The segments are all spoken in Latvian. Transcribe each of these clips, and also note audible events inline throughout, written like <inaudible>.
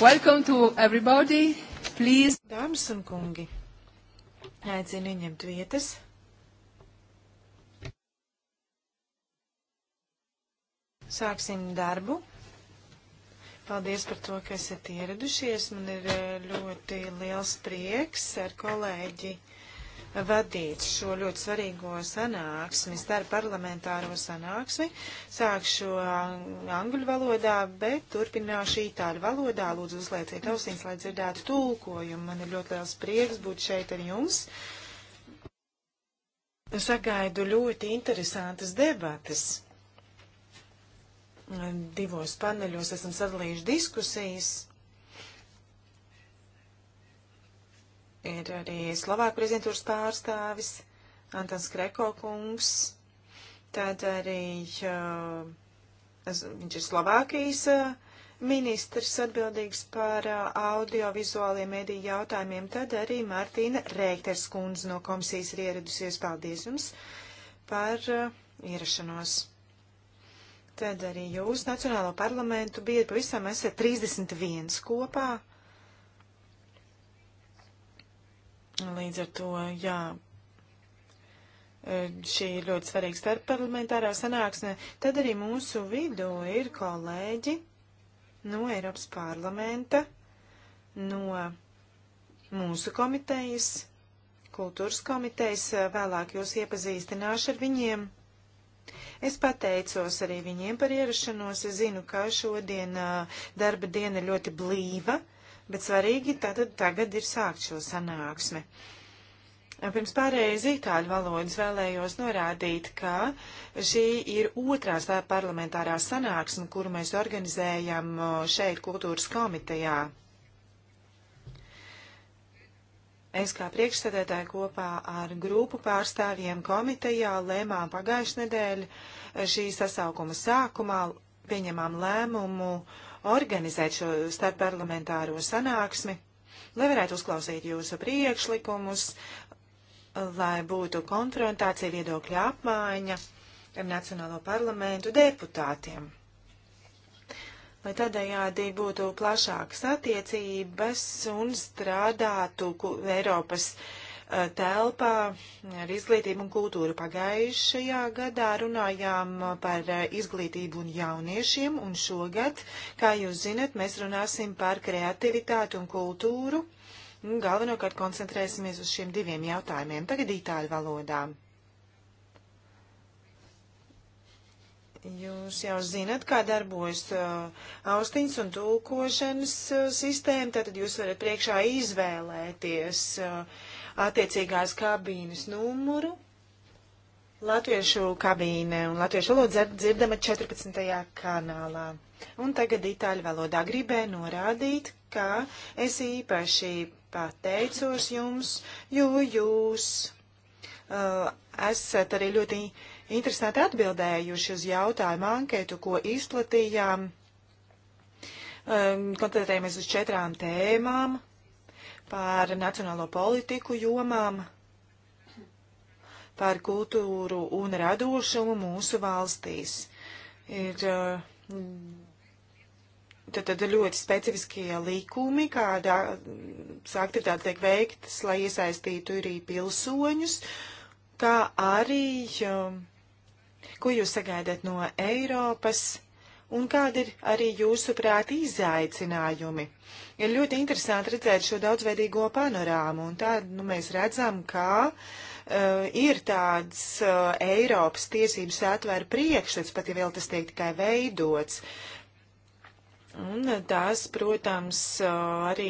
Welcome to everybody. Please. Dāmas un kungi, aicinu ieņemt vietas. Sāksim darbu. Paldies par to, ka esat ieradušies. Man ir eh, ļoti liels prieks ar kolēģi vadīt šo ļoti svarīgo sanāksmi, starp parlamentāro sanāksmi. Sākšu angļu valodā, bet turpināšu itāļu valodā. Lūdzu, uzlieciet ausīs, lai dzirdētu tulkojumu. Man ir ļoti liels prieks būt šeit ar jums. Sagaidu ļoti interesantas debatas. Divos paneļos esam sadalījuši diskusijas ir arī Slovāku prezidentūras pārstāvis Antans Kreko kungs, tad arī uh, viņš ir Slovākijas uh, ministrs atbildīgs par uh, audiovizuāliem mediju jautājumiem, tad arī Martīna Reikters kundze no komisijas ir ieradusies. Paldies jums par uh, ierašanos. Tad arī jūs Nacionālo parlamentu biedri pavisam esat 31 kopā. Līdz ar to, jā, eh, šī ir ļoti svarīga starpparlamentārā sanāksme. Tad arī mūsu vidū ir kolēģi no Eiropas parlamenta, no mūsu komitejas, kultūras komitejas, vēlāk jūs iepazīstināšu ar viņiem. Es pateicos arī viņiem par ierašanos. Es zinu, ka šodien eh, darba diena ļoti blīva. Uh, Bet svarīgi tātad tagad ir sākt šo sanāksmi. Pirms pārējais itāļu valodas vēlējos norādīt, ka šī ir otrās parlamentārā sanāksme, kuru mēs organizējam šeit kultūras komitejā. Es kā priekšsēdētāja kopā ar grupu pārstāvjiem komitejā lēmām pagājušajā nedēļā e, šī sasaukuma sākumā pieņemām lēmumu uh, organizēt šo starpparlamentāro sanāksmi, lai varētu uzklausīt jūsu priekšlikumus, lai būtu konfrontācija viedokļa apmaiņa ar Nacionālo parlamentu deputātiem. Lai tādējādi būtu plašākas attiecības un strādātu Eiropas uh, telpā ar izglītību un kultūru. Pagājušajā gadā runājām par izglītību un jauniešiem, un šogad, kā jūs zinat, mēs runāsim par kreativitāti un kultūru. Galvenokārt koncentrēsimies uz šiem diviem jautājumiem. Tagad itāļu valodā. Jūs jau zinat, kā darbojas uh, austiņas un tūkošanas uh, sistēma, tātad jūs varat priekšā izvēlēties, uh, attiecīgās kabīnes numuru. Latviešu kabīne un latviešu valoda dzirdama 14. kanālā. Un tagad itāļu valodā gribēju norādīt, ka es īpaši pateicos jums, jo jūs uh, esat arī ļoti interesanti atbildējuši uz jautājumu anketu, ko izplatījām. Um, Koncentrējamies uz četrām tēmām par nacionālo politiku jomām, par kultūru un radošumu mūsu valstīs. Ir eh, tad, tad ļoti specifiskie likumi, kādā aktivitāte tiek veiktas, lai iesaistītu arī pilsoņus, kā arī, eh, ko jūs sagaidat no Eiropas un kādi ir arī jūsu prāti izaicinājumi. Uh, Ir ļoti interesanti redzēt šo daudzveidīgo panorāmu, un tā nu, mēs redzam, ka uh, ir tāds uh, Eiropas tiesības atvēra priekšstats, pat ja vēl tas tiek tikai veidots. Un tās, protams, eh, arī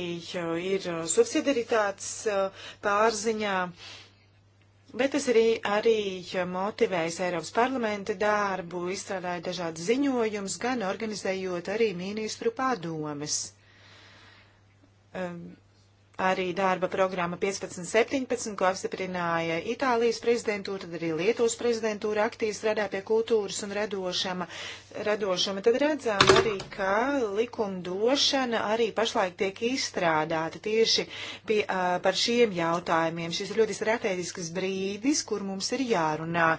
ir subsidiaritātes pārziņā, bet tas arī, arī motivējas Eiropas parlamenta darbu, izstrādāja dažādas ziņojumus, gan organizējot arī ministru padomes um, arī darba programma 15-17, ko apstiprināja Itālijas prezidentūra, tad arī Lietuvas prezidentūra aktīvi strādā pie kultūras un radošama. radošama. Tad redzām arī, ka likumdošana arī pašlaik tiek izstrādāta tieši pie, uh, par šiem jautājumiem. Šis ir ļoti strateģisks brīdis, kur mums ir jārunā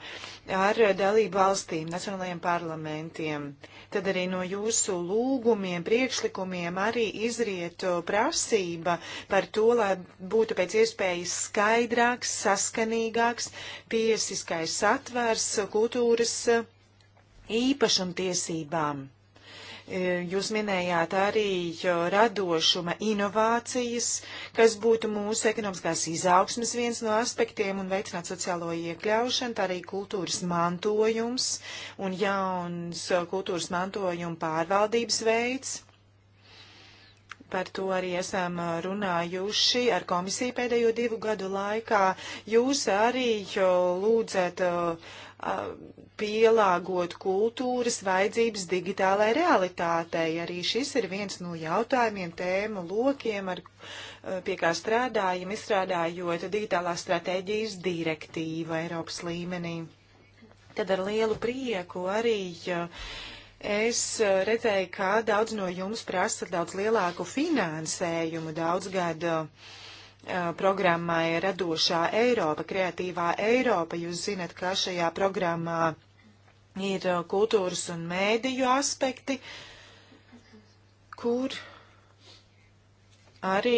ar dalību valstīm, nacionālajiem parlamentiem. Uh, tad arī no jūsu lūgumiem, priekšlikumiem arī izriet uh, prasība par to, lai būtu pēc iespējas skaidrāks, saskanīgāks tiesiskais satvers kultūras uh, īpašumtiesībām. E, jūs minējāt arī radošuma inovācijas, kas būtu mūsu ekonomiskās izaugsmes viens no aspektiem un veicināt sociālo iekļaušanu, tā arī kultūras mantojums un jauns kultūras mantojuma pārvaldības veids. Par to arī esam runājuši ar komisiju pēdējo divu gadu laikā. Jūs arī lūdzat uh, pielāgot kultūras vajadzības digitālai realitātei. Arī šis ir viens no jautājumiem, tēmu lokiem, ar, pie kā strādājam, izstrādājot digitālās stratēģijas direktīvu Eiropas līmenī. Tad ar lielu prieku arī es redzēju, ka daudz no jums prasa daudz lielāku finansējumu, daudz gadu. Uh, programmai Radošā Eiropa, Kreatīvā Eiropa. Jūs zinat, ka šajā programmā ir kultūras un mēdīju aspekti, kur arī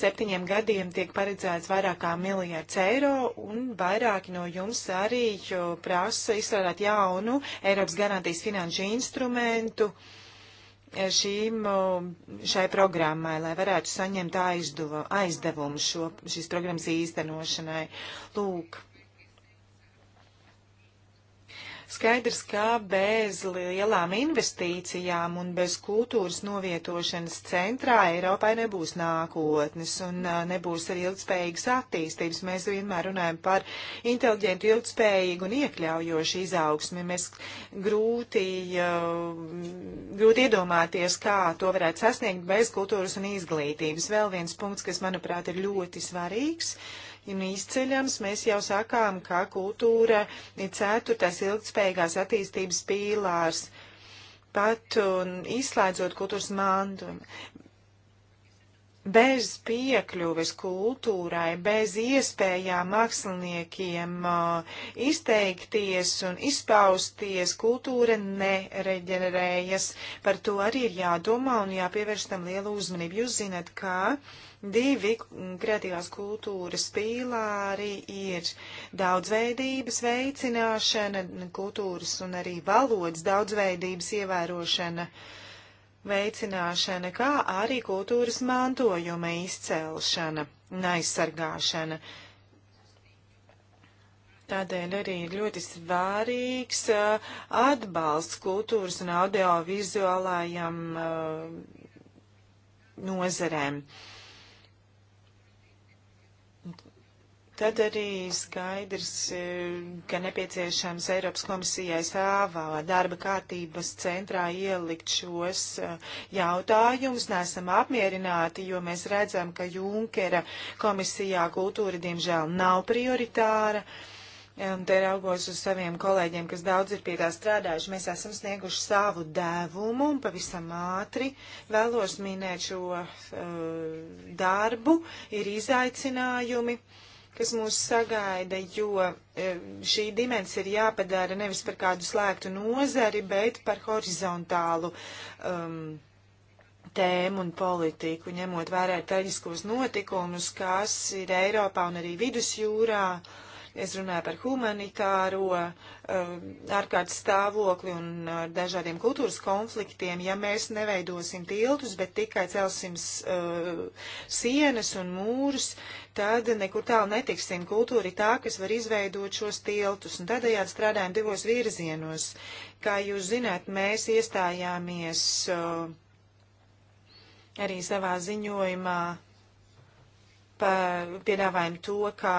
septiņiem gadiem tiek paredzēts vairāk kā miljārds eiro, un vairāki no jums arī prasa izstrādāt jaunu Eiropas garantijas finanšu instrumentu. Uh, šīm, šai programmai, lai varētu saņemt aizdevumu šīs programmas īstenošanai. Lūk, Skaidrs, ka bez lielām investīcijām un bez kultūras novietošanas centrā Eiropai nebūs nākotnes un nebūs arī ilgspējīgas attīstības. Mēs vienmēr runājam par inteliģentu, ilgspējīgu un iekļaujošu izaugsmi. Mēs grūti, grūti iedomāties, kā to varētu sasniegt bez kultūras un izglītības. Vēl viens punkts, kas, manuprāt, ir ļoti svarīgs. Uh, ir izceļams. Mēs jau sakām, ka kultūra ir ceturtais ilgspējīgās attīstības pīlārs, pat un izslēdzot kultūras mandumu. Bez piekļuves kultūrai, bez iespējām māksliniekiem uh, izteikties un izpausties, kultūra nereģenerējas. Par to arī ir jādomā un jāpievērš tam lielu uzmanību. Jūs zinat, kā uh, Divi kreatīvās kultūras pīlāri ir daudzveidības veicināšana, kultūras un arī valodas daudzveidības ievērošana, veicināšana, kā arī kultūras mantojuma izcelšana un aizsargāšana. Tādēļ arī ir ļoti svārīgs uh, atbalsts kultūras un audiovizuālajām uh, nozerēm. Uh, Tad arī skaidrs, eh, ka nepieciešams Eiropas komisijai savā darba kārtības centrā ielikt šos eh, jautājumus. Nesam apmierināti, jo mēs redzam, ka Junkera komisijā kultūra diemžēl nav prioritāra. Un te raugos uz saviem kolēģiem, kas daudz ir pie tā strādājuši. Mēs esam snieguši savu devumu un pavisam ātri vēlos minēt šo uh, darbu. Ir izaicinājumi. Uh, kas mūs sagaida, jo e, šī dimensija ir jāpadara nevis par kādu slēgtu nozari, bet par horizontālu um, tēmu un politiku, ņemot vērā traģiskos notikumus, kas ir Eiropā un arī vidusjūrā. Uh, Es runāju par humanitāro um, ārkārtas stāvokli un ar uh, dažādiem kultūras konfliktiem. Ja mēs neveidosim tiltus, bet tikai celsim uh, sienas un mūrus, tad nekur tālu netiksim. Kultūra ir tā, kas var izveidot šos tiltus, un tādējādi strādājam divos virzienos. Kā jūs zināt, mēs iestājāmies uh, arī savā ziņojumā, piedāvājam to, kā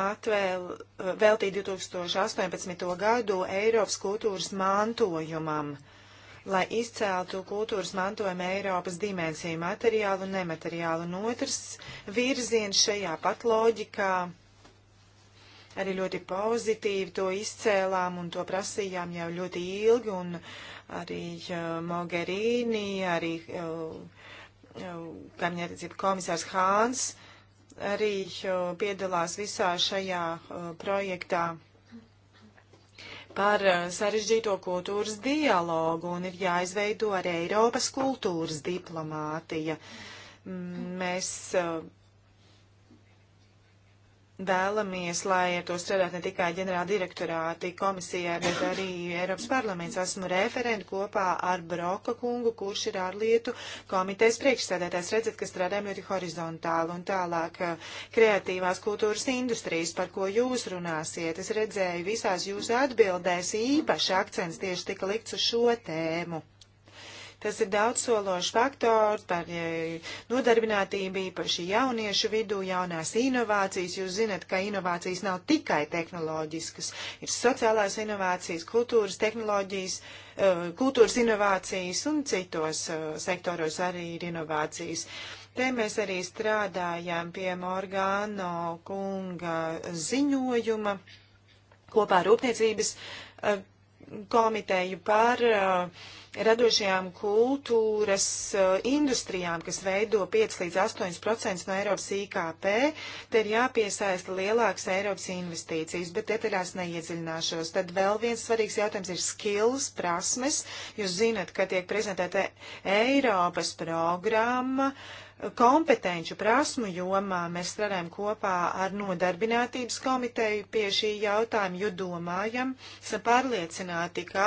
atvēl, eh, veltīt 2018. gadu Eiropas kultūras mantojumam, lai izceltu kultūras mantojuma Eiropas dimensiju materiālu un nemateriālu. Un otrs virziens šajā pat loģikā arī ļoti pozitīvi to izcēlām un to prasījām jau ļoti ilgi, un arī uh, Mogherini, arī uh, eh, kaimiņattiecību komisārs Hāns uh, arī eh, piedalās visā šajā eh, projektā par eh, sarežģīto kultūras dialogu un ir jāizveido arī Eiropas kultūras diplomātija. Mēs uh, vēlamies, lai ar to strādātu ne tikai ģenerāla direktorāti komisijā, bet arī Eiropas parlaments. Esmu referenti kopā ar Broka kungu, kurš ir ārlietu komitejas priekšsēdētājs. Redzat, ka strādājam ļoti horizontāli un tālāk eh, kreatīvās kultūras industrijas, par ko jūs runāsiet. Es redzēju visās jūsu atbildēs īpaši akcents tieši tika likts uz šo tēmu. Tas ir daudzsološs faktors par e, nodarbinātību, īpaši jauniešu vidū, jaunās inovācijas. Jūs zinat, ka inovācijas nav tikai tehnoloģiskas, ir sociālās inovācijas, kultūras tehnoloģijas, e, kultūras inovācijas un citos e, sektoros arī ir inovācijas. Te mēs arī strādājām pie Morgāno kunga ziņojuma kopā ar Rūpniecības komiteju par uh, radošajām kultūras eh, industrijām, kas veido 5 līdz 8% no Eiropas IKP, te ir jāpiesaista lielākas Eiropas investīcijas, bet detaļās neiedziļināšos. Tad vēl viens svarīgs jautājums ir skills, prasmes. Jūs zinat, ka tiek prezentēta Eiropas programma. Uh, kompetenču prasmu jomā. Mēs strādājam kopā ar nodarbinātības komiteju pie šī jautājuma, jo domājam, esam pārliecināti, ka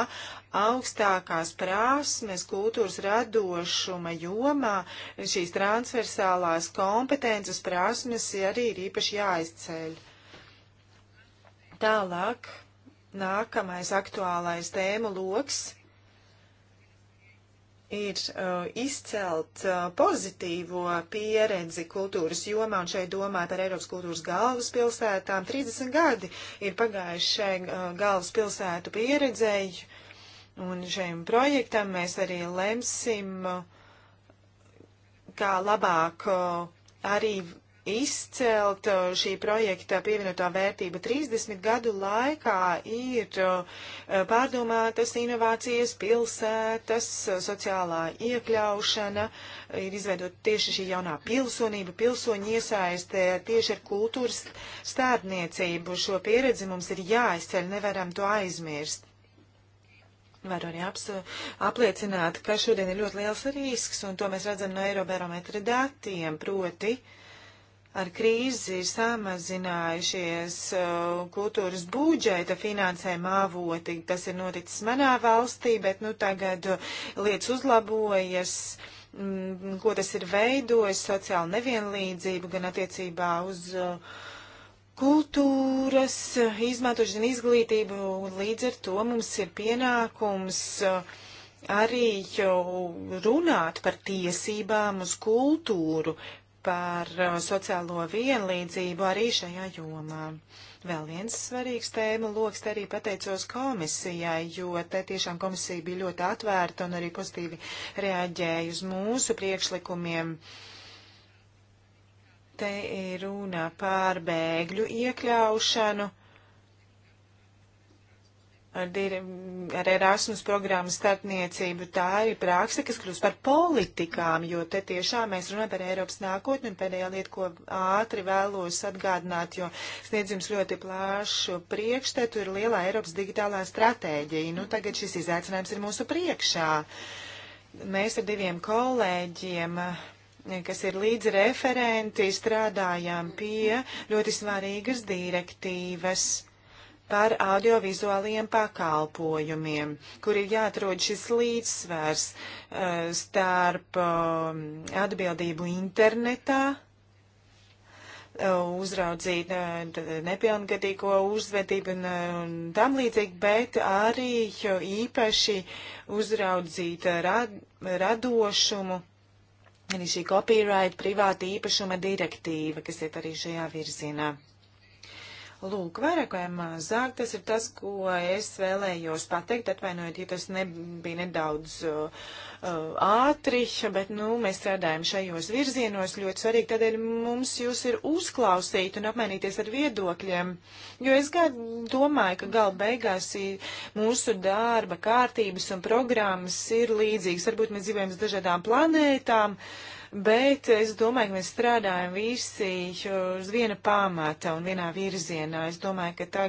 augstākās prasmes kultūras radošuma jomā šīs transversālās kompetences prasmes arī ir īpaši jāizceļ. Tālāk, nākamais aktuālais tēma loks ir uh, izcelt uh, pozitīvo pieredzi kultūras jomā, un šeit domāt ar Eiropas kultūras galvaspilsētām. 30 gadi ir pagājuši šai uh, galvaspilsētu pieredzēji, un šajam projektam mēs arī lemsim, uh, kā labāk uh, arī izcelt uh, šī projekta pievienotā vērtība 30 gadu laikā ir uh, pārdomātas inovācijas, pilsētas, uh, sociālā iekļaušana, ir izveidot tieši šī jaunā pilsonība, pilsoņu iesaistē tieši ar kultūras stādniecību. Šo pieredzi mums ir jāizceļ, nevaram to aizmirst. Varu arī aps, apliecināt, ka šodien ir ļoti liels risks, un to mēs redzam no Eirobarometra datiem, proti uh, ar krīzi ir samazinājušies uh, kultūras budžeta finansējuma avoti. Tas ir noticis manā valstī, bet nu tagad lietas uzlabojas. Mm, ko tas ir veidojis, sociāla nevienlīdzība gan attiecībā uz uh, kultūras uh, izmantošanu, izglītību. Līdz ar to mums ir pienākums uh, arī runāt par tiesībām uz kultūru, par uh, sociālo vienlīdzību arī šajā jomā. Vēl viens svarīgs tēma loks, te arī pateicos komisijai, jo te tiešām komisija bija ļoti atvērta un arī pozitīvi reaģēja uz mūsu priekšlikumiem. Te ir runa par bēgļu iekļaušanu ar, ar Erasmus programmu starpniecību. Tā ir praksa, kas kļūst par politikām, jo te tiešām mēs runājam par Eiropas nākotni un pēdējā lieta, ko ātri vēlos atgādināt, jo sniedz jums ļoti plāšu priekšstatu, ir lielā Eiropas digitālā stratēģija. Nu, tagad šis izaicinājums ir mūsu priekšā. Mēs ar diviem kolēģiem kas ir līdz referenti, strādājām pie ļoti svarīgas direktīvas par audiovizuāliem pakalpojumiem, kur ir jāatrod šis līdzsvers uh, eh, starp uh, atbildību internetā, uh, uzraudzīt eh, nepilngadīgo uzvedību un, un tam līdzīgi, bet arī īpaši uzraudzīt rad, radošumu, arī šī copyright privāta īpašuma direktīva, kas iet arī šajā virzienā. Lūk, vairāk vai mazāk tas ir tas, ko es vēlējos pateikt. Atvainojiet, ja tas nebija nedaudz uh, ātri, bet, nu, mēs strādājam šajos virzienos ļoti svarīgi. Tādēļ mums jūs ir uzklausīt un apmainīties ar viedokļiem, jo es domāju, ka gala beigās mūsu darba kārtības un programmas ir līdzīgas. Varbūt mēs dzīvojam uz dažādām planētām. Uh, bet es domāju, ka mēs strādājam visi uh, uz viena pamata un vienā virzienā. Es domāju, ka tā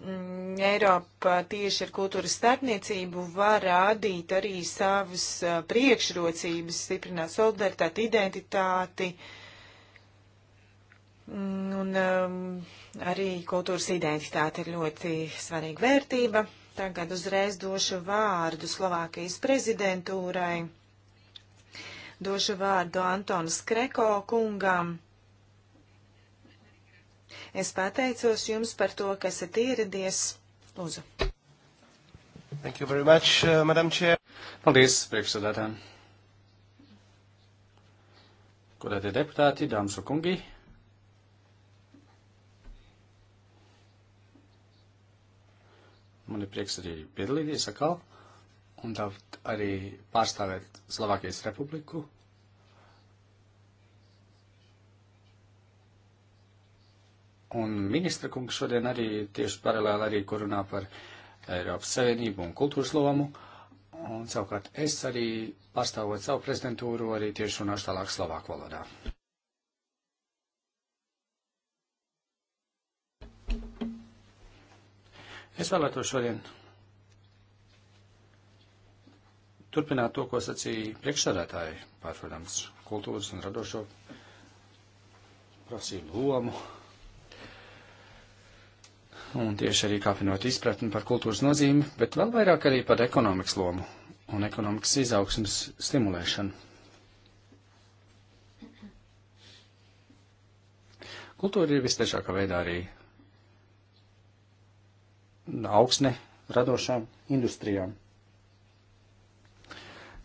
mm, Eiropa tieši ar kultūras starpniecību var rādīt arī savas uh, priekšrocības, stiprināt solidaritāti, identitāti mm, un um, arī kultūras identitāte ir ļoti svarīga vērtība. Tagad uzreiz došu vārdu Slovākijas prezidentūrai. Došu vārdu Antonas Kreko kungam. Es pateicos jums par to, ka esat ieradies. Lūdzu. Thank you very much, uh, Madam Chair. Paldies, priekšsēdētājiem. Godātie deputāti, dāmas un kungi. Man ir prieks arī piedalīties atkal. Ar un tā arī pārstāvēt Slovākijas republiku. Un ministra kungs šodien arī tieši paralēli arī, kur runā par Eiropas Savienību un kultūras lomu. Un savukārt es arī pārstāvot savu prezidentūru arī tieši runāšu tālāk Slovāku valodā. Es vēlētos šodien turpināt to, ko sacīja priekšsādātāji par, protams, kultūras un radošo prasību lomu. Un tieši arī kāpinot izpratni par kultūras nozīmi, bet vēl vairāk arī par ekonomikas lomu un ekonomikas izaugsmas stimulēšanu. Kultūra ir visciešākā veidā arī augsne radošām industrijām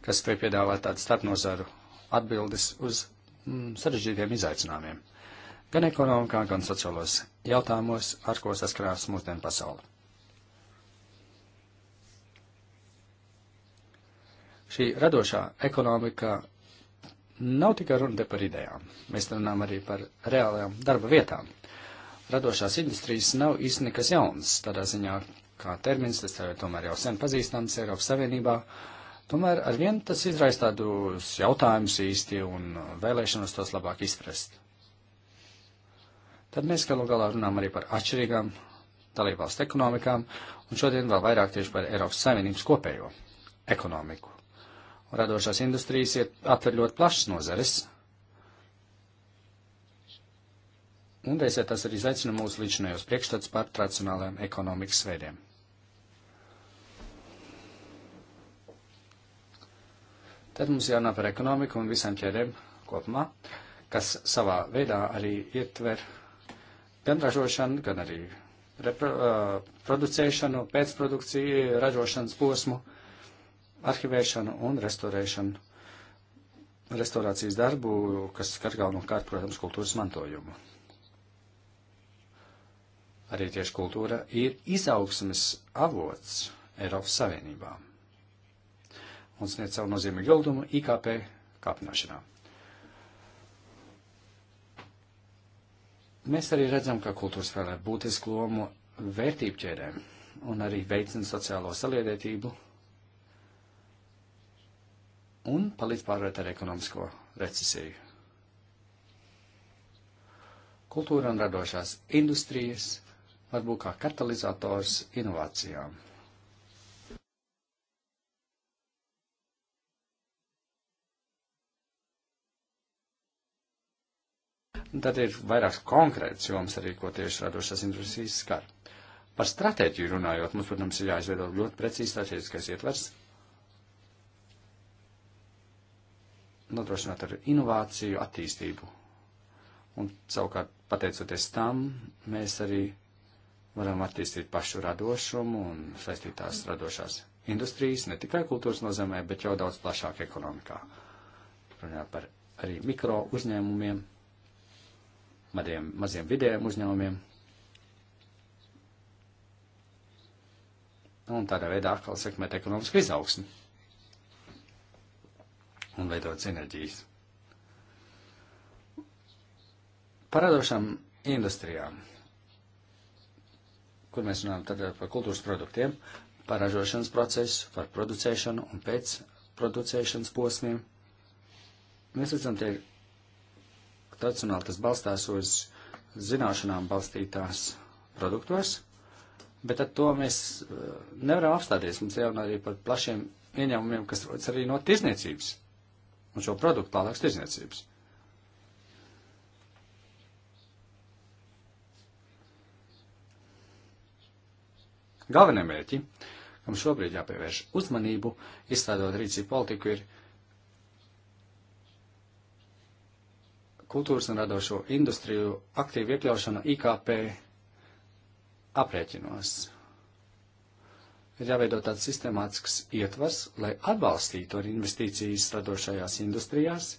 kas spēj piedāvāt tādu starpnozaru atbildes uz mm, sarežģītiem izaicinājumiem, gan ekonomikā, gan sociālos jautājumos, ar ko saskarās mūsdienu pasauli. Šī radošā ekonomika nav tikai runa par idejām, mēs runājam arī par reālajām darba vietām. Radošās industrijas nav īsti nekas jauns, tādā ziņā kā termins, tas tomēr jau sen pazīstams Eiropas Savienībā, uh, Tomēr ar vien tas izraisa tādus jautājumus īsti un vēlēšanos tos labāk izprast. Tad mēs galu galā runājam arī par atšķirīgām dalībvalstu ekonomikām, un šodien vēl vairāk tieši par Eiropas Savienības kopējo ekonomiku. Un radošās industrijas ir atver ļoti plašas nozares, un reizē tas arī izaicina mūsu līdzinējos priekšstats par tradicionālajiem ekonomikas veidiem. Tad mums jārunā par ekonomiku un visām ķēdēm kopumā, kas savā veidā arī ietver gan ražošanu, gan arī repro, producēšanu, pēcprodukciju, ražošanas posmu, arhivēšanu un restorēšanu, restorācijas darbu, kas skar galvenokārt, protams, kultūras mantojumu. Arī tieši kultūra ir izaugsmes avots Eiropas Savienībām un sniedz savu nozīmīgu ieguldījumu IKP kāpināšanā. Mēs arī redzam, ka kultūra spēlē būtisku lomu vērtību ķēdēm un arī veicina sociālo saliedētību un palīdz pārvarēt ar ekonomisko recesiju. Kultūra un radošās industrijas var būt kā katalizators inovācijām. Un tad ir vairākas konkrētas jomas arī, ko tieši radošās industrijas skar. Par stratēģiju runājot, mums, protams, ir jāizveido ļoti precīzi strateģiskais ietvers, nodrošināt ar inovāciju attīstību. Un savukārt, pateicoties tam, mēs arī varam attīstīt pašu radošumu un saistītās radošās industrijas, ne tikai kultūras nozīmē, bet jau daudz plašāk ekonomikā. Runājot par arī mikro uzņēmumiem, madiem, maziem vidējiem uzņēmumiem. Un tādā veidā atkal sekmēt ekonomisku izaugsmu un veidot sinerģijas. Paradošām industrijām, kur mēs runājam tagad par kultūras produktiem, par ražošanas procesu, par producēšanu un pēc producēšanas posmiem. Mēs redzam, te ir tradicionāli tas balstās uz zināšanām balstītās produktos, bet ar to mēs eh, nevaram apstāties. Mums jārunā arī par plašiem ieņēmumiem, kas rodas arī no tirzniecības un šo produktu tālākas tirzniecības. Galvenie mērķi, kam šobrīd jāpievērš uzmanību, izstrādot rīcību politiku, ir kultūras un radošo industriju aktīvu iekļaušanu IKP aprēķinos. Ir jāveido tāds sistemātisks ietvars, lai atbalstītu arī investīcijas radošajās industrijās,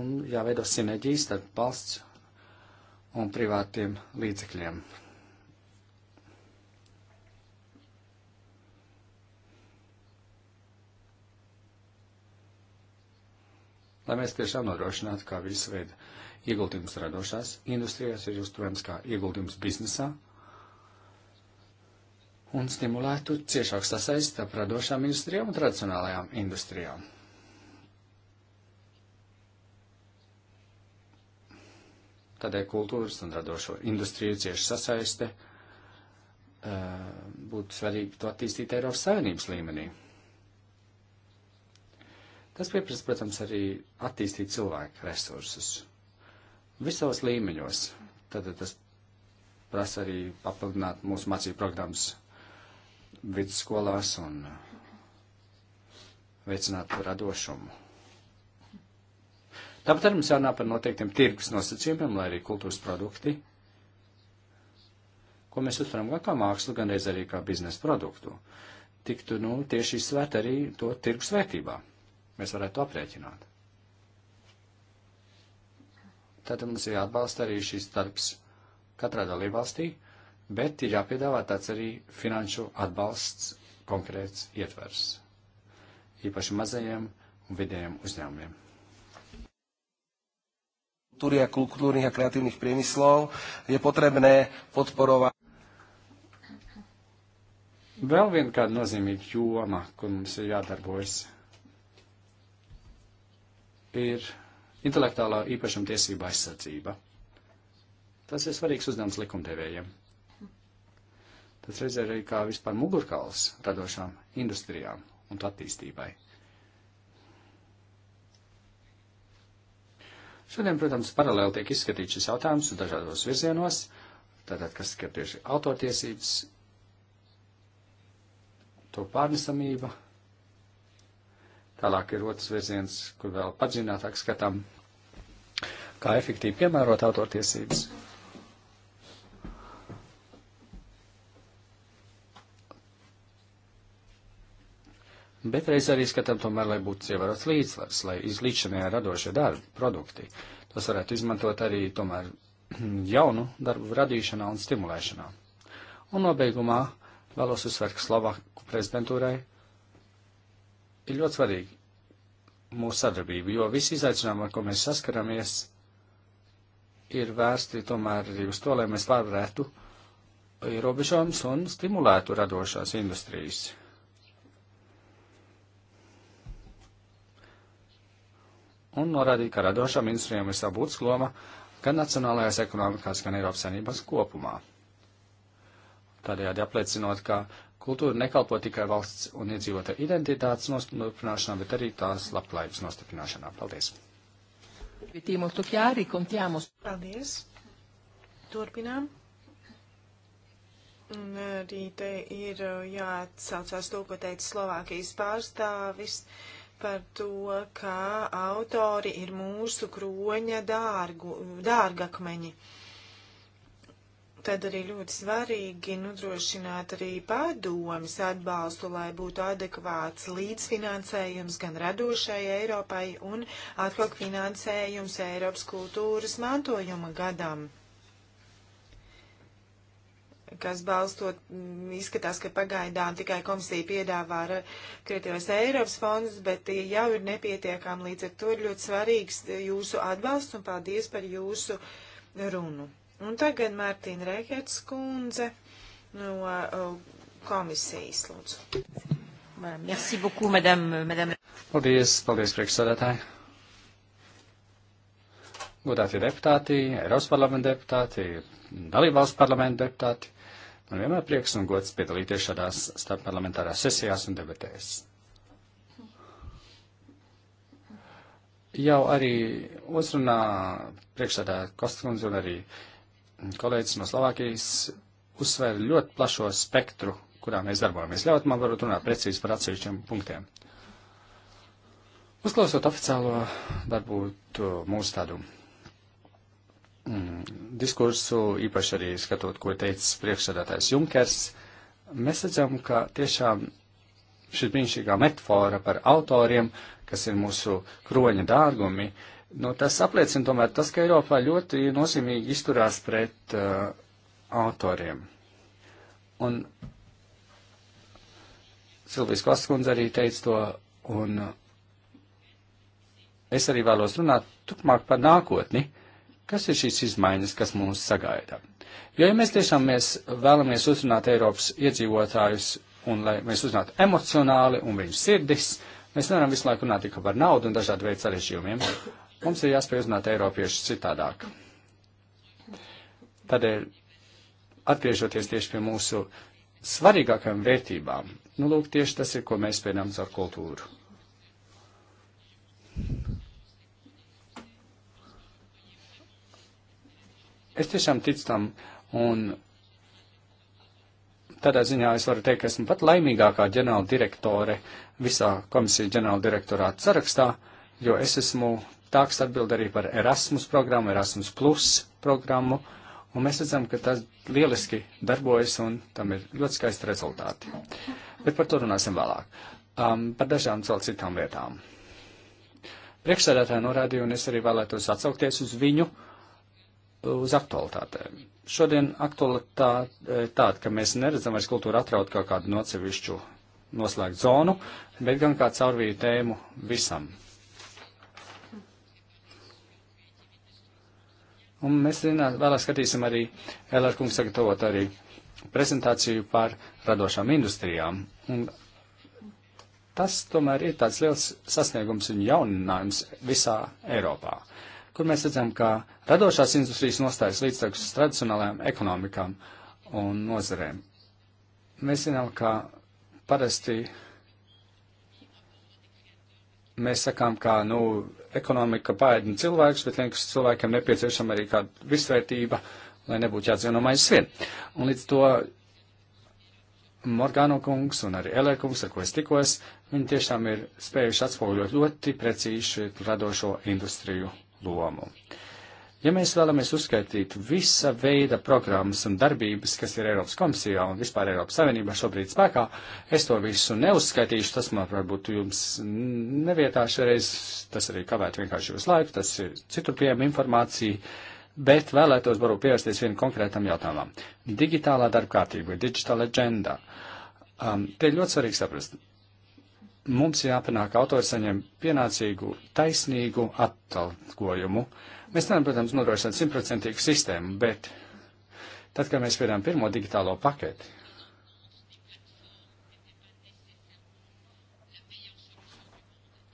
un jāveido sinerģijas starp valsts un privātiem līdzekļiem lai mēs tiešām nodrošinātu, kā visu veidu ieguldījums radošās industrijās ir uzturams kā ieguldījums biznesā un stimulētu ciešāk sasaisti starp radošām industrijām un tradicionālajām industrijām. Tādēļ kultūras un radošo industriju cieši sasaiste eh, būtu svarīgi to attīstīt Eiropas Savienības līmenī. Tas pieprasa, protams, arī attīstīt cilvēku resursus visos līmeņos. Tad tas prasa arī papildināt mūsu mācību programmas vidusskolās un uh, veicināt radošumu. Tāpat arī mums jārunā par noteiktiem tirgus nosacījumiem, lai arī kultūras produkti, ko mēs uztveram gan kā mākslu, gan reiz arī kā biznesa produktu, tiktu, nu, tieši izsvērt arī to tirgus vērtībā. Mēs varētu to aprēķināt. Tātad mums ir jāatbalsta arī šis darbs katrā dalībvalstī, bet ir jāpiedāvā tāds arī finanšu atbalsts konkrēts ietvers, īpaši mazajiem un vidējiem uzņēmumiem kultúry a kultúrnych a kreatívnych priemyslov je potrebné podporovať. Vēl viena kāda nozīmīga joma, kur mums ir jādarbojas, ir intelektuālā īpašuma tiesība aizsardzība. Tas ir svarīgs uzdevums likumdevējiem. Tas reizē arī kā vispār mugurkauls radošām industrijām un attīstībai. Šodien, protams, paralēli tiek izskatīts šis jautājums uz dažādos virzienos, tātad, kas skar tieši autortiesības, to pārnesamība Tālāk ir otrs virziens, kur vēl padziļinātāk skatām, kā efektīvi piemērot autortiesības. Bet reiz arī skatām tomēr, lai būtu ievērots līdzsvars, lai izlīdšanajā radošie darbi, produkti, tos varētu izmantot arī tomēr <clears throat> jaunu darbu radīšanā un stimulēšanā. Un nobeigumā vēlos uzsvērt, ka Slovāku prezidentūrai ir ļoti svarīga mūsu sadarbība, jo visi izaicinājumi, ar ko mēs saskaramies, ir vērsti tomēr arī uz to, lai mēs pārvarētu ierobežojumus un stimulētu radošās industrijas. Un norādīja, ka radošām industrijām ir savu būtisku loma gan nacionālajās ekonomikās, gan Eiropas saimnībās kopumā. Tādējādi apliecinot, ka Kultūra nekalpo tikai valsts un iedzīvotāja identitātes nostiprināšanā, bet arī tās labklājības nostiprināšanā. Paldies! Paldies! Turpinām. Un arī te ir uh, jāatsaucās to, ko teica Slovākijas pārstāvis par to, ka autori ir mūsu kroņa dārgu, dārgakmeņi. Uh, Tad arī ļoti svarīgi nodrošināt arī padomis atbalstu, lai būtu adekvāts līdzfinansējums gan radošai Eiropai un atkal finansējums Eiropas kultūras mantojuma gadam kas balstot, izskatās, ka pagaidām tikai komisija piedāvā krietījos Eiropas fondus, bet tie jau ir nepietiekami. Līdz ar to ir ļoti svarīgs jūsu atbalsts un paldies par jūsu runu. Un tagad Mārtiņa Rēkēts kundze no komisijas, lūdzu. Merci beaucoup, madame, madame. Paldies, paldies, priekšsādātāji. Godātie deputāti, Eiropas parlamenta deputāti, dalībvalsts parlamenta deputāti. Man vienmēr prieks un gods piedalīties šādās starpparlamentārās sesijās un debatēs. Jau arī uzrunā priekšsādā Kostkundze un arī uh, kolēģis no Slovākijas uzsvēra ļoti plašo spektru, kurā mēs darbojamies. Ļaut man varbūt runāt precīzi par atsevišķiem punktiem. Uzklausot oficiālo varbūt mūsu tādu mm, diskursu, īpaši arī skatot, ko teicis priekšsēdētājs Junkers, mēs redzam, ka tiešām šī brīnišķīgā metafora par autoriem, kas ir mūsu kroņa dārgumi, uh, Nu, tas apliecina tomēr tas, ka Eiropā ļoti nozīmīgi izturās pret uh, autoriem. Un Silvijas Koskundze arī teica to, un uh, es arī vēlos runāt turpmāk par nākotni. Kas ir šīs izmaiņas, kas mūs sagaida? Jo, ja mēs tiešām mēs vēlamies uzrunāt Eiropas iedzīvotājus, un lai mēs uzrunātu emocionāli un viņu sirdis, mēs nevaram visu laiku runāt tikai par naudu un dažādu veidu sarežģījumiem. Mums ir jāspēj uzrunāt Eiropiešus citādāk. Tādēļ, atgriežoties tieši pie mūsu svarīgākajām vērtībām, nu lūk, tieši tas ir, ko mēs spējam caur kultūru. Es tiešām ticu tam, un tādā ziņā es varu teikt, ka esmu pat laimīgākā ģenerāla direktore visā komisijas ģenerāla direktorāta sarakstā, jo es esmu Tāks atbild arī par Erasmus programmu, Erasmus Plus programmu, un mēs redzam, ka tas lieliski darbojas un tam ir ļoti skaisti rezultāti. Bet par to runāsim vēlāk. Um, par dažām vēl citām lietām. Priekšsēdētāji norādīja, un es arī vēlētos atsaukties uz viņu, uz aktualitātēm. Šodien aktualitāte tāda, ka mēs neredzam vairs kultūru atraut kā kādu nocevišķu noslēgt zonu, bet gan kā caurvīju tēmu visam Un mēs vēlāk skatīsim arī LR kungs sagatavot arī prezentāciju par radošām industrijām. Un tas tomēr ir tāds liels sasniegums un jauninājums visā Eiropā, kur mēs redzam, ka radošās industrijas nostājas līdztekus tradicionālajām ekonomikām un nozarēm. Mēs zinām, ka parasti mēs sakām, ka, nu, ekonomika paēdina cilvēkus, bet vienkārši cilvēkiem nepieciešama arī kāda visvērtība, lai nebūtu jādzīvo no maizes vien. Un līdz to Morgano kungs un arī Elē kungs, ar ko es tikos, viņi tiešām ir spējuši atspoguļot ļoti precīzi radošo industriju lomu. Uh, Ja mēs vēlamies uzskaitīt visa veida programmas un darbības, kas ir Eiropas komisijā un vispār Eiropas Savienībā šobrīd spēkā, es to visu neuzskaitīšu, tas, manuprāt, būtu jums nevietā šoreiz, tas arī kavēt vienkārši jūs laiku, tas ir citur pieejama informācija, bet vēlētos varbūt pievērsties vienu konkrētam jautājumam. Digitālā darbkārtība, digital agenda. Um, te ir ļoti svarīgi saprast, mums jāpanāk autori saņem pienācīgu, taisnīgu atalgojumu. Mēs nevaram, protams, nodrošināt simtprocentīgu sistēmu, bet tad, kad mēs spēļām pirmo digitālo paketi,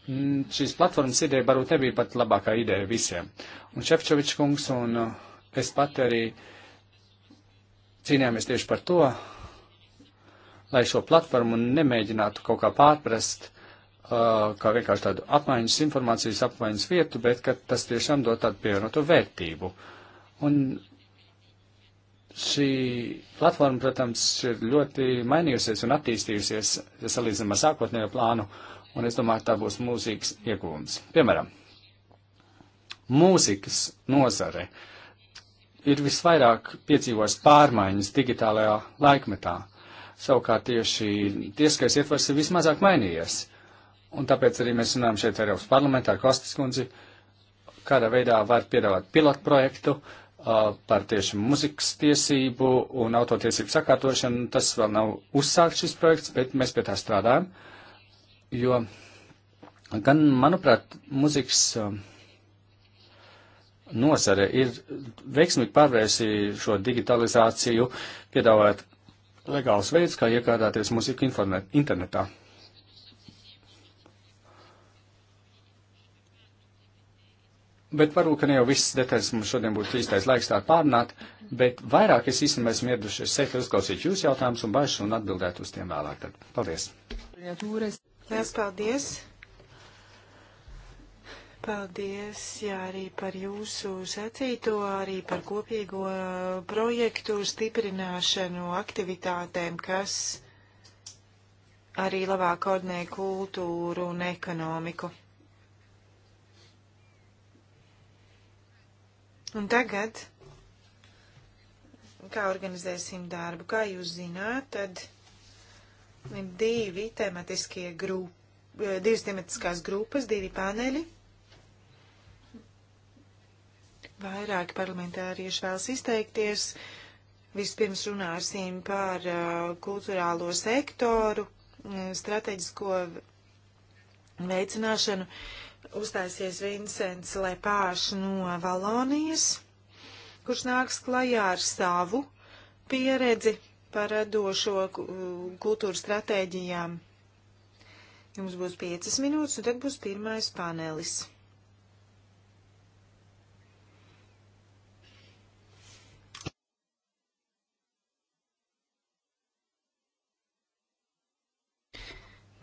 mm, šīs platformas ideja varbūt nebija pat labākā ideja visiem. Un Šefčovičs kungs un es pat arī cīnījāmies tieši par to, lai šo platformu nemēģinātu kaut kā pārprast, uh, kā vienkārši tādu apmaiņas informācijas apmaiņas vietu, bet ka tas tiešām dod tādu pievienoto vērtību. Un šī platforma, protams, ir ļoti mainījusies un attīstījusies, ja salīdzinām ar sākotnējo plānu, un es domāju, tā būs mūzīgs iegūms. Piemēram, mūzikas nozare ir visvairāk piedzīvos pārmaiņas digitālajā laikmetā. Uh, Savukārt tieši tieskais ietvers ir vismazāk mainījies. Un tāpēc arī mēs runājam šeit Eiropas parlamentā ar Kostas kundzi, kādā veidā var piedāvāt pilotu projektu uh, par tieši muzikas tiesību un autotiesību sakārtošanu. Tas vēl nav uzsākts šis projekts, bet mēs pie tā strādājam, jo gan, manuprāt, muzikas uh, nozare ir veiksmīgi pārvērsi šo digitalizāciju, piedāvājot legāls veids, kā iegādāties muziku internetā. Bet varbūt, ka ne jau viss detaļas mums šodien būtu īstais laiks tā pārnāt, bet vairāk es īstenībā esmu ieradušies sevi uzklausīt jūsu jautājumus un bažas un atbildēt uz tiem vēlāk. Tad. Paldies! Lielas paldies! Paldies jā, arī par jūsu sacīto, arī par kopīgo uh, projektu stiprināšanu aktivitātēm, kas arī labāk koordinē kultūru un ekonomiku. Un tagad, kā organizēsim darbu, kā jūs zināt, tad ir divi tematiskie grupi, eh, divas tematiskās grupas, divi paneļi. Vairāki parlamentārieši vēlas izteikties. Vispirms runāsim par uh, kultūrālo sektoru, uh, strateģisko veicināšanu. Uzstāsies Vincents Lepāšs no Valonijas, kurš nāks klajā ar savu pieredzi par radošo kultūru stratēģijām. Jums būs piecas minūtes, un tad būs pirmais panelis.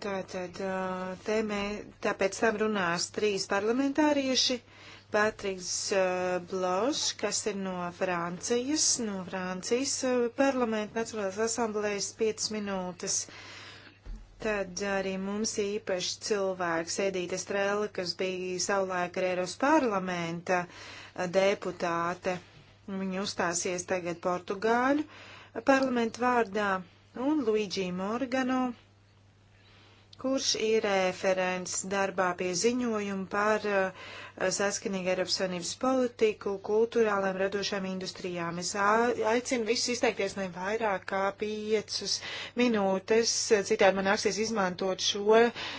Tātad te mē, tāpēc tam runās trīs parlamentārieši. Patriks Blošs, kas ir no Francijas, no Francijas parlamenta Nacionālās asamblējas 5 minūtes. Tad arī mums īpaši cilvēks Edīte Strela, kas bija savulaik arī Eiros parlamenta deputāte. Viņa uzstāsies tagad Portugāļu parlamentu vārdā un Luigi Morgano kurš ir eh, referents darbā pie ziņojuma par uh, saskanīgu Eiropas Savienības politiku, kultūrālām radošām industrijām. Es aicinu visus izteikties ne vairāk kā piecas minūtes, citādi man nāksies izmantot šo uh,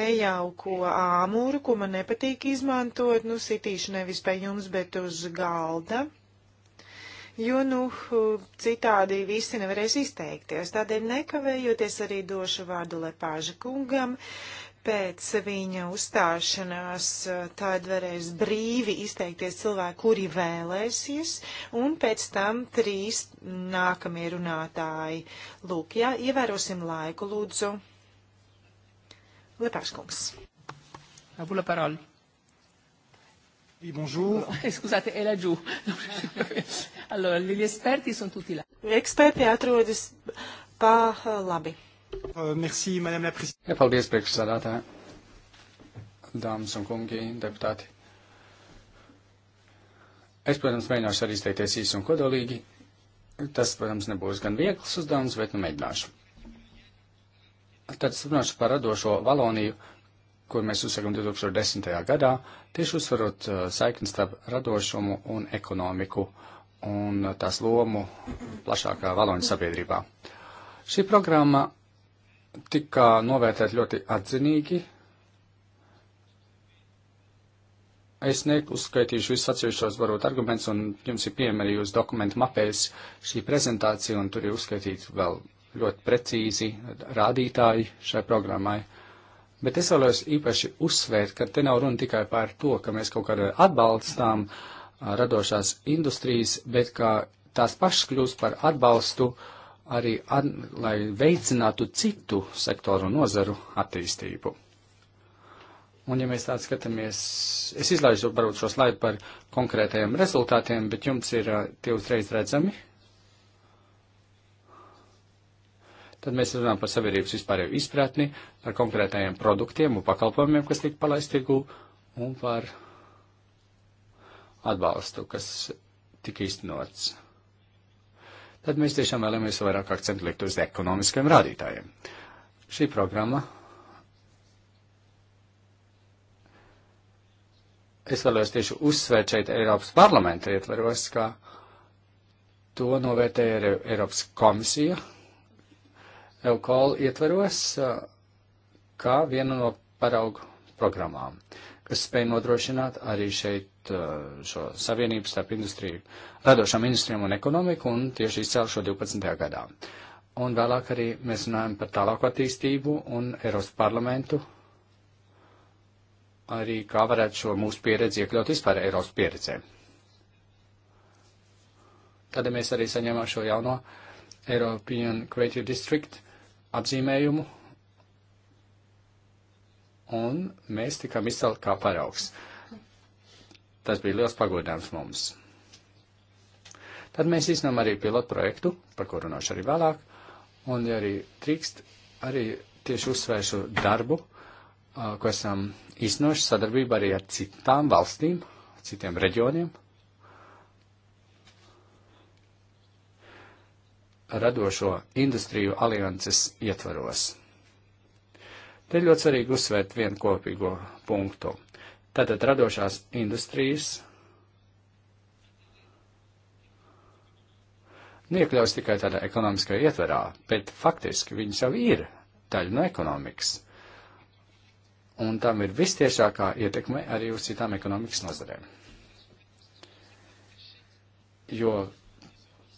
nejauko āmuru, ko man nepatīk izmantot, nu, sitīšu nevis pie jums, bet uz galda jo, nu, citādi visi nevarēs izteikties. Tādēļ nekavējoties arī došu vārdu Lepāža kungam. Pēc viņa uzstāšanās eh, tad varēs brīvi izteikties cilvēki, kuri vēlēsies, un pēc tam trīs nākamie runātāji. Lūk, jā, ievērosim laiku, lūdzu. Lepāža kungs. Abu la paroli. Bonjour. <laughs> Scusate, è laggiù. <laughs> allora, gli esperti sono tutti là. Eksperti atrodas pa labi. Uh, merci, madame la prezidente. Ja, paldies, priekšsādātāji. Dāmas un kungi, deputāti. Es, protams, mēģināšu arī izteikties īsi un kodolīgi. Tas, protams, nebūs gan viegls uzdevums, bet nu mēģināšu. Tad es runāšu par radošo Valoniju kur mēs uzsākam 2010. gadā, tieši uzsverot uh, saiknes starp radošumu un ekonomiku un uh, tās lomu plašākā valoņu sabiedrībā. Šī programma tika novērtēta ļoti atzinīgi. Es neuzskaitīšu visus atsevišķos varbūt argumentus, un jums ir piemēri jūs dokumentu mapēs šī prezentācija, un tur ir uzskaitīts vēl ļoti precīzi rādītāji šai programmai. Uh, Bet es vēlos īpaši uzsvērt, ka te nav runa tikai par to, ka mēs kaut kādā atbalstām radošās industrijas, bet ka tās pašas kļūst par atbalstu arī, at, lai veicinātu citu sektoru nozaru attīstību. Un, ja mēs tādu skatāmies, es izlaižu varbūt šo slaidu par konkrētajiem rezultātiem, bet jums ir tie uzreiz redzami, tad mēs runājam par sabiedrības vispārēju izpratni, par konkrētajiem produktiem un pakalpojumiem, kas tika palaist tirgu, un par atbalstu, kas tika iztenots. Tad mēs tiešām vēlamies vairāk akcentu likt uz ekonomiskiem rādītājiem. Šī programma es vēlos tieši uzsvērt šeit Eiropas parlamenta ietvaros, ka to novērtēja Eiropas komisija, Eukol ietveros kā vienu no paraugu programmām, kas spēj nodrošināt arī šeit šo savienību starp industriju, radošām industrijām un ekonomiku, un tieši izcēlu šo 12. gadā. Un vēlāk arī mēs runājam par tālāku attīstību un Eiropas parlamentu, arī kā varētu šo mūsu pieredzi iekļaut vispār Eiropas pieredzē. Tad mēs arī saņēmām šo jauno European Creative District, apzīmējumu, un mēs tikām izcelt kā paraugs. Tas bija liels pagodinājums mums. Tad mēs iznam arī pilotu projektu, par kuru runāšu arī vēlāk, un ja arī trīkst, arī tieši uzsvēršu darbu, ko esam iznoši sadarbību arī ar citām valstīm, citiem reģioniem radošo industriju alianses ietvaros. Te ļoti svarīgi uzsvērt vienu kopīgo punktu. Tātad radošās industrijas neiekļaus tikai tādā ekonomiskā ietverā, bet faktiski viņas jau ir daļa no ekonomikas. Un tam ir vistiešākā ietekme arī uz citām ekonomikas nozarēm. Jo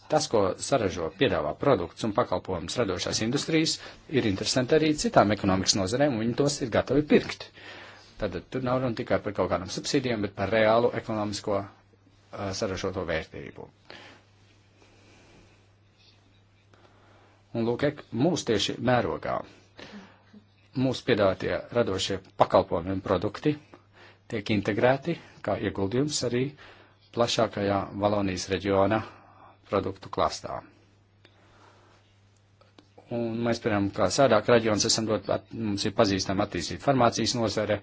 Tas, ko saražo, piedāvā produkts un pakalpojums radošās industrijas, ir interesanti arī citām ekonomikas nozarēm, un viņi tos ir gatavi pirkt. Tad tur nav runa tikai par kaut kādām subsīdijām, bet par reālu ekonomisko uh, saražoto vērtību. Un lūk, mūsu tieši mērogā, mūsu piedāvātie radošie pakalpojumi un produkti tiek integrēti kā ieguldījums arī plašākajā Valonijas reģiona produktu klāstā. Un mēs, piemēram, kā sādāk reģions, esam ļoti, at, mums ir pazīstama attīstīta farmācijas nozare,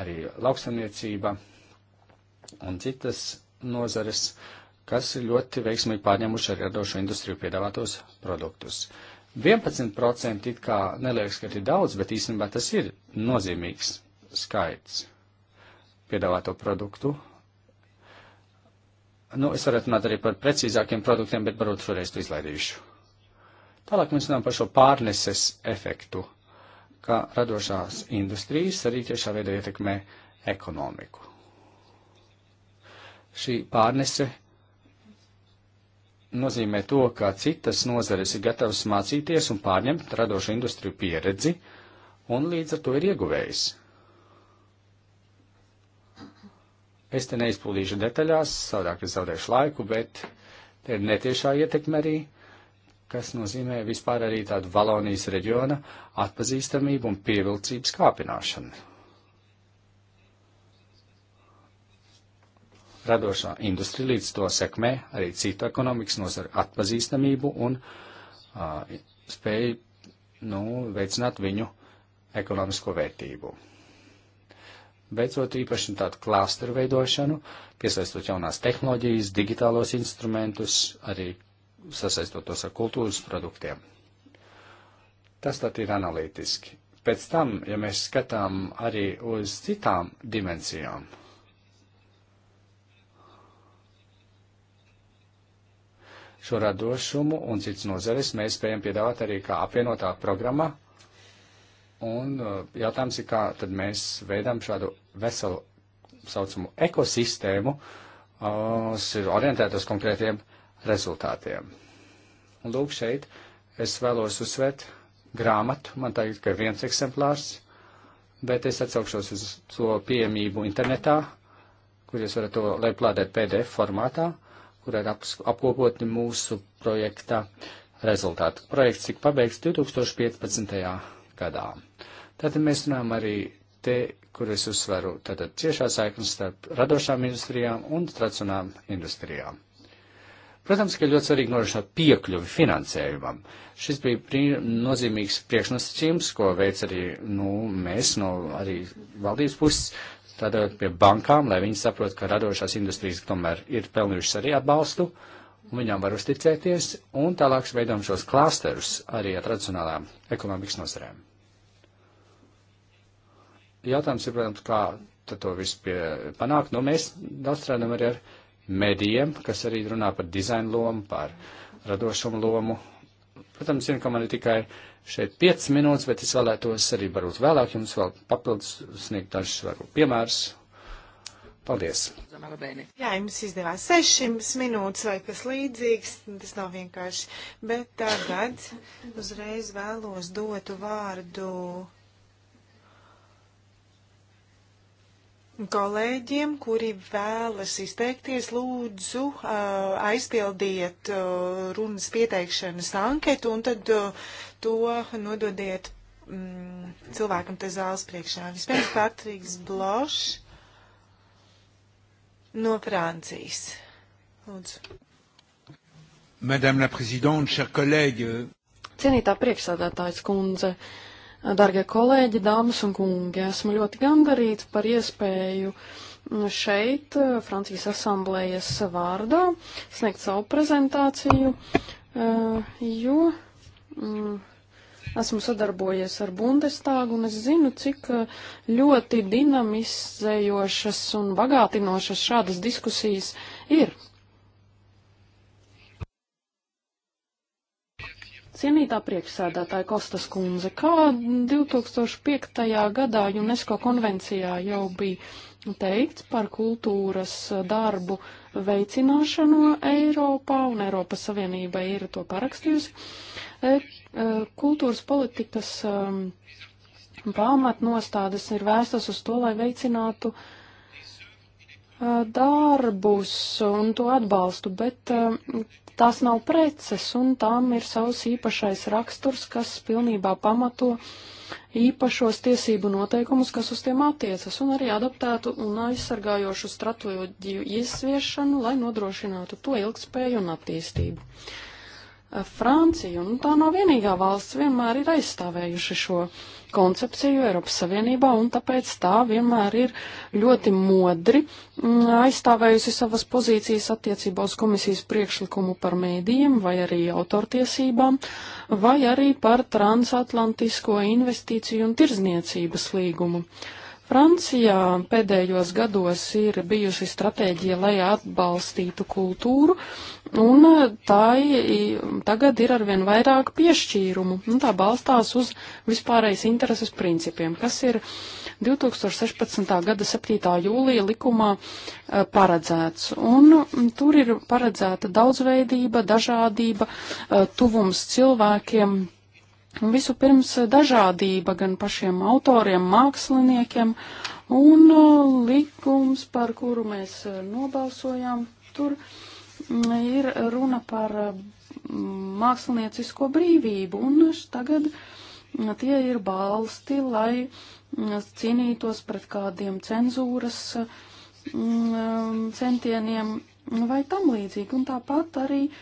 arī lauksamniecība un citas nozares, kas ir ļoti veiksmīgi pārņemuši ar radošo industriju piedāvātos produktus. 11% it kā neliekas, ka ir daudz, bet īstenībā tas ir nozīmīgs skaits piedāvāto produktu Nu, es varētu runāt arī par precīzākiem produktiem, bet varbūt šoreiz to izlaidīšu. Tālāk mēs runājam par šo pārneses efektu, kā radošās industrijas arī tiešā veidā ietekmē ekonomiku. Šī pārnese nozīmē to, ka citas nozares ir gatavas mācīties un pārņemt radošu industriju pieredzi, un līdz ar to ir ieguvējis. Es te neizpildīšu detaļās, savādāk es zaudēšu laiku, bet te ir netiešā ietekme arī, kas nozīmē vispār arī tādu Valonijas reģiona atpazīstamību un pievilcības kāpināšanu. Radošā industrija līdz to sekmē arī citu ekonomikas nozaru atpazīstamību un uh, spēju nu, veicināt viņu ekonomisko vērtību beidzot īpaši tādu klāsteru veidošanu, piesaistot jaunās tehnoloģijas, digitālos instrumentus, arī sasaistot tos ar kultūras produktiem. Tas tad ir analītiski. Pēc tam, ja mēs skatām arī uz citām dimensijām, šo radošumu un cits nozares mēs spējam piedāvāt arī kā apvienotā programma Un uh, jautājums ir, kā tad mēs veidām šādu veselu saucamu ekosistēmu, kas uh, ir orientēta uz konkrētiem rezultātiem. Un lūk, šeit es vēlos uzsvērt grāmatu, man tagad ir viens eksemplārs, bet es atsaukšos uz to pieejamību internetā, kur jūs varat to leplādēt PDF formātā, kur ir apkopoti mūsu projekta rezultāti. Projekts tika pabeigts 2015 gadā. Tātad mēs runājam arī te, kur es uzsveru, tātad ciešā saiknes starp radošām industrijām un tradicionām industrijām. Protams, ka ļoti svarīgi norisināt piekļuvi finansējumam. Šis bija pri nozīmīgs priekšnosacījums, ko veic arī nu, mēs no arī valdības puses strādājot pie bankām, lai viņi saprot, ka radošās industrijas tomēr ir pelnījušas arī atbalstu. Uh, un viņām var uzticēties, un tālāk veidojam šos klāsterus arī ar tradicionālām ekonomikas nozarēm. Jautājums ir, protams, kā tad to visu pie, panākt. Nu, mēs daudz strādājam arī ar medijiem, kas arī runā par dizainu lomu, par radošumu lomu. Protams, zinu, ka man ir tikai šeit 5 minūtes, bet es vēlētos arī varbūt vēlāk jums vēl papildus sniegt dažus varbūt piemērus Paldies! Jā, jums izdevās 600 minūtes vai kas līdzīgs, tas nav vienkārši, bet tagad uzreiz vēlos dotu vārdu Kolēģiem, kuri vēlas izteikties, lūdzu aizpildiet runas pieteikšanas anketu un tad to nododiet mm, cilvēkam te zāles priekšā. Vispirms Patriks Blošs, no Francijas. Lūdzu. Madame la Présidente, chers collègues. Cienītā priekšsādātājs kundze, dargie kolēģi, dāmas un kungi, esmu ļoti gandarīts par iespēju šeit, Francijas asamblējas vārdā, sniegt savu prezentāciju, eh, jo mm, Esmu sadarbojies ar Bundestāgu un es zinu, cik eh, ļoti dinamizējošas un bagātinošas šādas diskusijas ir. Cienītā priekšsēdētāja Kostas kundze, kā 2005. gadā UNESCO konvencijā jau bija teikts par kultūras darbu veicināšanu Eiropā, un Eiropas Savienība ir to parakstījusi, e, e, kultūras politikas um, pamatnostādes ir vērstas uz to, lai veicinātu uh, darbus un to atbalstu, bet tās nav preces un tām ir savs īpašais raksturs, kas pilnībā pamato īpašos tiesību noteikumus, kas uz tiem attiecas, un arī adaptētu un aizsargājošu stratēģiju iesviešanu, lai nodrošinātu to ilgspēju un attīstību. Francija, un tā nav vienīgā valsts, vienmēr ir aizstāvējuši šo koncepciju Eiropas Savienībā, un tāpēc tā vienmēr ir ļoti modri mm, aizstāvējusi savas pozīcijas attiecībā uz komisijas priekšlikumu par mēdījiem vai arī autortiesībām, vai arī par transatlantisko investīciju un tirzniecības līgumu. Uh, Francijā pēdējos gados ir bijusi stratēģija, lai atbalstītu kultūru, un e, tā tagad ir arvien vairāk piešķīrumu, un nu, tā balstās uz vispārējais intereses principiem, kas ir 2016. gada 7. jūlija likumā e, paredzēts. Un tur ir paredzēta daudzveidība, dažādība, e, tuvums cilvēkiem, Visu pirms eh, dažādība gan pašiem autoriem, māksliniekiem un eh, likums, par kuru mēs eh, nobalsojām, tur mm, ir runa par māksliniecisko brīvību un tagad mm, tie ir balsti, lai mm, cīnītos pret kādiem cenzūras centieniem vai tam līdzīgi. Un tāpat arī uh,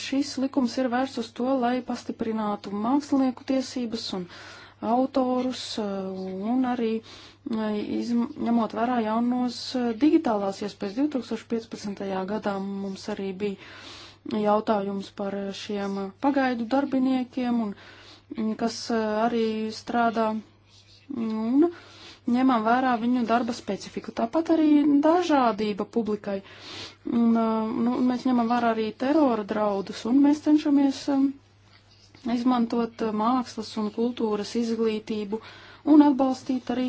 šis likums ir vērsts uz to, lai pastiprinātu mākslinieku tiesības un autorus eh, un arī eh, ņemot vērā jaunos eh, digitālās iespējas. 2015. gadā mums arī bija jautājums par šiem pagaidu darbiniekiem, un, kas arī strādā un ņemam vērā viņu darba specifiku. Tāpat arī dažādība publikai. Uh, Un, um, nu, mēs ņemam vērā arī terora draudus, un mēs cenšamies um, izmantot uh, mākslas un kultūras izglītību un atbalstīt arī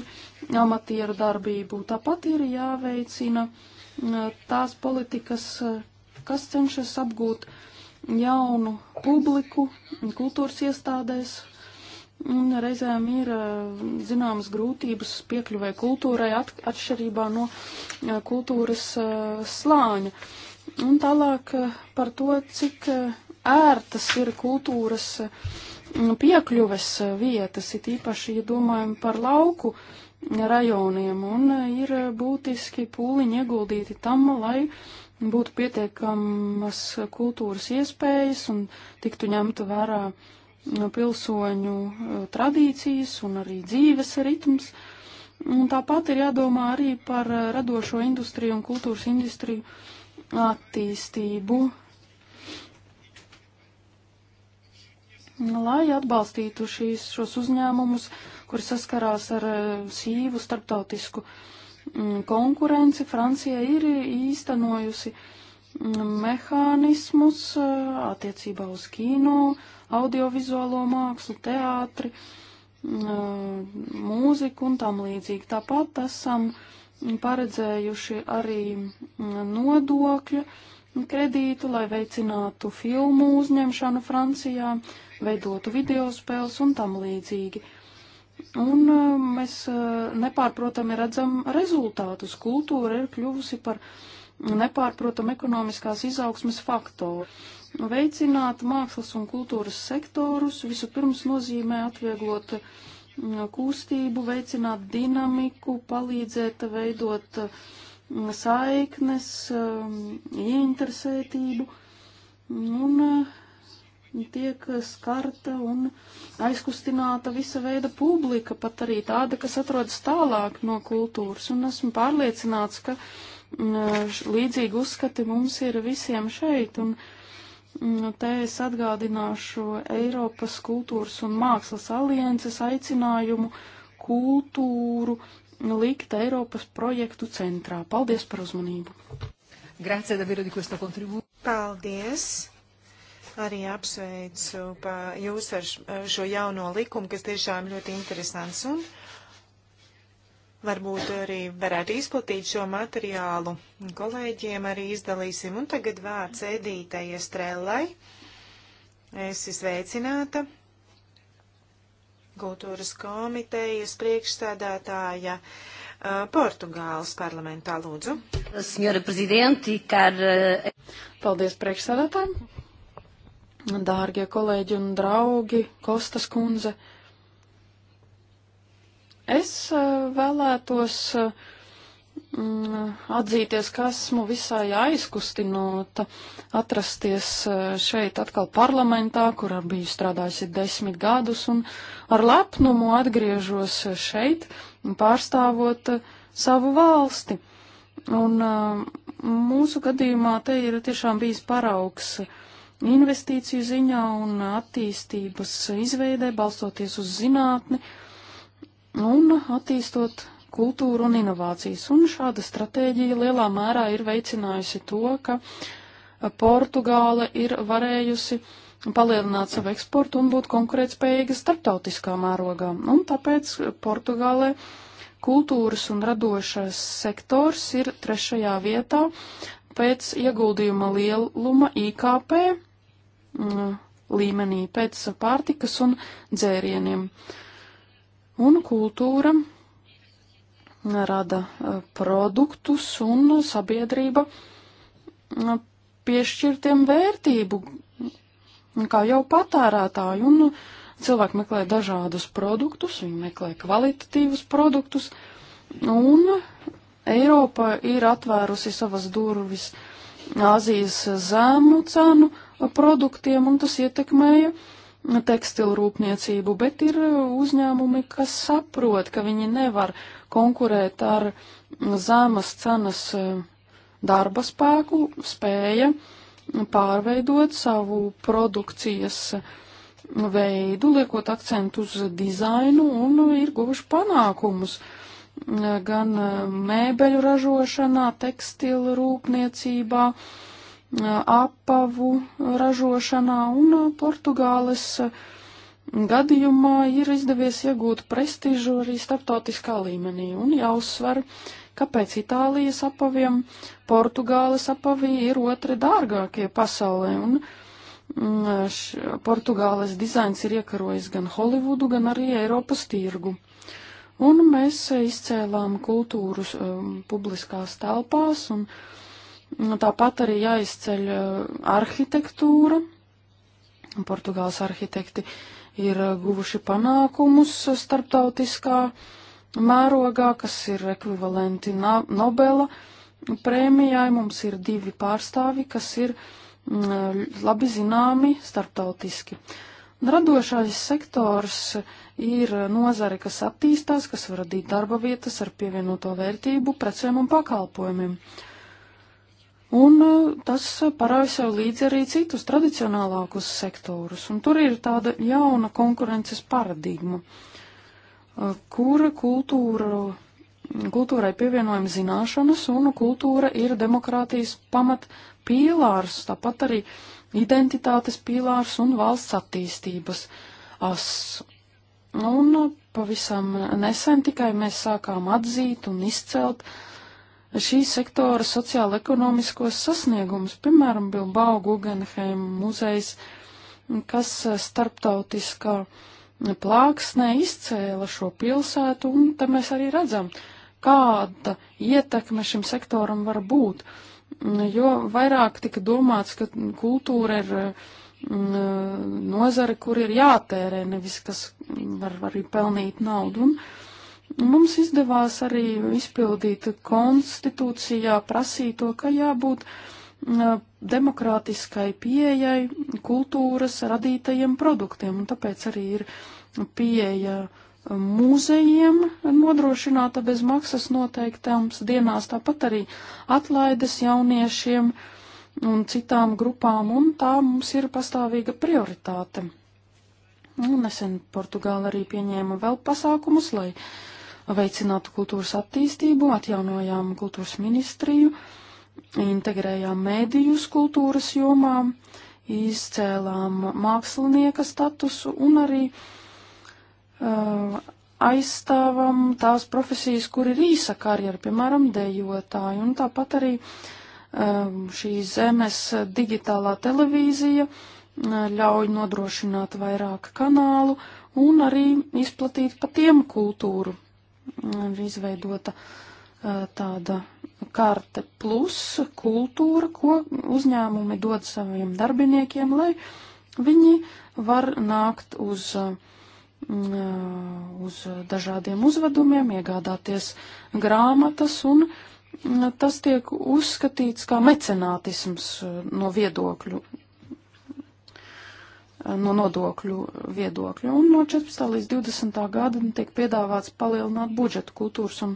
amatieru darbību. Tāpat ir jāveicina uh, tās politikas, uh, kas cenšas apgūt jaunu publiku kultūras iestādēs, Un reizēm ir eh, zināmas grūtības piekļuvai kultūrai at, atšķirībā no eh, kultūras eh, slāņa. Un tālāk par to, cik ērtas ir kultūras piekļuves vietas, it īpaši, ja domājam par lauku rajoniem, un ir būtiski pūliņi ieguldīti tam, lai būtu pietiekamas kultūras iespējas un tiktu ņemta vērā uh, Mm, pilsoņu eh, tradīcijas un arī dzīves ritms. Un tāpat ir jādomā arī par eh, radošo industriju un kultūras industriju attīstību, lai atbalstītu šīs, šos uzņēmumus, kuri saskarās ar eh, sīvu starptautisku mm, konkurenci. Francija ir īstenojusi mm, mehānismus attiecībā uz kīnu, audiovizuālo mākslu, teātri, mūziku un tam līdzīgi. Tāpat esam paredzējuši arī nodokļu kredītu, lai veicinātu filmu uzņemšanu Francijā, veidotu videospēles un tam līdzīgi. Un mēs e, nepārprotami redzam rezultātus. Kultūra ir kļuvusi par nepārprotam ekonomiskās izaugsmes faktoru. Veicināt mākslas un kultūras sektorus vispirms nozīmē atvieglot mm, kustību, veicināt dinamiku, palīdzēt veidot mm, saiknes, mm, ieinteresētību un tiek skarta un aizkustināta visa veida publika, pat arī tāda, kas atrodas tālāk no kultūras. Un esmu pārliecināts, ka līdzīgi uzskati mums ir visiem šeit. Un, uh, Mm, nu, te es atgādināšu Eiropas kultūras un mākslas alianses aicinājumu kultūru likt Eiropas projektu centrā. Paldies par uzmanību! Grazie davvero di questo contributo. Paldies! Arī apsveicu jūs ar šo jauno likumu, kas tiešām ļoti interesants. Un Varbūt arī varētu izplatīt šo materiālu. Kolēģiem arī izdalīsim. Un tagad vārds Edītai Estrellai. Esi sveicināta. Kultūras komitejas priekšstādātāja Portugāles parlamentā lūdzu. Senjora prezidenti, kar... Paldies priekšstādātājiem. Dārgie kolēģi un draugi, Kostas kundze. Uh, Es eh, vēlētos eh, mm, atzīties, ka esmu visai aizkustinota atrasties eh, šeit atkal parlamentā, kur ar biju strādājusi desmit gadus, un ar lepnumu atgriežos šeit, pārstāvot savu valsti. Un mūsu gadījumā te ir tiešām bijis paraugs investīciju ziņā un attīstības izveidē, balstoties uz zinātni. Uh, un attīstot kultūru un inovācijas. Un šāda stratēģija lielā mērā ir veicinājusi to, ka Portugāle ir varējusi palielināt savu eksportu un būt konkurētspējīga starptautiskā mērogā. Un tāpēc Portugālē kultūras un radošais sektors ir trešajā vietā pēc ieguldījuma lieluma IKP mm, līmenī, pēc pārtikas un dzērieniem. Uh, Un kultūra rada e, produktus un sabiedrība e, piešķirtiem vērtību, kā jau patērētāji, un cilvēki meklē dažādus produktus, viņi meklē kvalitatīvus produktus, un Eiropa ir atvērusi savas durvis Āzijas zēmu cenu produktiem, un tas ietekmēja uh, tekstilu rūpniecību, bet ir uzņēmumi, kas saprot, ka viņi nevar konkurēt ar zemas cenas eh, darba spēku, spēja pārveidot savu produkcijas veidu, liekot akcentu uz dizainu un ir guvuši panākumus eh, gan eh, mēbeļu ražošanā, tekstilu rūpniecībā, uh, apavu ražošanā, un uh, Portugāles uh, gadījumā ir izdevies iegūt prestižu arī starptautiskā līmenī. Un jāuzsver, kāpēc Itālijas apaviem, Portugāles apavī ir otri dārgākie pasaulē. Un, mm, š, Portugāles dizains ir iekarojis gan Holivudu, gan arī Eiropas tirgu. Un mēs izcēlām kultūrus um, publiskās telpās un uh, Tāpat arī jāizceļ eh, arhitektūra. Portugāles arhitekti ir eh, guvuši panākumus starptautiskā mērogā, kas ir ekvivalenti Nobela prēmijai. Mums ir divi pārstāvi, kas ir mm, eh, labi zināmi starptautiski. Radošais sektors ir nozare, kas attīstās, kas var radīt darba vietas ar pievienoto vērtību precēm un pakalpojumiem. Uh, Un eh, tas eh, parāda sev līdzi arī citus tradicionālākus sektorus. Un tur ir tāda jauna konkurences paradigma, eh, kura kultūra, kultūrai pievienojama zināšanas, un kultūra ir demokrātijas pamat pīlārs, tāpat arī identitātes pīlārs un valsts attīstības ass. Un pavisam nesen tikai mēs sākām atzīt un izcelt uh, šī sektora sociāla-ekonomiskos sasniegumus, piemēram, Bilbao Guggenheim muzejs, kas eh, starptautiskā plāksnē izcēla šo pilsētu, un te mēs arī redzam, kāda ietekme šim sektoram var būt. Jo vairāk tika domāts, ka kultūra ir mm, nozare, kur ir jātērē, nevis kas var arī pelnīt naudu. Un, Mums izdevās arī izpildīt konstitūcijā prasīto, ka jābūt demokrātiskai pieejai kultūras radītajiem produktiem, un tāpēc arī ir pieeja muzejiem nodrošināta bez maksas noteiktāms dienās, tāpat arī atlaides jauniešiem un citām grupām, un tā mums ir pastāvīga prioritāte. Un nesen Portugāla arī pieņēma vēl pasākumus, lai uh, veicinātu kultūras attīstību, atjaunojām kultūras ministriju, integrējām mēdījus kultūras jomā, izcēlām mākslinieka statusu un arī uh, aizstāvam tās profesijas, kur ir īsa karjera, piemēram, dejotāji, un tāpat arī um, šī zemes digitālā televīzija uh, ļauj nodrošināt vairāk kanālu un arī izplatīt pa tiem kultūru ir izveidota tāda karte plus kultūra, ko uzņēmumi dod saviem darbiniekiem, lai viņi var nākt uz, uz dažādiem uzvedumiem, iegādāties grāmatas un tas tiek uzskatīts kā mecenātisms no viedokļu no nodokļu viedokļa. Un no 14. līdz 20. gada tiek piedāvāts palielināt budžetu kultūras un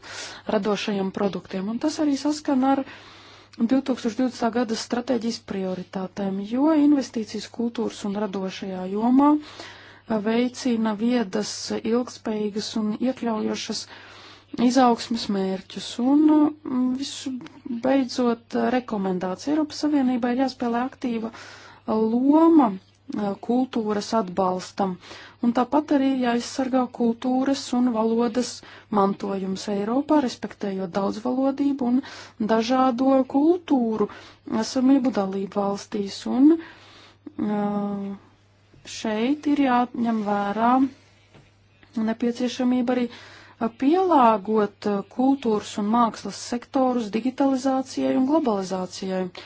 radošajiem produktiem. Un tas arī saskan ar 2020. gada stratēģijas prioritātēm, jo investīcijas kultūras un radošajā jomā veicina viedas, ilgspējīgas un iekļaujošas izaugsmas mērķus un mm, visu beidzot rekomendācija. Eiropas Savienībai ir jāspēlē aktīva loma kultūras atbalstam. Un tāpat arī jāizsargā kultūras un valodas mantojums Eiropā, respektējot daudzvalodību un dažādo kultūru esamību dalību valstīs. Un šeit ir jāņem vērā nepieciešamība arī pielāgot kultūras un mākslas sektorus digitalizācijai un globalizācijai. Uh,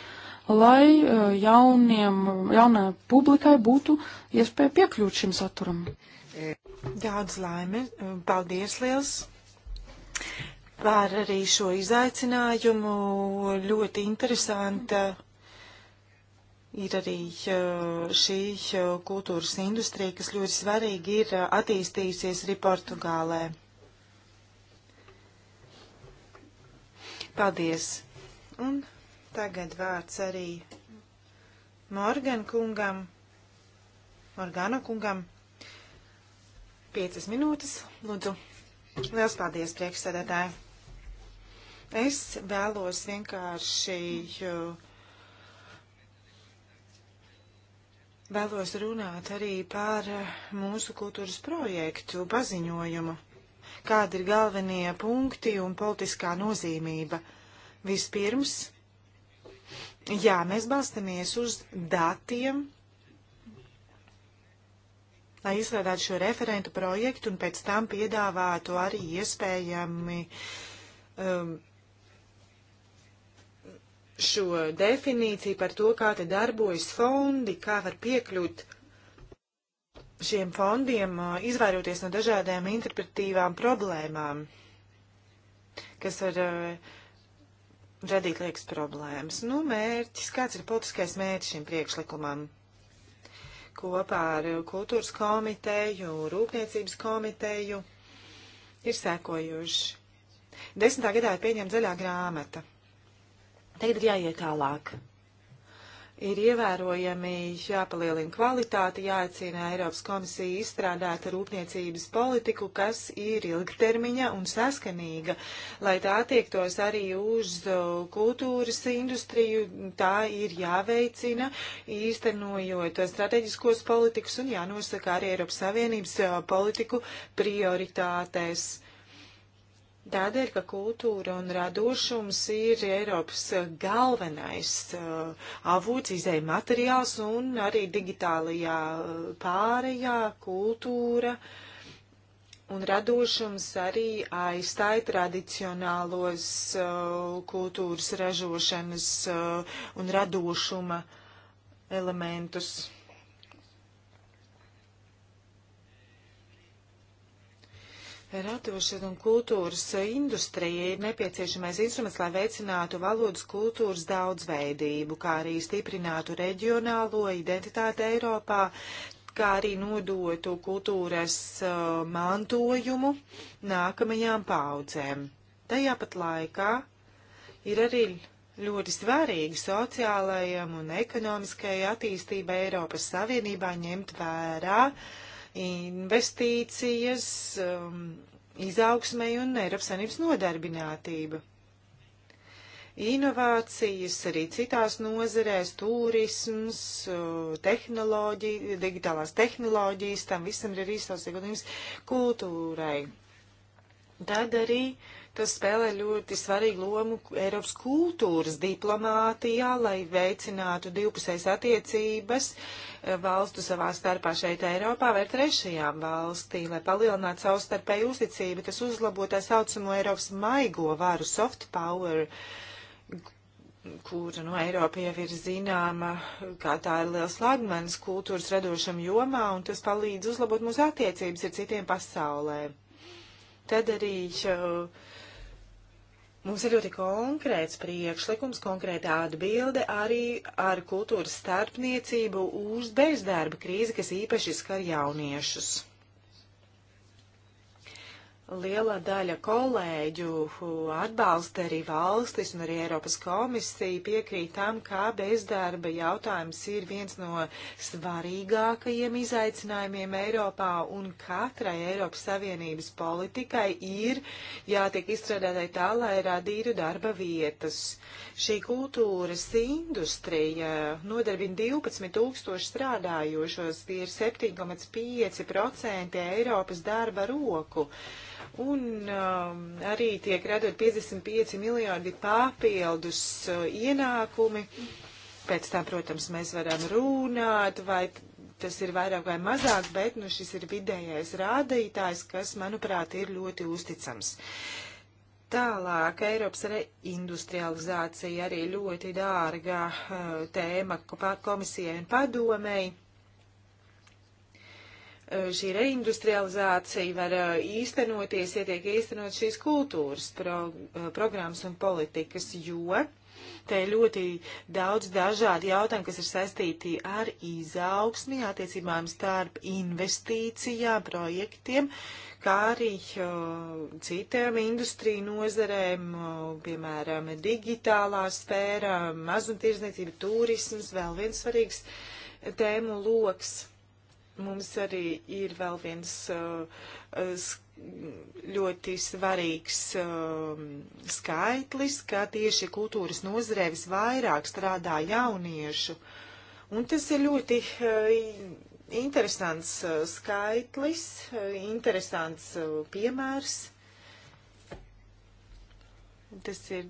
lai eh, jauniem, jaunai publikai būtu iespēja piekļūt šim saturam. Daudz laime, paldies liels! Par arī šo izaicinājumu ļoti interesanta ir arī eh, šī eh, kultūras industrija, kas ļoti svarīgi ir attīstījusies arī Portugālē. Paldies! Un Tagad vārds arī Morgan kungam, Morgana kungam. Piecas minūtes, lūdzu. Liels paldies, priekšsēdētāji. Es vēlos vienkārši vēlos runāt arī par mūsu kultūras projektu paziņojumu. Kādi ir galvenie punkti un politiskā nozīmība? Vispirms Jā, mēs balstamies uz datiem, lai izstrādātu šo referentu projektu un pēc tam piedāvātu arī iespējami um, šo definīciju par to, kā te darbojas fondi, kā var piekļūt šiem fondiem, uh, izvairoties no dažādām interpretīvām problēmām, kas var uh, radīt liekas problēmas. Nu, mērķis, kāds ir politiskais mērķis šim priekšlikumam? Kopā ar kultūras komiteju, rūpniecības komiteju ir sēkojuši. Desmitā gadā ir pieņemta zaļā grāmata. Tagad ir jāiet tālāk ir ievērojami jāpalielina kvalitāte, jāicina Eiropas komisija izstrādāt rūpniecības politiku, kas ir ilgtermiņa un saskanīga, lai tā attiektos arī uz kultūras industriju, tā ir jāveicina, īstenojot strateģiskos politikas un jānosaka arī Eiropas Savienības politiku prioritātēs. Tādēļ, ka kultūra un radošums ir Eiropas galvenais uh, avots, izēja materiāls un arī digitālajā pārējā kultūra un radošums arī aizstāja tradicionālos uh, kultūras ražošanas uh, un radošuma elementus. Ratošana un kultūras industrija ir nepieciešamais instruments, lai veicinātu valodas kultūras daudzveidību, kā arī stiprinātu reģionālo identitāti Eiropā, kā arī nodotu kultūras uh, mantojumu nākamajām paudzēm. Tajā pat laikā ir arī ļoti svarīgi sociālajiem un ekonomiskajai attīstībai Eiropas Savienībā ņemt vērā uh, investīcijas um, izaugsmai un Eiropas Savienības nodarbinātība. Inovācijas arī citās nozerēs, turisms, tehnoloģija, digitālās tehnoloģijas, tam visam ir arī savs ieguldījums kultūrai. Tad arī uh, Tas spēlē ļoti svarīgu lomu Eiropas kultūras diplomātijā, lai veicinātu divpusējas attiecības eh, valstu savā starpā šeit Eiropā vai trešajām valstī, lai palielinātu savstarpēju uzticību. Tas uzlabo tā saucamo Eiropas maigo varu, soft power kur no nu, Eiropa jau ir zināma, kā tā ir liels lagmens kultūras radošam jomā, un tas palīdz uzlabot mūsu attiecības ar citiem pasaulē. Tad arī uh, Mums ir ļoti konkrēts priekšlikums, konkrēta atbilde arī ar kultūras starpniecību uz bezdarba krīzi, kas īpaši skar jauniešus. Liela daļa kolēģu atbalsta arī valstis un arī Eiropas komisija piekrīt tam, kā bezdarba jautājums ir viens no svarīgākajiem izaicinājumiem Eiropā un katrai Eiropas Savienības politikai ir jātiek izstrādātai tā, lai radītu darba vietas. Šī kultūras industrija nodarbina 12 tūkstoši strādājošos, tie ir 7,5% Eiropas darba roku Un um, arī tiek radot 55 miljardi papildus uh, ienākumi. Pēc tam, protams, mēs varam runāt, vai tas ir vairāk vai mazāk, bet nu, šis ir vidējais rādītājs, kas, manuprāt, ir ļoti uzticams. Tālāk Eiropas reindustrializācija arī ļoti dārga uh, tēma komisijai un padomēji. Eh, šī reindustrializācija var eh, īstenoties, ja tiek īstenot šīs kultūras pro, eh, programmas un politikas, jo te ir ļoti daudz dažādi jautājumi, kas ir saistīti ar izaugsmi, attiecībām starp investīcijām, projektiem, kā arī citām industriju nozarēm, piemēram, digitālā sfērā, mazumtirdzniecība, turisms, vēl viens svarīgs tēmu loks mums arī ir vēl viens uh, ļoti svarīgs uh, skaitlis, ka tieši kultūras nozarē visvairāk strādā jauniešu. Un tas ir ļoti uh, interesants uh, skaitlis, uh, interesants uh, piemērs. Tas ir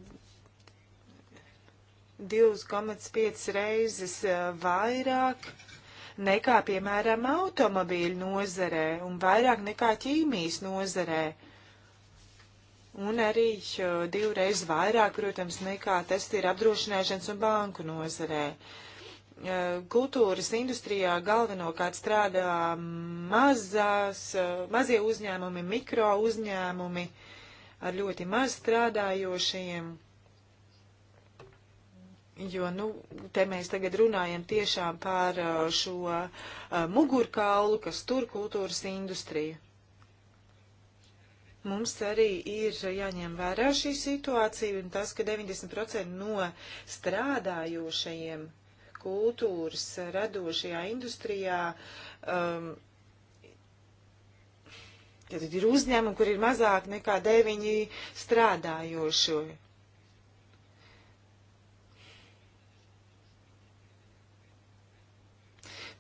2,5 reizes vairāk nekā, piemēram, automobīļu nozarē un vairāk nekā ķīmijas nozarē. Un arī divreiz vairāk, protams, nekā tas ir apdrošināšanas un banku nozarē. Kultūras industrijā galvenokārt strādā mazās, mazie uzņēmumi, mikro uzņēmumi ar ļoti maz strādājošiem. Jo, nu, te mēs tagad runājam tiešām par uh, šo uh, mugurkaulu, kas tur kultūras industriju. Mums arī ir jāņem vērā šī situācija un tas, ka 90% no strādājošajiem kultūras radošajā industrijā um, tad ir uzņēmumi, kur ir mazāk nekā 9 strādājošie.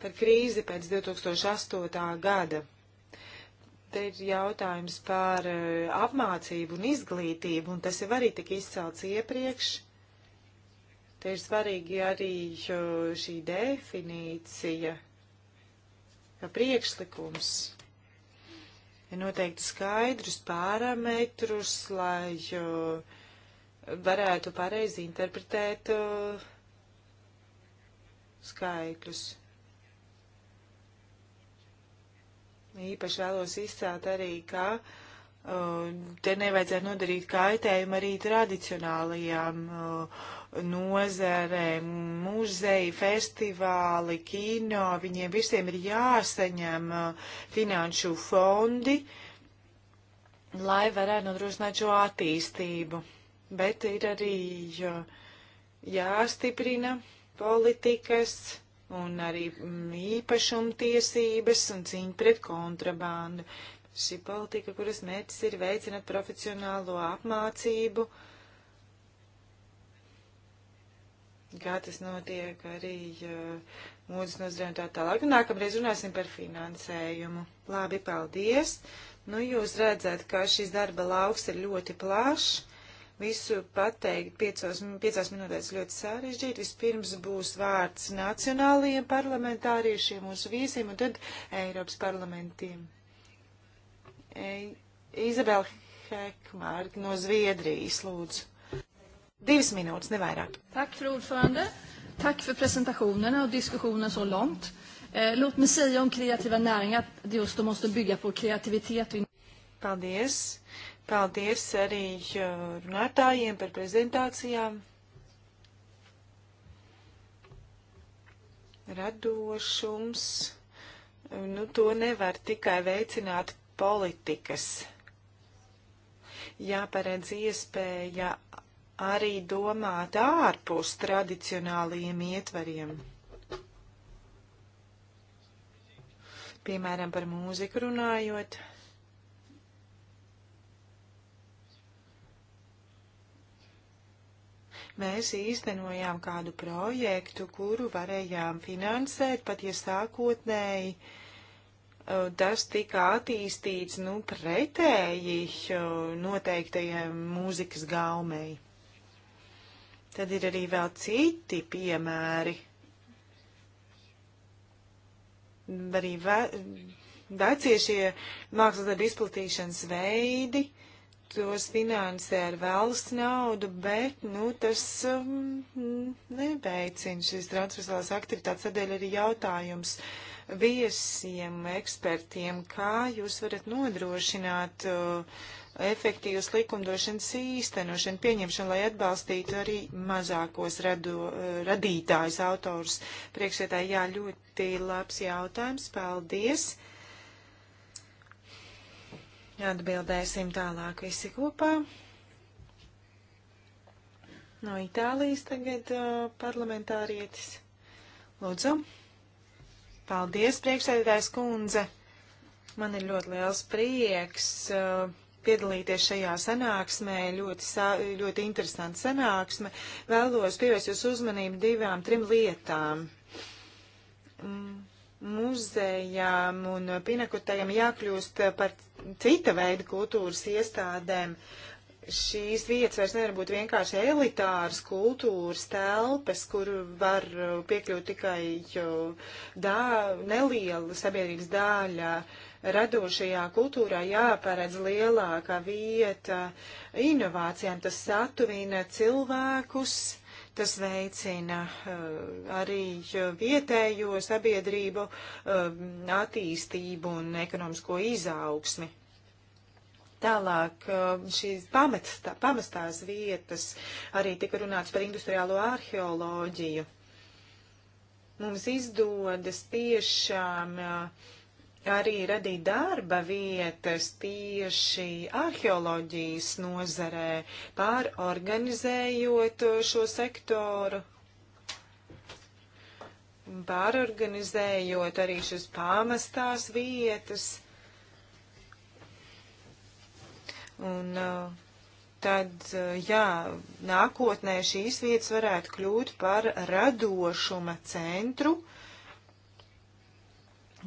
par krīzi pēc 2008. gada. Te ir jautājums par e, apmācību un izglītību, un tas jau arī tika izcelts iepriekš. Te ir svarīgi arī šī definīcija, ka priekšlikums ir noteikti skaidrus parametrus, lai varētu pareizi interpretēt e, skaitļus. Īpaši vēlos izcelt arī, ka uh, te nevajadzētu nodarīt kaitējumu arī tradicionālajām uh, nozerēm, muzeji, festivāli, kino. Viņiem visiem ir jāsaņem uh, finanšu fondi, lai varētu nodrošināt šo attīstību. Bet ir arī uh, jāstiprina politikas un arī mm, īpašumtiesības un cīņa pret kontrabandu. Šī politika, kuras mērķis ir veicināt profesionālo apmācību, kā tas notiek arī uh, mūdas nozarē un tā tālāk. Un nu, nākamreiz runāsim par finansējumu. Labi, paldies! Nu, jūs redzat, ka šis darba lauks ir ļoti plašs Visu pateikt piecos, piecās minūtēs ļoti sarežģīti. Vispirms būs vārds nacionālajiem parlamentāriešiem, mūsu viesiem, un tad Eiropas parlamentiem. E, Izabela Hekmārka no Zviedrijas, lūdzu. Divas minūtes, nevairāk. Tak, fru ordförande. Tak för presentationerna och diskussionen så långt. Eh, låt mig säga om kreativa näringar att just de måste bygga på kreativitet. Paldies. Paldies arī uh, runātājiem par prezentācijām. Radošums, nu to nevar tikai veicināt politikas. Jāparedz iespēja arī domāt ārpus tradicionālajiem ietvariem. Piemēram, par mūziku runājot. mēs īstenojām kādu projektu, kuru varējām finansēt, pat ja sākotnēji tas tika attīstīts, nu, pretēji noteiktajiem mūzikas gaumei. Tad ir arī vēl citi piemēri. Arī ve vecie šie mākslas darbu izplatīšanas veidi. Uh, tos finansē ar valsts naudu, bet, nu, tas um, neveicina šīs transversālās aktivitātes. Tādēļ arī jautājums viesiem, ekspertiem, kā jūs varat nodrošināt uh, efektīvas likumdošanas īstenošanu, pieņemšanu, lai atbalstītu arī mazākos rado, uh, radītājus, autors. Priekšētāji, jā, ļoti labs jautājums. Paldies! Atbildēsim tālāk visi kopā. No Itālijas tagad uh, parlamentārietis. Lūdzu. Paldies, priekšsēdētājs kundze. Man ir ļoti liels prieks uh, piedalīties šajā sanāksmē, ļoti, ļoti interesanta sanāksme. Vēlos pievērst jūs uzmanību divām, trim lietām. Mm, muzejām un pinakotājiem jākļūst par cita veida kultūras iestādēm. Šīs vietas vairs nevar būt vienkārši elitāras kultūras telpas, kur var uh, piekļūt tikai uh, dā, neliela sabiedrības daļa. Radošajā kultūrā jāparedz lielākā vieta inovācijām, tas satuvina cilvēkus Tas veicina eh, arī eh, vietējo sabiedrību eh, attīstību un ekonomisko izaugsmi. Tālāk šīs pamatstā, pamestās vietas arī tika runāts par industriālo arheoloģiju. Mums izdodas tiešām uh, arī radīt darba vietas tieši arheoloģijas nozarē, pārorganizējot šo sektoru pārorganizējot arī šīs pamestās vietas. Un uh, tad, uh, jā, nākotnē šīs vietas varētu kļūt par radošuma centru, uh,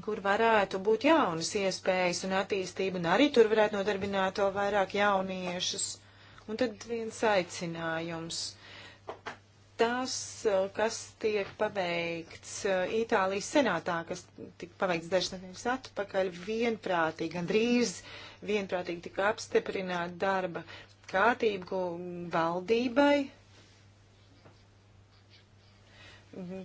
kur varētu būt jaunas iespējas un attīstība, un arī tur varētu nodarbināt vēl vairāk jauniešus. Un tad viens aicinājums. Tas, eh, kas tiek paveikts eh, Itālijas senātā, kas tika paveikts dažas nedēļas atpakaļ, vienprātīgi, gandrīz vienprātīgi tika apstiprināta darba kārtību valdībai, mhm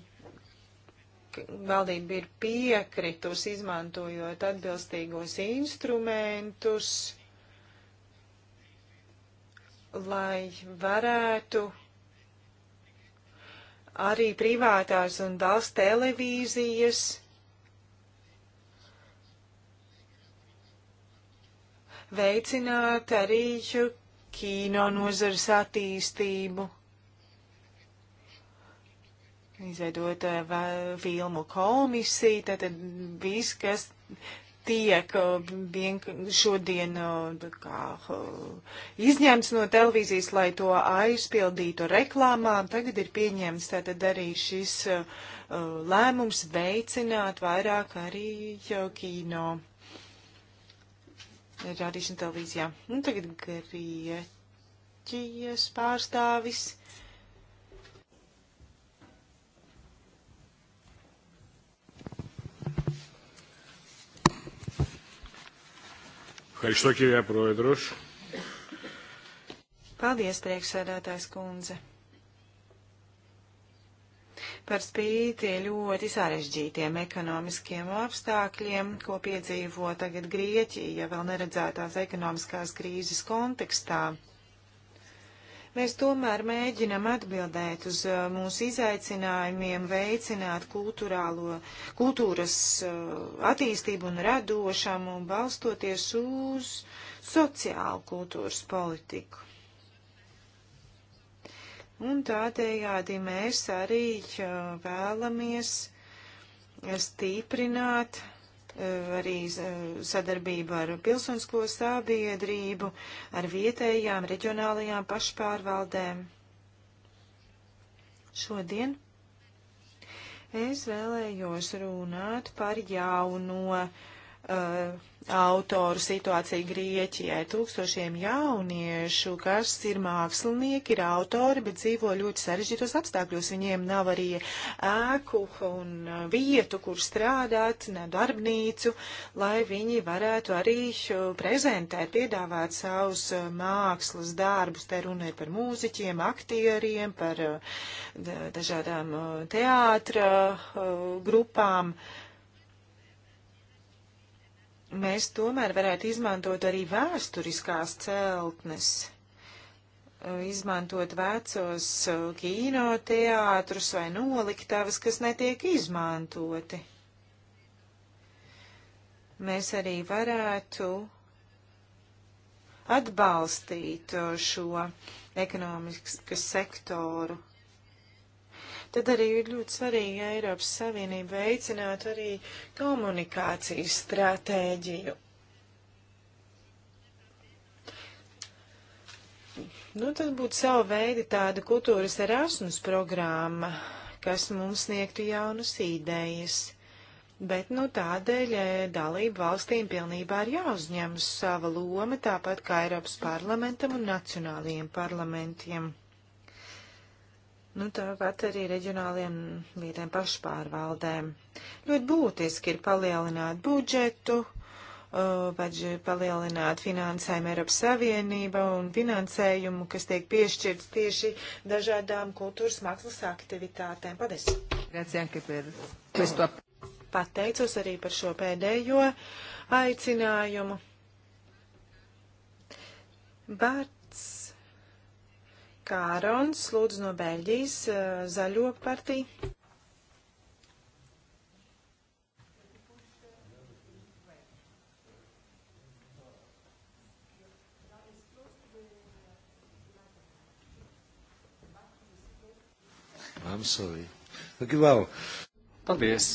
valdība ir piekritus izmantojot atbilstīgos instrumentus, lai varētu arī privātās un valsts televīzijas veicināt arī kino nozars attīstību izveidot eh, filmu komisiju, tātad viss, kas tiek eh, šodien eh, kā, izņemts no televīzijas, lai to aizpildītu reklāmām. Tagad ir pieņemts tātad arī šis lēmums veicināt vairāk arī kino rādīšanu televīzijā. Nu, tagad Grieķijas pārstāvis. Ευχαριστώ κυρία Πρόεδρος. Paldies, priekšsēdētājs kundze. Par spīti ļoti sarežģītiem ekonomiskiem apstākļiem, ko piedzīvo tagad Grieķija, vēl neredzētās ekonomiskās krīzes kontekstā, Mēs tomēr mēģinam atbildēt uz uh, mūsu izaicinājumiem, veicināt kultūrālo, kultūras uh, attīstību un radošumu, balstoties uz sociālu kultūras politiku. Un tādējādi mēs arī uh, vēlamies stiprināt Eh, arī eh, sadarbību ar pilsonisko sabiedrību, ar vietējām, reģionālajām pašpārvaldēm. Šodien es vēlējos runāt par jauno uh, autoru situāciju Grieķijai. Tūkstošiem jauniešu, kas ir mākslinieki, ir autori, bet dzīvo ļoti sarežģītos apstākļos. Viņiem nav arī ēku un uh, vietu, kur strādāt, ne darbnīcu, lai viņi varētu arī prezentēt, piedāvāt savus uh, mākslas darbus. Te runa ir par mūziķiem, aktieriem, par uh, dažādām teātra grupām. Uh, mēs tomēr varētu izmantot arī vēsturiskās celtnes, eh, izmantot vecos eh, kinoteātrus vai noliktavas, kas netiek izmantoti. Mēs arī varētu atbalstīt eh, šo ekonomikas sektoru tad arī ir ļoti svarīgi Eiropas Savienība veicināt arī komunikācijas stratēģiju. Nu, tad būtu savu veidu tāda kultūras erasmus programma, kas mums sniegtu jaunas idejas. Bet nu, tādēļ eh, dalību valstīm pilnībā ir jāuzņemas sava loma, tāpat kā Eiropas parlamentam un nacionālajiem parlamentiem. Nu, tāpat arī reģionāliem vietēm pašpārvaldēm. Ļoti būtiski ir palielināt budžetu, vai uh, palielināt finansējumu Eiropas Savienība un finansējumu, kas tiek piešķirts tieši dažādām kultūras mākslas aktivitātēm. Paldies! Pateicos arī par šo pēdējo aicinājumu. Bārt Kārons, lūdzu no Beļģijas, eh, zaļo partiju. I'm sorry. Look, well. Paldies.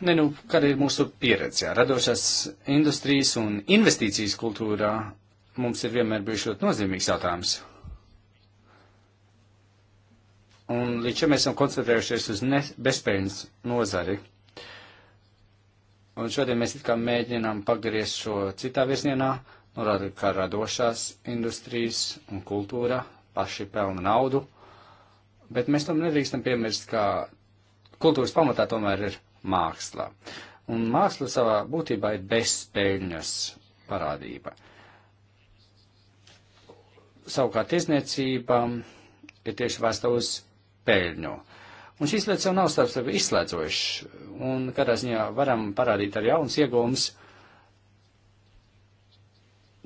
ne nu, kāda ir mūsu pieredze, jā, radošās industrijas un investīcijas kultūrā mums ir vienmēr bijuši ļoti nozīmīgs jautājums. Un līdz šim mēs esam koncentrējušies uz ne, bezpējas nozari. Un šodien mēs it kā mēģinām pagriezt šo citā virzienā, norādīt, kā radošās industrijas un kultūra paši pelna naudu, bet mēs tam nedrīkstam piemirst, ka kultūras pamatā tomēr ir mākslā. Un māksla savā būtībā ir bezspēļņas parādība. Savukārt izniecība ir tieši vērsta uz peļņu. Un šīs lietas jau nav starp sevi izslēdzošas, un katrā ziņā varam parādīt arī jauns iegūms.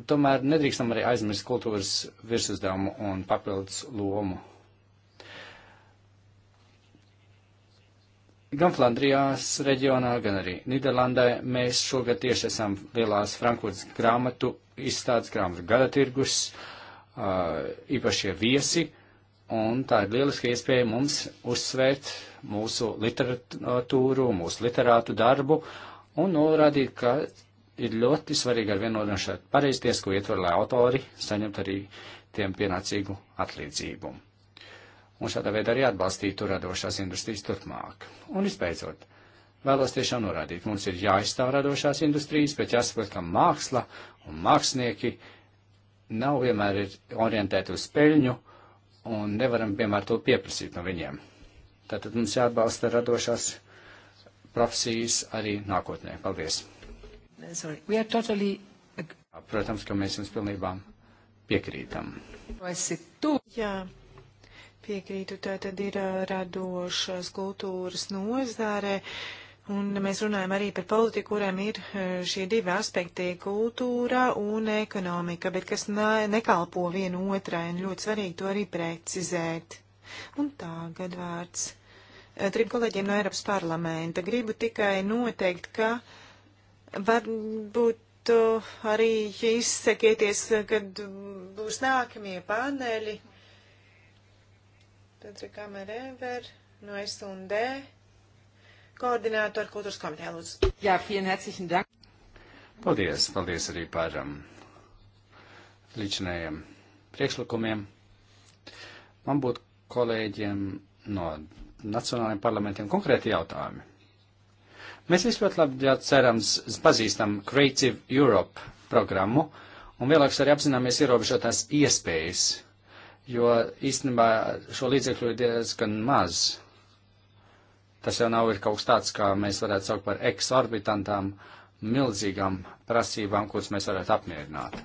Tomēr nedrīkstam arī aizmirst kultūras virsusdevumu un papildus lomu Gan Flandrijās reģionā, gan arī Niderlandē mēs šogad tieši esam lielās Frankfurtas grāmatu izstādes grāmatu gada tirgus, īpašie viesi, un tā ir lieliska iespēja mums uzsvērt mūsu literatūru, mūsu literātu darbu un norādīt, ka ir ļoti svarīgi ar vienodošanu pareizties, ko ietver, lai autori saņemt arī tiem pienācīgu atlīdzību un šādā veidā arī atbalstīt tur radošās industrijas turpmāk. Un visbeidzot, vēlos tiešām norādīt, mums ir jāizstāv radošās industrijas, bet jāsaprot, ka māksla un mākslinieki nav vienmēr ir orientēti uz peļņu un nevaram vienmēr to pieprasīt no viņiem. Tātad mums jāatbalsta radošās profesijas arī nākotnē. Paldies! Sorry, totally... Protams, ka mēs jums pilnībā piekrītam. Jā. Piekrītu, tā tad ir radošas kultūras nozare. Un mēs runājam arī par politiku, kurām ir šie divi aspekti - kultūra un ekonomika, bet kas ne, nekalpo vienu otrai, un ļoti svarīgi to arī precizēt. Un tagad vārds trim kolēģiem no Eiropas parlamenta. Gribu tikai noteikt, ka varbūt arī izsakieties, kad būs nākamie paneļi. Sandra Kamerēver no S&D, koordinātori kultūras komitē, lūdzu. Jā, vielen herzlichen dank. Paldies, paldies arī par um, līdzinējiem priekšlikumiem. Man būtu kolēģiem no nacionālajiem parlamentiem konkrēti jautājumi. Mēs visi ļoti labi, cerams, pazīstam Creative Europe programmu un vēlāk arī apzināmies ierobežotās iespējas jo īstenībā šo līdzekļu ir diezgan maz. Tas jau nav ir kaut kas tāds, kā mēs varētu saukt par eksorbitantām, milzīgām prasībām, kuras mēs varētu apmierināt.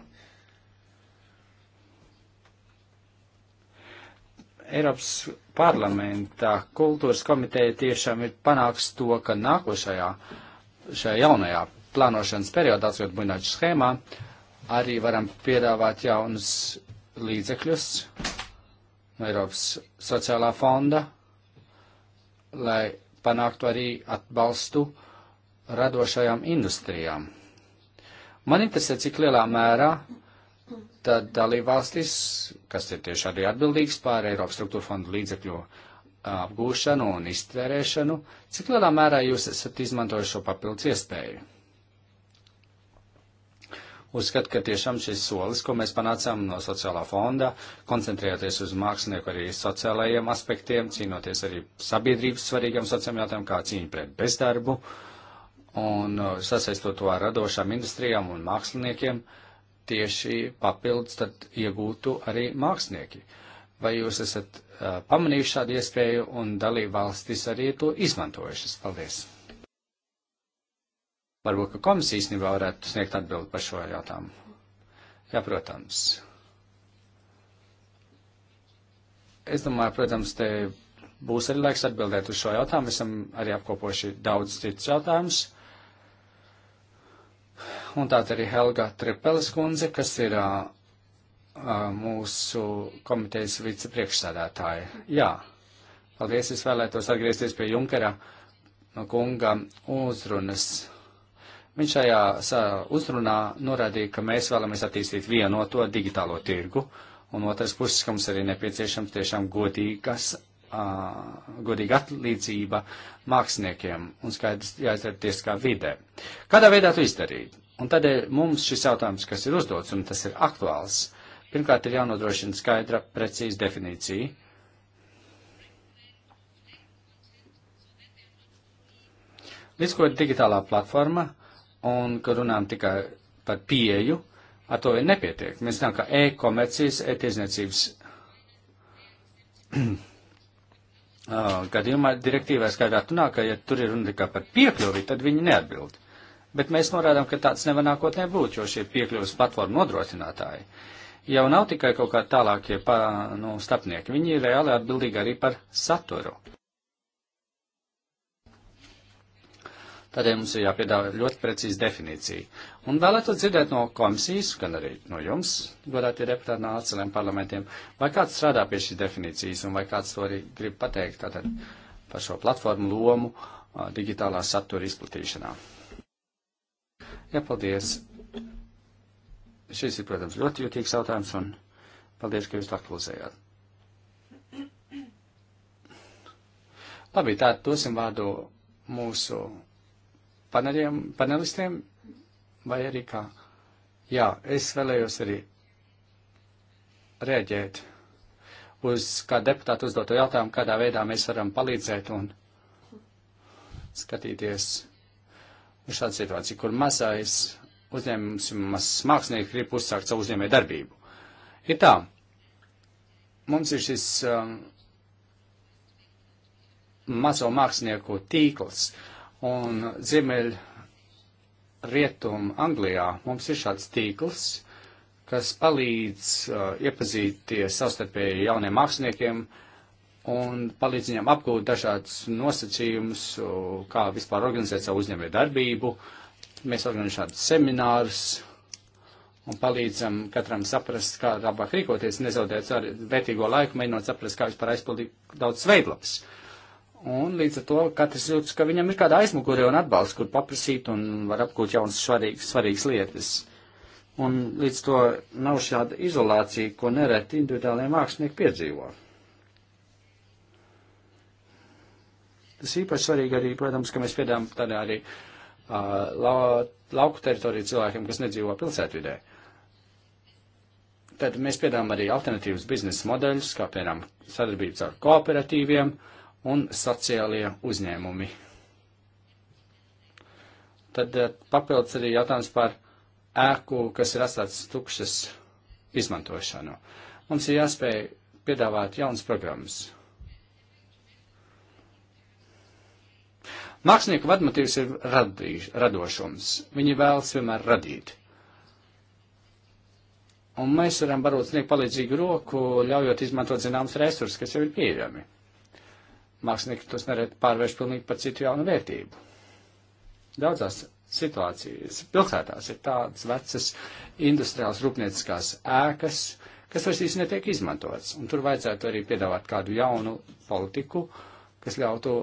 Eiropas parlamentā kultūras komiteja tiešām ir panāks to, ka nākošajā, šajā jaunajā plānošanas periodā, atskat buļnaču schēmā, arī varam piedāvāt jaunus līdzekļus no Eiropas sociālā fonda, lai panāktu arī atbalstu radošajām industrijām. Man interesē, cik lielā mērā tad dalībvalstis, kas ir tieši arī atbildīgs pār Eiropas struktūra fondu līdzekļu apgūšanu un iztvērēšanu, cik lielā mērā jūs esat izmantojuši šo papildus iespēju? Uzskat, ka tiešām šis solis, ko mēs panācām no sociālā fonda, koncentrējoties uz mākslinieku arī sociālajiem aspektiem, cīnoties arī sabiedrības svarīgiem sociālajiem jautājumiem, kā cīņa pret bezdarbu, un uh, sasaistot to ar radošām industrijām un māksliniekiem, tieši papildus tad iegūtu arī mākslinieki. Vai jūs esat uh, pamanījuši šādu iespēju un dalībvalstis arī to izmantojušas? Paldies! Varbūt, ka komisija īstenībā varētu sniegt atbildi par šo jautājumu. Jā, protams. Es domāju, protams, te būs arī laiks atbildēt uz šo jautājumu. Esam arī apkopoši daudz citus jautājumus. Un tā arī Helga Trepeles kundze, kas ir uh, mūsu komitejas vicepriekšsādātāja. Jā, paldies, es vēlētos atgriezties pie Junkera kunga uzrunas Viņš šajā uzrunā norādīja, ka mēs vēlamies attīstīt vienoto digitālo tirgu, un otrs puses, ka mums arī nepieciešams tiešām godīgas, uh, godīga atlīdzība māksliniekiem un skaidrs jāizdara tieskā vidē. Kādā veidā to izdarīt? Un tādēļ mums šis jautājums, kas ir uzdots, un tas ir aktuāls, pirmkārt ir jānodrošina skaidra, precīza definīcija, Discord digitālā platforma un ka runājam tikai par pieju, ar to ir nepietiek. Mēs zinām, ka e-komercijas, e-tiesniecības <clears throat> gadījumā direktīvā skaidrāk nāk, ka ja tur ir runa tikai par piekļuvi, tad viņi neatbild. Bet mēs norādām, ka tāds nevar nākotnē būt, jo šie piekļuvis platformu nodrošinātāji jau nav tikai kaut kā tālākie pa, nu, stapnieki, viņi ir reāli atbildīgi arī par saturu. Tādēļ mums ir jāpiedāvā ļoti precīza definīcija. Un vēlētu dzirdēt no komisijas, gan arī no jums, godātie deputāti no atceliem parlamentiem, vai kāds strādā pie šīs definīcijas un vai kāds to arī grib pateikt tātad par šo platformu lomu digitālā satura izplatīšanā. Jā, paldies. Šis ir, protams, ļoti jūtīgs jautājums un paldies, ka jūs to aktualizējāt. Labi, tā dosim vārdu mūsu paneļiem, panelistiem vai arī kā? Jā, es vēlējos arī rēģēt uz kā deputātu uzdoto jautājumu, kādā veidā mēs varam palīdzēt un skatīties uz šādu situāciju, kur mazais uzņēmums, mazs mākslinieks grib uzsākt savu uzņēmē darbību. Ir tā, mums ir šis um, mazo mākslinieku tīkls, uh, Un ziemeļ rietum Anglijā mums ir šāds tīkls, kas palīdz uh, iepazīties savstarpēji jauniem māksliniekiem un palīdz viņiem apgūt dažādus nosacījumus, uh, kā vispār organizēt savu uzņēmēju darbību. Mēs organizējam šādus seminārus un palīdzam katram saprast, kā labāk rīkoties, nezaudēt vērtīgo laiku, mēģinot saprast, kā vispār aizpildīt daudz veidlapas. Uh, Un līdz ar to katrs jūtas, ka viņam ir kāda aizmugure un atbalsts, kur paprasīt un var apgūt jaunas svarīgas, svarīgas lietas. Un līdz to nav šāda izolācija, ko nereti individuālajie mākslinieki piedzīvo. Tas īpaši svarīgi arī, protams, ka mēs piedām tādā arī uh, lau, lauku teritoriju cilvēkiem, kas nedzīvo pilsētvidē. Tad mēs piedām arī alternatīvas biznesa modeļus, kā piemēram sadarbības ar kooperatīviem, uh, un sociālie uzņēmumi. Tad eh, papildus arī jautājums par ēku, kas ir atstāts tukšas izmantošanu. Mums ir jāspēj piedāvāt jaunas programmas. Mākslinieku vadmatīvs ir radīž, radošums. Viņi vēlas vienmēr radīt. Un mēs varam varbūt sniegt palīdzīgu roku, ļaujot izmantot zināmas resursus, kas jau ir pieejami mākslinieki tos nereti pārvērš pilnīgi par citu jaunu vērtību. Daudzās situācijas pilsētās ir tādas vecas industriālas rūpnieciskās ēkas, kas vairs īsti netiek izmantotas, un tur vajadzētu arī piedāvāt kādu jaunu politiku, kas ļautu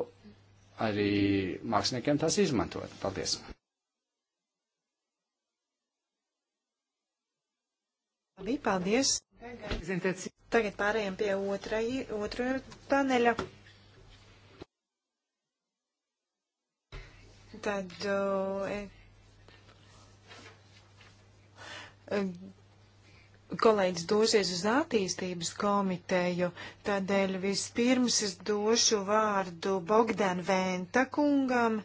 arī māksliniekiem tās izmantot. Paldies! Paldies! Tagad pārējām pie otrai, otra paneļa. tad uh, e, e, kolēģis dosies uz attīstības komiteju, tādēļ vispirms es došu vārdu Bogdan Venta kungam,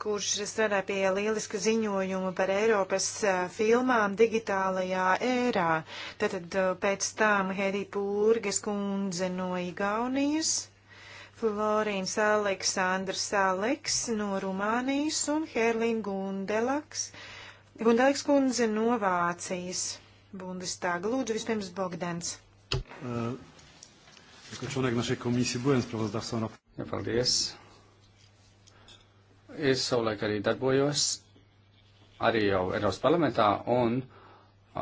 kurš strādā pie lieliska ziņojuma par Eiropas e, filmām digitālajā ērā. Tātad pēc tam Hedi Pūrges kundze no Igaunijas. Florīns Aleksandrs Aleks no Rumānijas un Herlīna Gundelaks, Gundelaks kundze no Vācijas. Bundestāga lūdzu vispirms Bogdans. Uh, ja, paldies. Es savulaik arī darbojos, arī jau Eiropas parlamentā, un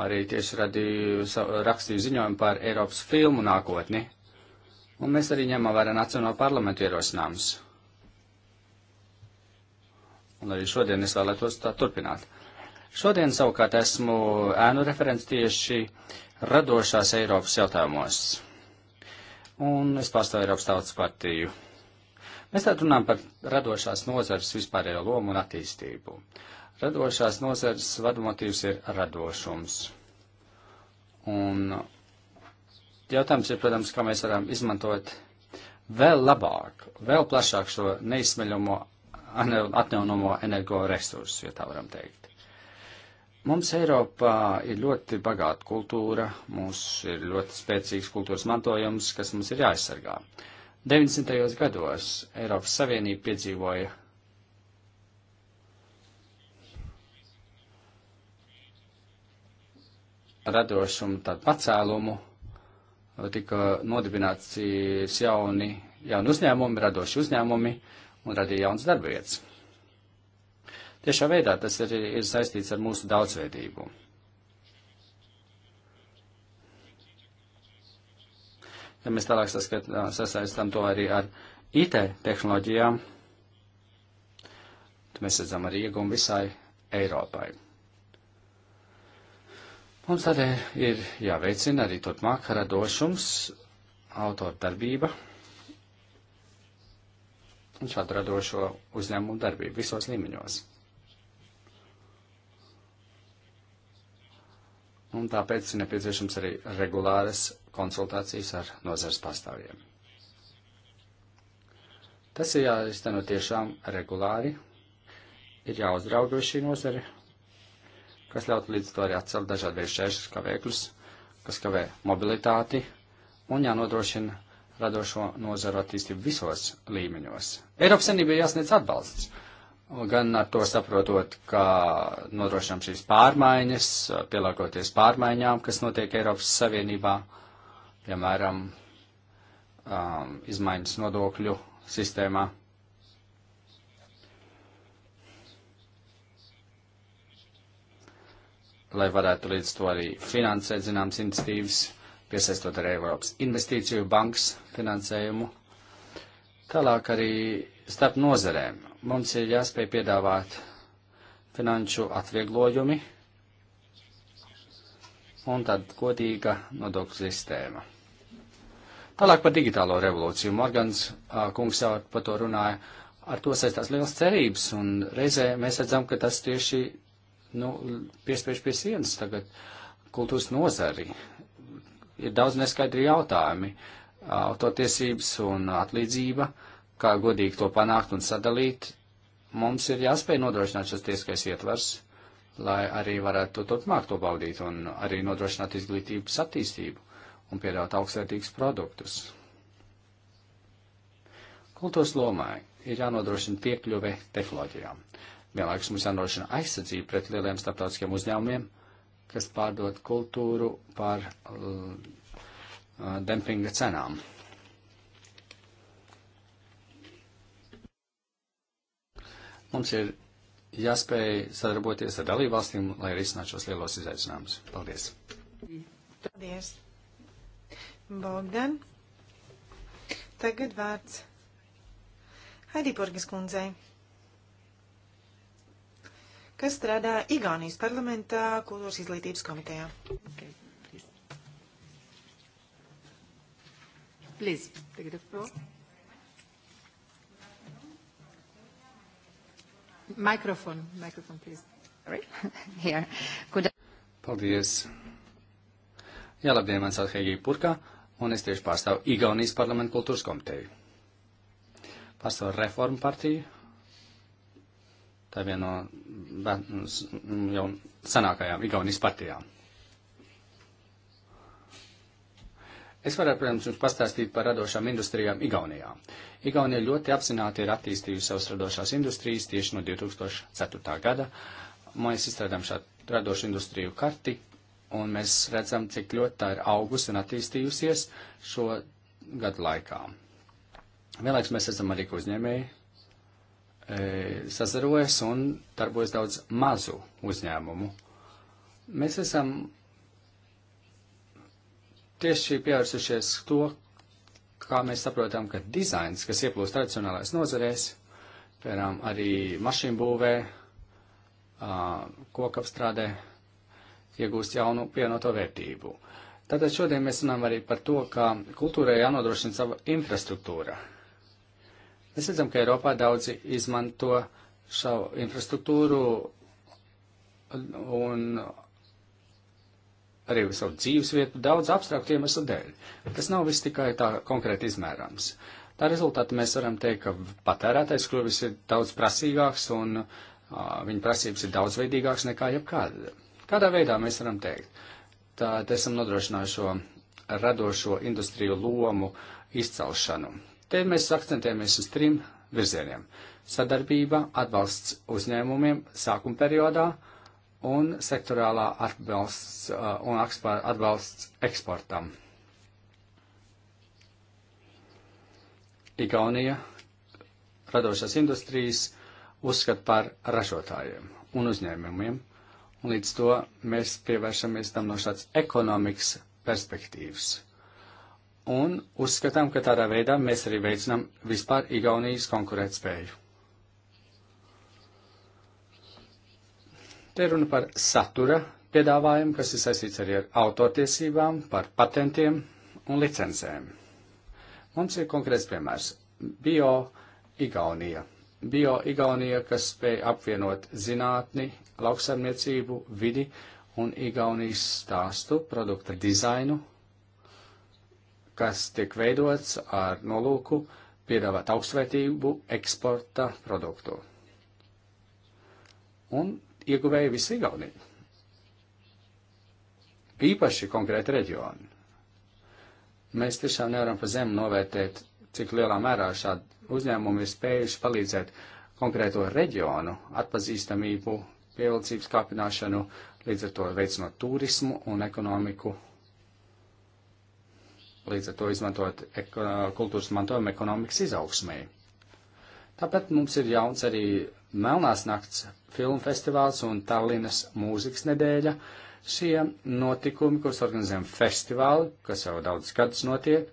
arī tieši radīju, rakstīju ziņojumu par Eiropas filmu nākotni. Un mēs arī ņemam vērā Nacionālo parlamentu ierosinājumus. Un arī šodien es vēlētos tā turpināt. Šodien savukārt esmu ēnu referents tieši radošās Eiropas jautājumos. Un es pārstāvu Eiropas tautas partiju. Mēs tātad runājam par radošās nozares vispārējo lomu un attīstību. Radošās nozares vadmotīvs ir radošums. Un Jautājums ir, protams, kā mēs varam izmantot vēl labāk, vēl plašāk šo neizsmeļamo atjaunamo energoresursu, ja tā varam teikt. Mums Eiropā ir ļoti bagāta kultūra, mums ir ļoti spēcīgs kultūras mantojums, kas mums ir jāaizsargā. 90. gados Eiropas Savienība piedzīvoja radošumu, tādu pacēlumu, tika nodibināts jauni, jauni uzņēmumi, radoši uzņēmumi un radīja jaunas darbvietas. Tiešā veidā tas ir, ir saistīts ar mūsu daudzveidību. Ja mēs tālāk saskat, sasaistām to arī ar IT tehnoloģijām, tad mēs redzam arī iegumu visai Eiropai. Mums tādēļ ir jāveicina arī turpmāk radošums, autora darbība un šādu radošo uzņēmumu darbību visos līmeņos. Un tāpēc ir nepieciešams arī regulāras konsultācijas ar nozars pārstāvjiem. Tas ir jāizteno tiešām regulāri, ir jāuzdraugo šī nozare kas ļautu līdz to arī atcelt dažādreiz šķēršus kavēkļus, kas kavē mobilitāti un jānodrošina radošo nozaru attīstību visos līmeņos. Eiropas Savienībai jāsniedz atbalsts, gan ar to saprotot, ka nodrošinām šīs pārmaiņas, pielāgoties pārmaiņām, kas notiek Eiropas Savienībā, piemēram, um, izmaiņas nodokļu sistēmā lai varētu līdz to arī finansēt zināmas iniciatīvas, piesaistot arī Eiropas investīciju bankas finansējumu. Tālāk arī starp nozerēm mums ir jāspēj piedāvāt finanšu atvieglojumi un tad godīga nodokļu sistēma. Tālāk par digitālo revolūciju. Morgans kungs jau par to runāja. Ar to saistās liels cerības, un reizē mēs redzam, ka tas tieši nu, piespiež pie sienas tagad kultūras nozari. Ir daudz neskaidri jautājumi. Autotiesības un atlīdzība, kā godīgi to panākt un sadalīt, mums ir jāspēj nodrošināt šis tieskais ietvars, lai arī varētu to turpmāk to baudīt un arī nodrošināt izglītības attīstību un piedāvāt augstsvērtīgus produktus. Kultūras lomai ir jānodrošina piekļuve tehnoloģijām. Vienlaikus mums jānorošina aizsardzība pret lieliem starptautiskiem uzņēmumiem, kas pārdod kultūru par uh, dempinga cenām. Mums ir jāspēj sadarboties ar dalībvalstīm, lai risinātu šos lielos izaicinājumus. Paldies! Paldies! Bogdan! Tagad vārds Haidī Purgas kundzei kas strādā Igaunijas parlamentā kultūras izglītības komitejā. Okay, please. Please, take the floor. Microphone, microphone, please. Sorry. <laughs> Here. Good. Paldies. Jā, labdien, man sauc Heigija Purka, un es tieši pārstāvu Igaunijas parlamentu kultūras komiteju. Pārstāvu reformu partiju, Tā viena no be, jau senākajām Igaunijas partijām. Es varētu, protams, jums pastāstīt par radošām industrijām Igaunijā. Igaunija ļoti apzināti ir attīstījusi savas radošās industrijas tieši no 2004. gada. Mēs izstrādājam šādu radošu industriju karti, un mēs redzam, cik ļoti tā ir augus un attīstījusies šo gadu laikā. Vienlaiks mēs esam arī uzņēmēji E, sazarojas un darbojas daudz mazu uzņēmumu. Mēs esam tieši pievērsušies to, kā mēs saprotam, ka dizains, kas ieplūst tradicionālais nozarēs, piemēram, arī mašīnu būvē, kokapstrādē, iegūst jaunu pievienoto vērtību. Tātad šodien mēs runājam arī par to, ka kultūrai jānodrošina sava infrastruktūra, Mēs redzam, ka Eiropā daudzi izmanto šo infrastruktūru un arī savu dzīvesvietu daudz abstraktu iemeslu dēļ. Tas nav viss tikai tā konkrēti izmērāms. Tā rezultātā mēs varam teikt, ka patērētais kļuvis ir daudz prasīgāks un uh, viņa prasības ir daudzveidīgāks nekā jebkāda. Kādā veidā mēs varam teikt? Tad esam nodrošinājuši šo radošo industriju lomu izcelšanu. Te mēs akcentējamies uz trim virzieniem - sadarbība, atbalsts uzņēmumiem sākuma periodā un sektorālā atbalsts uh, un atbalsts eksportam. Igaunija radošās industrijas uzskat par ražotājiem un uzņēmumiem, un līdz to mēs pievēršamies tam no šāds ekonomikas perspektīvas un uzskatām, ka tādā veidā mēs arī veicinām vispār Igaunijas konkurētspēju. Te runa par satura piedāvājumu, kas ir saistīts arī ar autortiesībām, par patentiem un licencēm. Mums ir konkrēts piemērs - bio Igaunija. Bio Igaunija, kas spēj apvienot zinātni, lauksaimniecību, vidi un Igaunijas stāstu, produkta dizainu kas tiek veidots ar nolūku piedāvāt augstvērtību eksporta produktu. Un ieguvēja visi Igauni. Īpaši konkrēti reģioni. Mēs tiešām nevaram pa zemu novērtēt, cik lielā mērā šādi uzņēmumi ir spējuši palīdzēt konkrēto reģionu atpazīstamību, pievilcības kāpināšanu, līdz ar to veicinot turismu un ekonomiku līdz ar to izmantot eko, kultūras mantojumu ekonomikas izaugsmē. Tāpēc mums ir jauns arī Melnās nakts filmu festivāls un Tallinas mūzikas nedēļa. Šie notikumi, kurus organizējam festivāli, kas jau daudz gadus notiek,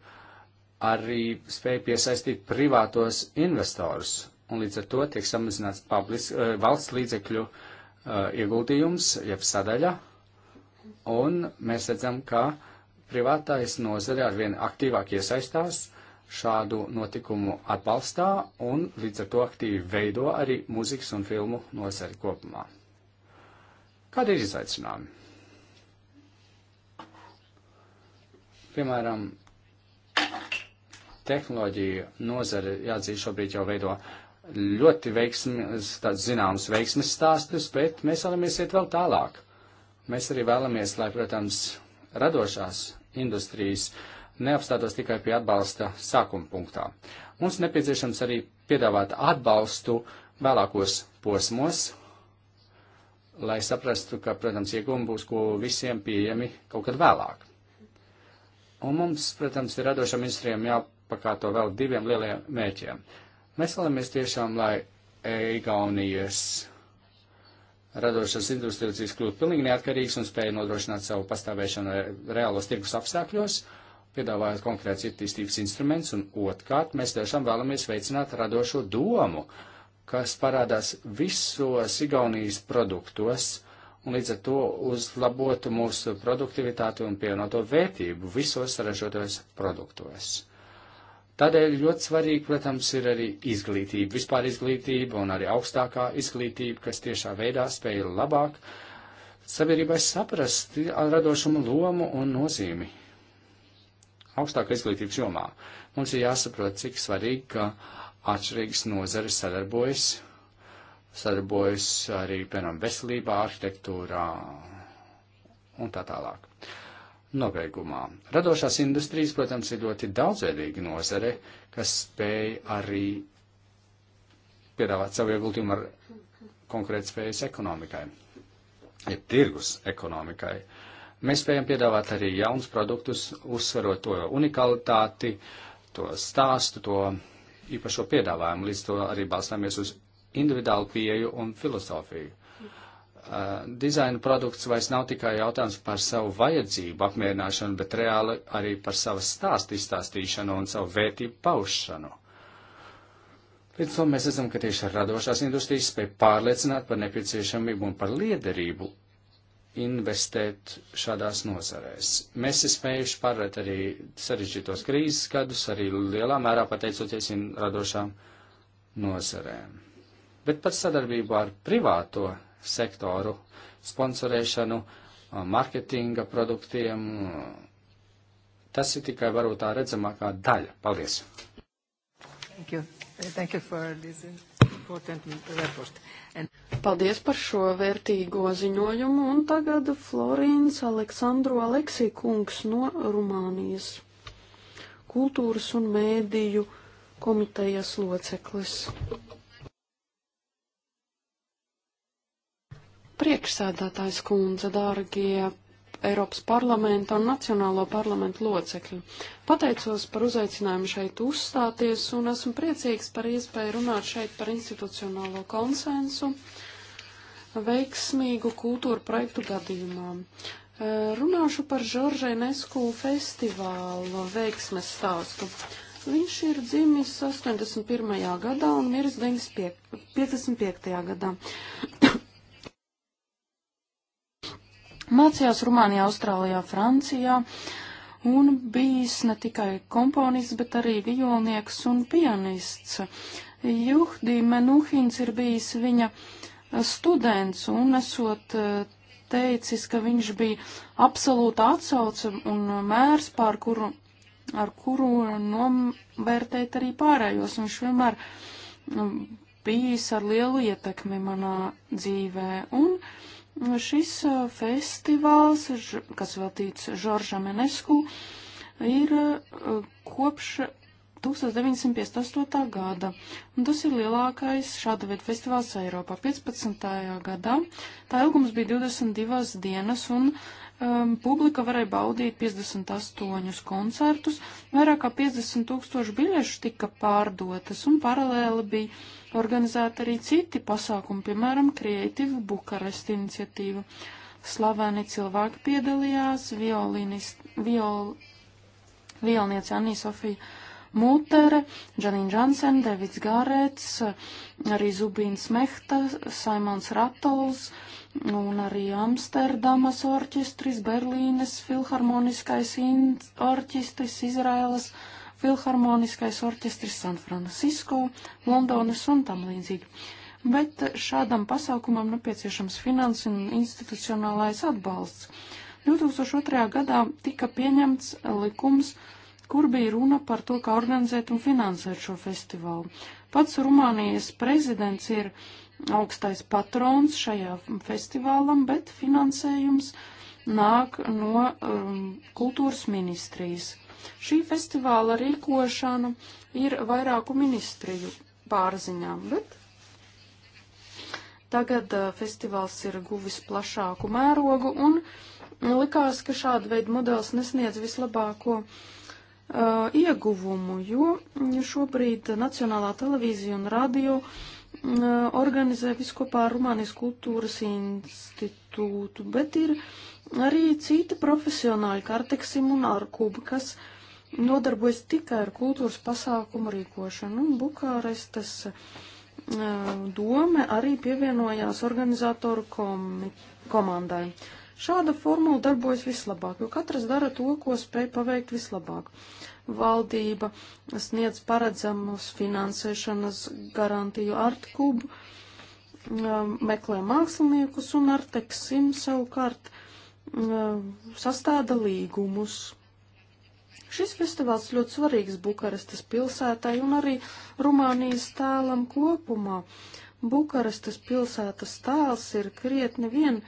arī spēja piesaistīt privātos investorus, un līdz ar to tiek samazināts publis, eh, valsts līdzekļu uh, ieguldījums, jeb sadaļa, un mēs redzam, ka uh, privātais nozare arvien aktīvāk iesaistās šādu notikumu atbalstā un līdz ar to aktīvi veido arī mūzikas un filmu nozari kopumā. Kādi ir izaicinājumi? Piemēram, tehnoloģija nozare, jāatzīst, šobrīd jau veido ļoti veiksmes, tāds zināms veiksmes stāstus, bet mēs vēlamies iet vēl tālāk. Mēs arī vēlamies, lai, protams, radošās industrijas neapstātos tikai pie atbalsta sākuma punktā. Mums nepieciešams arī piedāvāt atbalstu vēlākos posmos, lai saprastu, ka, protams, iegūmi būs ko visiem pieejami kaut kad vēlāk. Un mums, protams, ir radošam ministrijam jāpakāto vēl diviem lieliem mēķiem. Mēs vēlamies tiešām, lai Eigaunijas radošas industrijas kļūt pilnīgi neatkarīgas un spēja nodrošināt savu pastāvēšanu reālos tirgus apstākļos, piedāvājot konkrēts attīstības instruments, un otrkārt mēs tiešām vēlamies veicināt radošo domu, kas parādās visos Igaunijas produktos, un līdz ar to uzlabotu mūsu produktivitāti un pievienoto vērtību visos ražotajos produktos. Tādēļ ļoti svarīgi, protams, ir arī izglītība, vispār izglītība un arī augstākā izglītība, kas tiešā veidā spēja labāk sabiedrībai saprast radošumu lomu un nozīmi. Augstākā izglītības jomā mums ir jāsaprot, cik svarīgi, ka atšķirīgas nozares sadarbojas, sadarbojas arī, piemēram, veselībā, arhitektūrā un tā tālāk. Uh, Nobeigumā. Radošās industrijas, protams, ir ļoti daudzveidīga nozare, kas spēj arī piedāvāt savu ieguldījumu ar konkurētspējas ekonomikai, ja tirgus ekonomikai. Mēs spējam piedāvāt arī jaunus produktus, uzsverot to unikalitāti, to stāstu, to īpašo piedāvājumu, līdz to arī balstāmies uz individuālu pieju un filozofiju uh, dizaina produkts vairs nav tikai jautājums par savu vajadzību apmierināšanu, bet reāli arī par savas stāstu izstāstīšanu un savu vērtību paušanu. Līdz to mēs redzam, ka tieši radošās industrijas spēj pārliecināt par nepieciešamību un par liederību investēt šādās nozarēs. Mēs esam spējuši pārvarēt arī sarežģītos krīzes gadus, arī lielā mērā pateicoties radošām nozarēm. Bet par sadarbību ar privāto sektoru sponsorēšanu, mārketinga produktiem. Tas ir tikai varbūt tā redzamākā daļa. Paldies! Thank you. Thank you for this important report. And... Paldies par šo vērtīgo ziņojumu, un tagad Florīns Aleksandro Aleksī kungs no Rumānijas, kultūras un mēdīju komitejas loceklis. Priekšsēdētājs kundze, dārgie Eiropas parlamenta un Nacionālo parlamentu locekļi. Pateicos par uzaicinājumu šeit uzstāties un esmu priecīgs par iespēju runāt šeit par institucionālo konsensu veiksmīgu kultūra projektu gadījumā. Eh, runāšu par Žoržai Nesku festivālu veiksmes stāstu. Viņš ir dzimis 81. gadā un miris 55. gadā. <coughs> Mācījās Rumānijā, Austrālijā, Francijā un bijis ne tikai komponists, bet arī violnieks un pianists. Juhdī Menuhins ir bijis viņa eh, students un esot eh, teicis, ka viņš bija absolūta atsauce un mērs, pār kuru, ar kuru novērtēt arī pārējos. Viņš vienmēr mm, bijis ar lielu ietekmi manā dzīvē. Un, uh, Šis festivāls, kas veltīts Žoržam Enesku, ir kopš 1958. gada, un tas ir lielākais šāda veida festivāls Eiropā. 15. gadā tā ilgums bija 22 dienas, un um, publika varēja baudīt 58 koncertus, vairāk kā 50 tūkstoši biļešu tika pārdotas un paralēli bija organizēta arī citi pasākumi, piemēram, Creative Bukarest iniciatīva. Slaveni cilvēki piedalījās, violinist, viol, violniece Anī Sofija Mūtere, Džanīna Džansen, Devits Gārēts, arī Zubīns Mehta, Saimons Ratols, uh, un arī Amsterdamas orķestris, Berlīnes filharmoniskais orķestris, Izraēlas filharmoniskais orķestris, San Francisco, Londonas un tam līdzīgi. Bet šādam pasākumam nepieciešams finanses un institucionālais atbalsts. 2002. gadā tika pieņemts likums, kur bija runa par to, kā organizēt un finansēt šo festivālu. Pats Rumānijas prezidents ir uh, augstais patrons šajā festivālam, bet finansējums nāk no um, kultūras ministrijas. Šī festivāla rīkošana ir vairāku ministriju pārziņām, bet tagad uh, festivāls ir guvis plašāku mērogu un likās, ka šāda veida modelis nesniedz vislabāko uh, ieguvumu, jo šobrīd Nacionālā televīzija un radio uh, Eh, organizē visu kopā ar Rumānijas kultūras institūtu, bet ir arī citi profesionāļi, kā ar teksim un ar kubu, kas nodarbojas tikai ar kultūras pasākumu rīkošanu. Un Bukārestas eh, dome arī pievienojās organizatoru komi, komandai. Šāda formula darbojas vislabāk, jo katrs dara to, ko spēj paveikt vislabāk. Uh, valdība sniedz paredzamus finansēšanas garantiju Artkubu, um, meklē māksliniekus un Arteksim savukārt um, sastāda līgumus. Šis festivāls ļoti svarīgs Bukarestas pilsētai un arī Rumānijas tēlam kopumā. Bukarestas pilsētas tēls ir krietni vien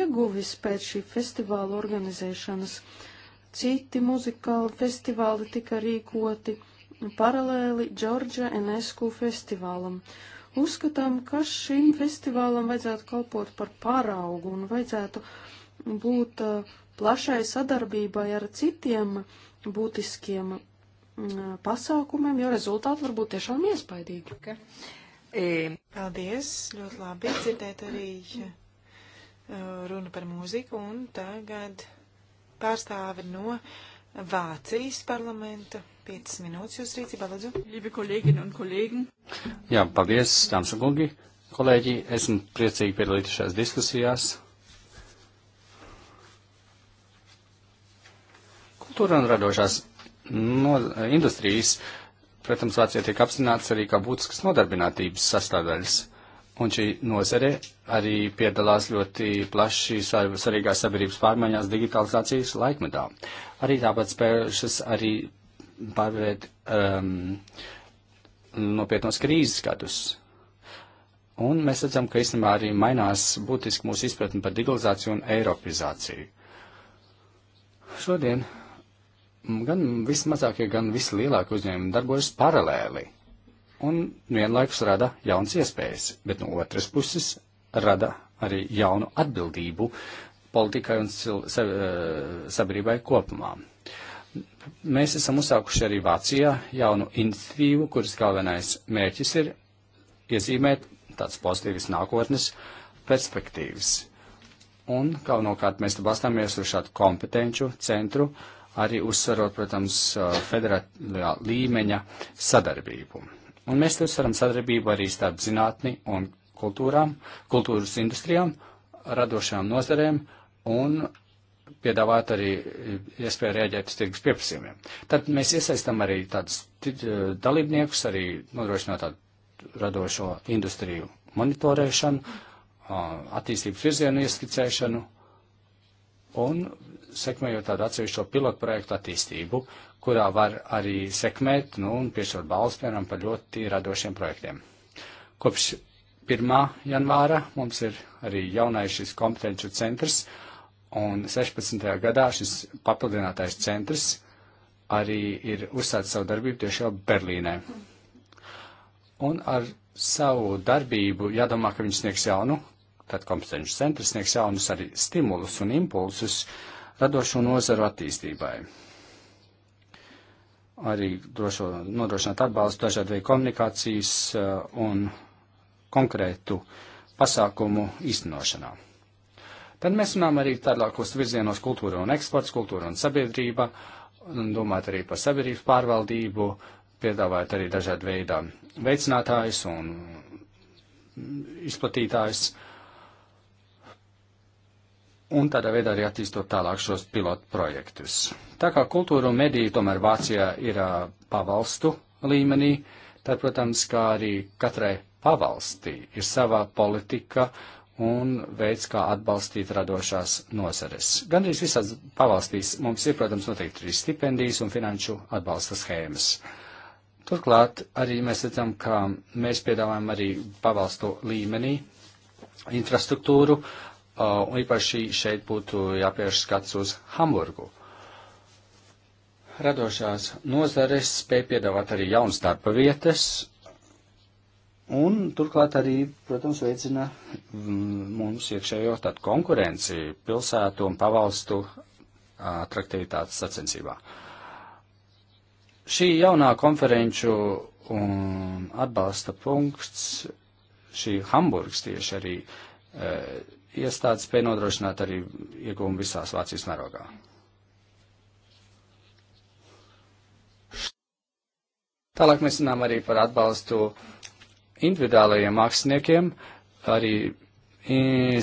ieguvis pēc šī festivāla organizēšanas. Uh, Citi muzikāli festivāli tika rīkoti paralēli Džordža Enesku festivālam. Uzskatām, ka šim festivālam vajadzētu kalpot par paraugu un vajadzētu būt uh, plašai sadarbībai ar citiem būtiskiem mm, pasākumiem, jo rezultāti var būt tiešām iespaidīgi. Okay. E, Paldies, ļoti labi dzirdēt arī uh, runu par mūziku un tagad pārstāve no Vācijas parlamenta. 5 minūtes jūs rīcībā, lūdzu. Liebe kolēģini un kolēģi. Jā, paldies, dāmas un kungi. Kolēģi, esmu priecīgi piedalīties šajās diskusijās. Kultūra un radošās no, eh, industrijas, protams, Vācijā tiek apzināts arī kā būtisks nodarbinātības sastāvdaļas. Un šī nozare arī piedalās ļoti plaši svarīgās sabiedrības pārmaiņās digitalizācijas laikmetā. Arī tāpat spējušas arī pārvērt um, nopietnos krīzes gadus. Un mēs redzam, ka īstenībā arī mainās būtiski mūsu izpratni par digitalizāciju un eiropizāciju. Šodien gan vismazākie, gan vislielākie uzņēmumi darbojas paralēli un vienlaikus rada jaunas iespējas, bet no otras puses rada arī jaunu atbildību politikai un eh, sabiedrībai kopumā. Mēs esam uzsākuši arī Vācijā jaunu iniciatīvu, kuras galvenais mērķis ir iezīmēt tāds pozitīvas nākotnes perspektīvas. Un galvenokārt mēs te balstāmies uz šādu kompetenču centru, arī uzsverot, protams, eh, federālā līmeņa sadarbību. Un mēs uzsveram sadarbību arī starp zinātni un kultūrām, kultūras industrijām, radošām nozarēm un piedāvāt arī iespēju rēģēt uz tirgus pieprasījumiem. Tad mēs iesaistam arī tādus e, dalībniekus, arī nodrošinot tādu radošo industriju monitorēšanu, attīstības virzienu ieskicēšanu un sekmējot tādu atsevišķo pilotu projektu attīstību, kurā var arī sekmēt nu, un piešķirt balvas, piemēram, par ļoti radošiem projektiem. Kopš 1. janvāra mums ir arī jaunais šis kompetenču centrs, un 16. gadā šis papildinātais centrs arī ir uzsācis savu darbību tieši jau Berlīnē. Un ar savu darbību jādomā, ka viņš sniegs jaunu, tad kompetenci centrs sniegs jaunus arī stimulus un impulsus radošo nozaru attīstībai arī drošo, nodrošināt atbalstu dažādu veidu komunikācijas eh, un konkrētu pasākumu īstenošanā. Tad mēs runājam arī tālākos virzienos kultūra un eksports, kultūra un sabiedrība, un domāt arī par sabiedrības pārvaldību, piedāvājot arī dažādu veidu veicinātājus un izplatītājus. Uh, un tādā veidā arī attīstot tālāk šos pilotu projektus. Tā kā kultūra un mediju tomēr Vācijā ir uh, pavalstu līmenī, tad, protams, kā arī katrai pavalstī ir savā politika un veids, kā atbalstīt radošās nozares. Gan arī visās pavalstīs mums ir, protams, noteikti trīs stipendijas un finanšu atbalsta schēmas. Turklāt arī mēs redzam, ka mēs piedāvājam arī pavalstu līmenī infrastruktūru, uh, Uh, un īpaši šeit būtu jāpievērš skats uz Hamburgu. Radošās nozares spēj piedāvāt arī jaunas darba vietas, un turklāt arī, protams, veicina mm, mums iekšējo tādu konkurenci pilsētu un pavalstu atraktivitātes sacensībā. Šī jaunā konferenču un atbalsta punkts, šī Hamburgs tieši arī uh, iestādes spēja nodrošināt arī iegūmu visās Vācijas mērogā. Tālāk mēs runājam arī par atbalstu individuālajiem māksliniekiem, arī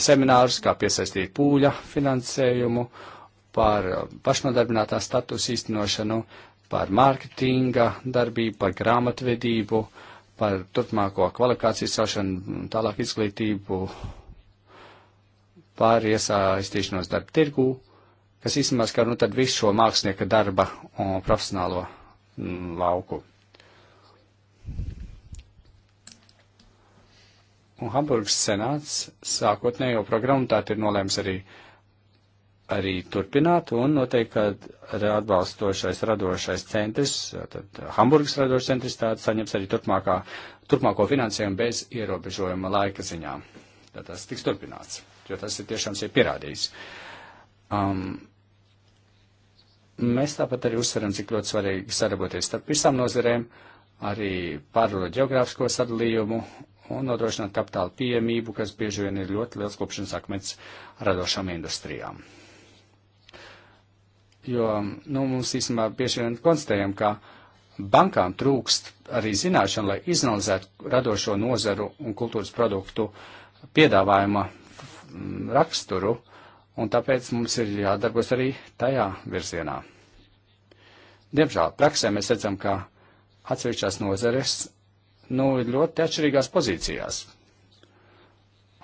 seminārus, kā piesaistīt pūļa finansējumu, par uh, pašnodarbinātā statusu īstenošanu, par mārketinga darbību, par grāmatvedību, par turpmāko kvalifikācijas celšanu, tālāk izglītību, par iesaistīšanos darba tirgū, kas īstenībā skar nu, visu šo mākslinieka darba un profesionālo m, mm, lauku. Un Hamburgas senāts sākotnējo programmu tā ir nolēms arī, arī turpināt un noteikti, ka atbalstošais radošais centrs, tad Hamburgas radošais centrs tāds saņems arī turpmākā, turpmāko finansējumu bez ierobežojuma laika ziņā. Tad tas tiks turpināts jo tas ir tiešām ir pierādījis. Um, mēs tāpat arī uzsveram, cik ļoti svarīgi sadarboties starp visām nozerēm, arī pārvalot geogrāfisko sadalījumu un nodrošināt kapitāla pieejamību, kas bieži vien ir ļoti liels kopšanas akmens radošām industrijām. Jo nu, mums īstenībā bieži vien konstatējam, ka bankām trūkst arī zināšana, lai izanalizētu radošo nozaru un kultūras produktu piedāvājuma Mm, raksturu, un tāpēc mums ir jādarbos arī tajā virzienā. Diemžēl praksē mēs redzam, ka atsevišķās nozares nu, ir ļoti atšķirīgās pozīcijās.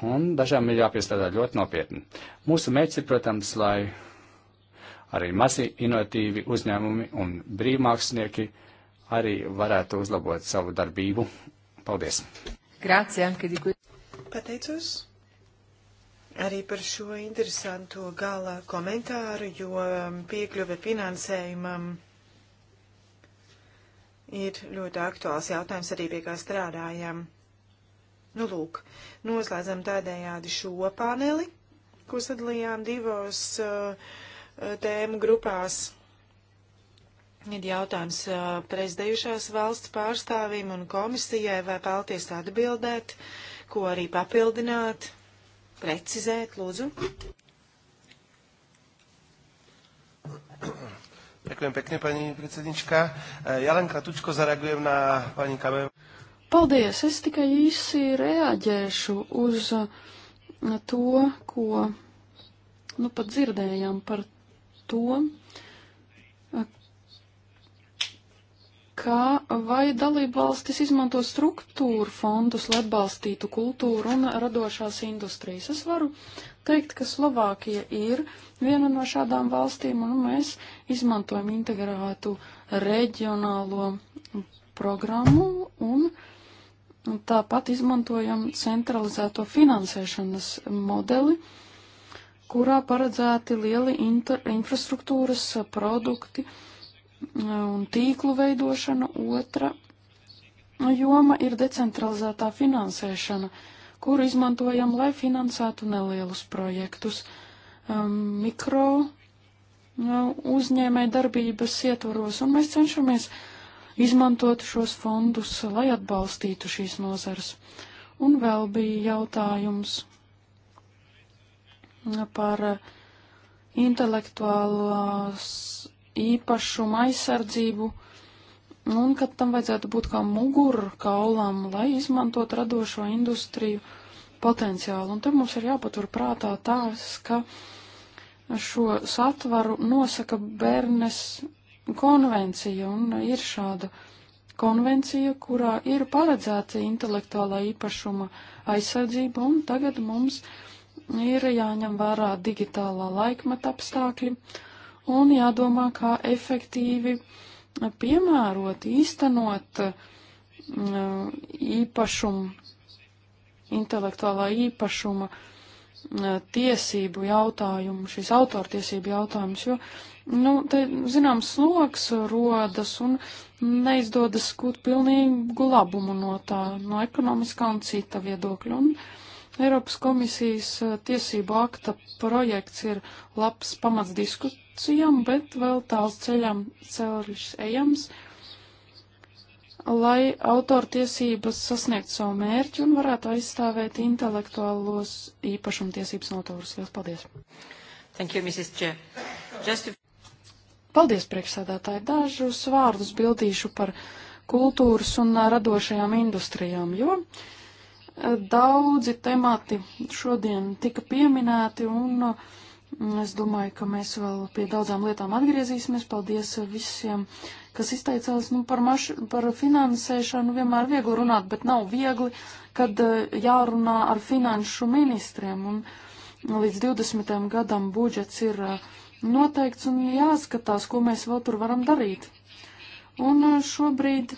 Un dažām ir jāpiestrādā ļoti nopietni. Mūsu mērķis ir, protams, lai arī mazi inovatīvi uzņēmumi un brīvmākslinieki arī varētu uzlabot savu darbību. Paldies! Grācijām, ka diku. Pateicos! arī par šo interesanto gala komentāru, jo um, piekļuve finansējumam ir ļoti aktuāls jautājums arī pie kā strādājam. Nu, lūk, noslēdzam tādējādi šo paneli, ko sadalījām divos uh, uh tēmu grupās. Ir jautājums uh, prezidējušās valsts pārstāvim un komisijai, vai palties atbildēt, ko arī papildināt precizēt, lūdzu. Ďakujem pekne, pani predsednička. E, ja len kratučko zareagujem na pani Kameva. Paldies, es tikai īsi reaģēšu uz e, to, ko nu pat dzirdējām par to, e, ka vai dalība valstis izmanto struktūru fondus, lai atbalstītu kultūru un radošās industrijas. Es varu teikt, ka Slovākija ir viena no šādām valstīm, un mēs izmantojam integrētu reģionālo programmu un tāpat izmantojam centralizēto finansēšanas modeli kurā paredzēti lieli infrastruktūras produkti, uh, un tīklu veidošana. Otra joma ir decentralizētā finansēšana, kuru izmantojam, lai finansētu nelielus projektus. Um, mikro uh, uzņēmēja darbības ietvaros, un mēs cenšamies izmantot šos fondus, lai atbalstītu šīs nozars. Un vēl bija jautājums uh, par uh, intelektuālās īpašumu aizsardzību, nu, un ka tam vajadzētu būt kā mugurkaulam, lai izmantot radošo industriju potenciālu. Un te mums ir jāpatur prātā tās, ka šo satvaru nosaka Bernes konvencija, un ir šāda konvencija, kurā ir paredzēta intelektuālā īpašuma aizsardzība, un tagad mums ir jāņem vērā digitālā laikmeta apstākļi. Uh, un jādomā, kā efektīvi piemērot, īstenot mm, īpašumu, intelektuālā īpašuma mm, tiesību jautājumu, šīs autortiesību jautājumus, jo, nu, te, zināms, sloks rodas un neizdodas gūt pilnīgu labumu no tā, no ekonomiskā un cita viedokļa. Un, Eiropas komisijas eh, tiesību akta projekts ir labs pamats diskusijām, bet vēl tāls ceļam ceļš ejams, lai autortiesības sasniegtu savu mērķi un varētu aizstāvēt intelektuālos īpašumtiesības un autorus. Lielas paldies! Thank you, Mrs. Chair. Just to... Paldies, priekšsēdētāji. Dažus vārdus bildīšu par kultūras un radošajām industrijām, jo Daudzi temati šodien tika pieminēti, un mm, es domāju, ka mēs vēl pie daudzām lietām atgriezīsimies. Paldies visiem, kas izteicās nu, par, maš, par finansēšanu. Vienmēr viegli runāt, bet nav viegli, kad eh, jārunā ar finanšu ministriem. Un līdz 20. gadam budžets ir eh, noteikts un jāskatās, ko mēs vēl tur varam darīt. Un eh, šobrīd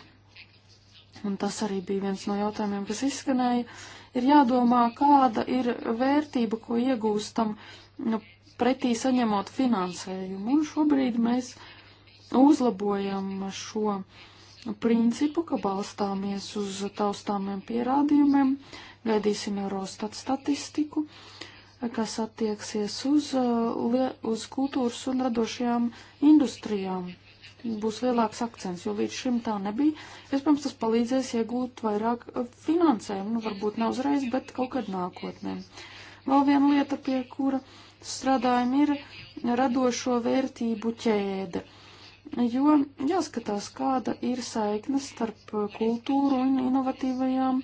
un tas arī bija viens no jautājumiem, kas izskanēja, ir jādomā, kāda ir vērtība, ko iegūstam nu, pretī saņemot finansējumu. Un šobrīd mēs uzlabojam šo principu, ka balstāmies uz taustāmiem pierādījumiem, gaidīsim Eurostat statistiku, kas attieksies uz, uh, uz kultūras un radošajām industrijām būs lielāks akcents, jo līdz šim tā nebija. Iespējams, tas palīdzēs iegūt vairāk uh, finansējumu, nu, varbūt ne uzreiz, bet kaut kad nākotnē. Vēl viena lieta, pie kura strādājam, ir radošo vērtību ķēde. Jo jāskatās, kāda ir saikne starp kultūru un inovatīvajām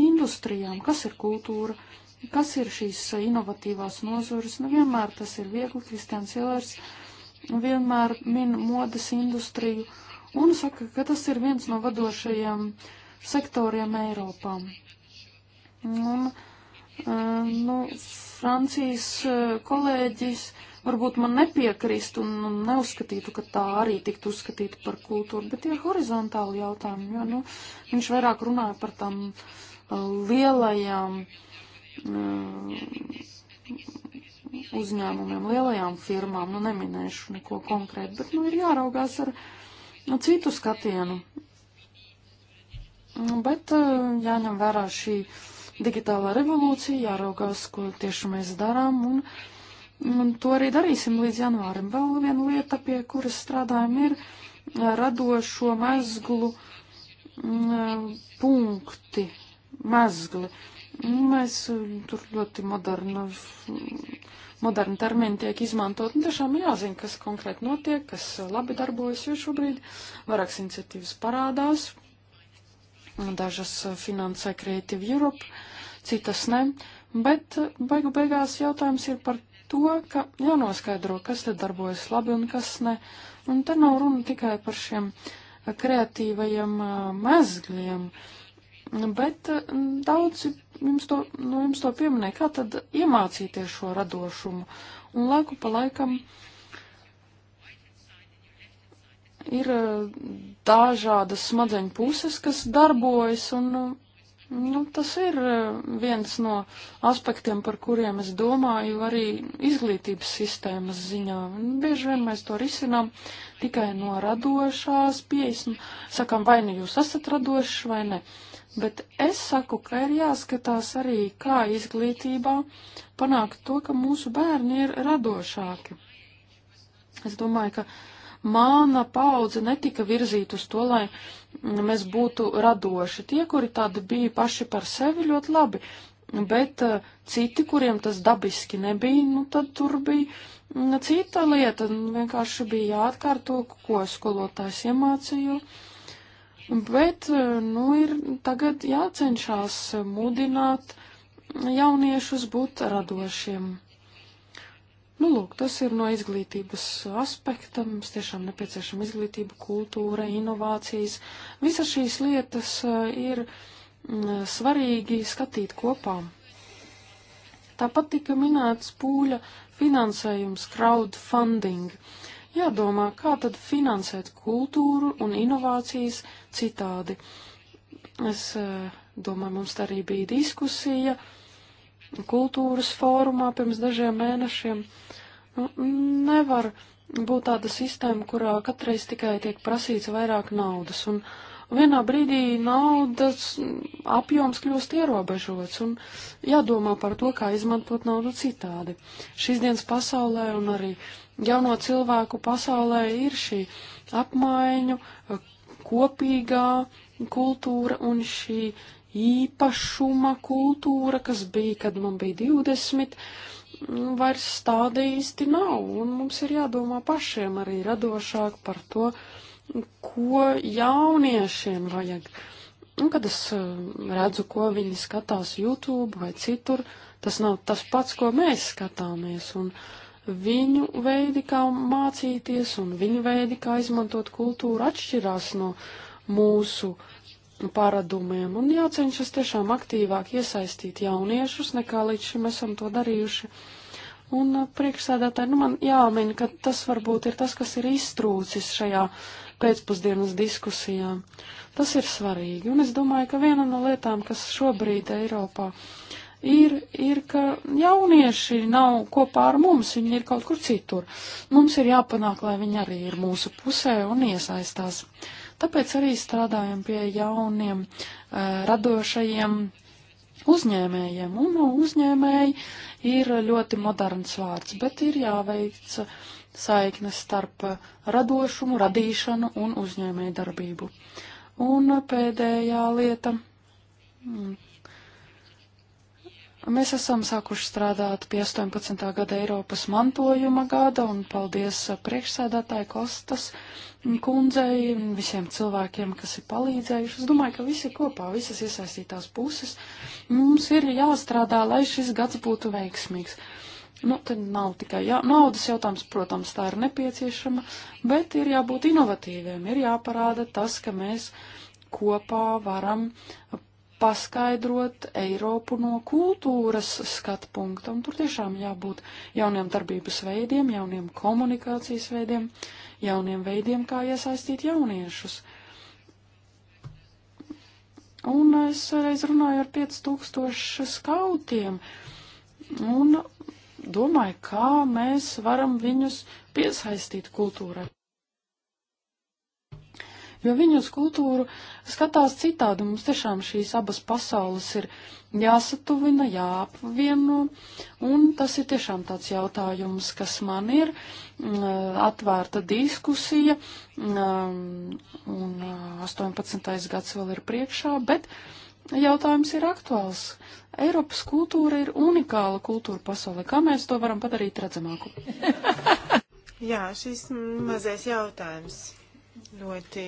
industrijām. Kas ir kultūra? Kas ir šīs inovatīvās nozares? Nu, vienmēr tas ir viegli. Kristians Ilers. Uh, vienmēr min modes industriju un saka, ka tas ir viens no vadošajiem sektoriem Eiropā. Un, eh, nu, Francijas eh, kolēģis varbūt man nepiekrist un, un neuzskatītu, ka tā arī tiktu uzskatīta par kultūru, bet tie horizontāli jautājumi, jo, nu, viņš vairāk runāja par tam eh, lielajām uh, uzņēmumiem, lielajām firmām, nu neminēšu neko konkrētu, bet nu ir jāraugās ar nu, citu skatienu. Bet eh, jāņem vērā šī digitālā revolūcija, jāraugās, ko tieši mēs darām, un, un to arī darīsim līdz janvārim. Vēl viena lieta, pie kuras strādājam, ir radošo mezglu mm, eh, punkti, mezgli. Uh, Mēs eh, tur ļoti modernu, modernu terminu tiek izmantot, un nu, tiešām jāzina, kas konkrēti notiek, kas eh, labi darbojas, jo šobrīd vairākas iniciatīvas parādās, dažas eh, finansē Creative Europe, citas ne, bet beigu beigās jautājums ir par to, ka jānoskaidro, kas te darbojas labi un kas ne. Un te nav runa tikai par šiem kreatīvajiem mēzgļiem. Uh, bet eh, daudzi jums to, nu, jums to pieminē, kā tad iemācīties šo radošumu. Un laiku pa laikam ir eh, dažādas smadzeņu puses, kas darbojas, un eh, nu, tas ir viens no aspektiem, par kuriem es domāju arī izglītības sistēmas ziņā. Un bieži vien mēs to risinām tikai no radošās pieejas, sakām, vai nu jūs esat radošs vai ne. Uh, Bet es saku, ka ir jāskatās arī, kā izglītībā panākt to, ka mūsu bērni ir radošāki. Es domāju, ka mana paudze netika virzīta uz to, lai mēs būtu radoši. Tie, kuri tādi bija paši par sevi, ļoti labi, bet uh, citi, kuriem tas dabiski nebija, nu tad tur bija mm, cita lieta. Vienkārši bija jāatkārto, ko skolotājs iemācīja Bet, e, nu, ir tagad jācenšas mudināt jauniešus būt radošiem. Nu, lūk, tas ir no izglītības aspekta. Mums tiešām nepieciešama izglītība, kultūra, inovācijas. Visas šīs lietas e, ir svarīgi skatīt kopā. Tāpat tika minēts pūļa finansējums, crowdfunding. Jādomā, kā tad finansēt kultūru un inovācijas citādi. Es eh, domāju, mums tā arī bija diskusija kultūras fórumā pirms dažiem mēnešiem. Nu, nevar būt tāda sistēma, kurā katreiz tikai tiek prasīts vairāk naudas. Un vienā brīdī naudas apjoms kļūst ierobežots un jādomā par to, kā izmantot naudu citādi. Šīs dienas pasaulē un arī jauno cilvēku pasaulē ir šī apmaiņu, kopīgā kultūra un šī īpašuma kultūra, kas bija, kad man bija 20, mm, vairs tāda īsti nav, un mums ir jādomā pašiem arī radošāk par to, ko jauniešiem vajag. Un, kad es mm, redzu, ko viņi skatās YouTube vai citur, tas nav tas pats, ko mēs skatāmies, un uh, viņu veidi, kā mācīties, un viņu veidi, kā izmantot kultūru, atšķirās no mūsu paradumiem, un jācenšas tiešām aktīvāk iesaistīt jauniešus, nekā līdz šim esam to darījuši. Un uh, priekšsēdētāji, nu man jāmin, ka tas varbūt ir tas, kas ir iztrūcis šajā pēcpusdienas diskusijā. Tas ir svarīgi, un es domāju, ka viena no lietām, kas šobrīd Eiropā uh, ir, ir, ka jaunieši nav kopā ar mums, viņi ir kaut kur citur. Mums ir jāpanāk, lai viņi arī ir mūsu pusē un iesaistās. Tāpēc arī strādājam pie jauniem, eh, radošajiem uzņēmējiem. Un uzņēmēji ir ļoti moderns vārds, bet ir jāveic saiknes starp radošumu, radīšanu un uzņēmēju darbību. Un pēdējā lieta, mm. Mēs esam sākuši strādāt pie 18. gada Eiropas mantojuma gada, un paldies uh, priekšsēdētāji Kostas kundzei un visiem cilvēkiem, kas ir palīdzējuši. Es domāju, ka visi kopā, visas iesaistītās puses, mums ir jāstrādā, lai šis gads būtu veiksmīgs. Nu, tad nav tikai jā, naudas jautājums, protams, tā ir nepieciešama, bet ir jābūt inovatīviem, ir jāparāda tas, ka mēs kopā varam paskaidrot Eiropu no kultūras skatu punkta, un tur tiešām jābūt jauniem darbības veidiem, jauniem komunikācijas veidiem, jauniem veidiem, kā iesaistīt jauniešus. Un es reiz runāju ar 5000 skautiem, un domāju, kā mēs varam viņus piesaistīt kultūrai jo viņi uz kultūru skatās citādi. Mums tiešām šīs abas pasaules ir jāsatuvina, jāapvieno, un tas ir tiešām tāds jautājums, kas man ir mm, atvērta diskusija, mm, un 18. Mm, gads vēl ir priekšā, bet jautājums ir aktuāls. Eiropas kultūra ir unikāla kultūra pasaulē. Kā mēs to varam padarīt redzamāku? <laughs> Jā, šis mazais jautājums. Ļoti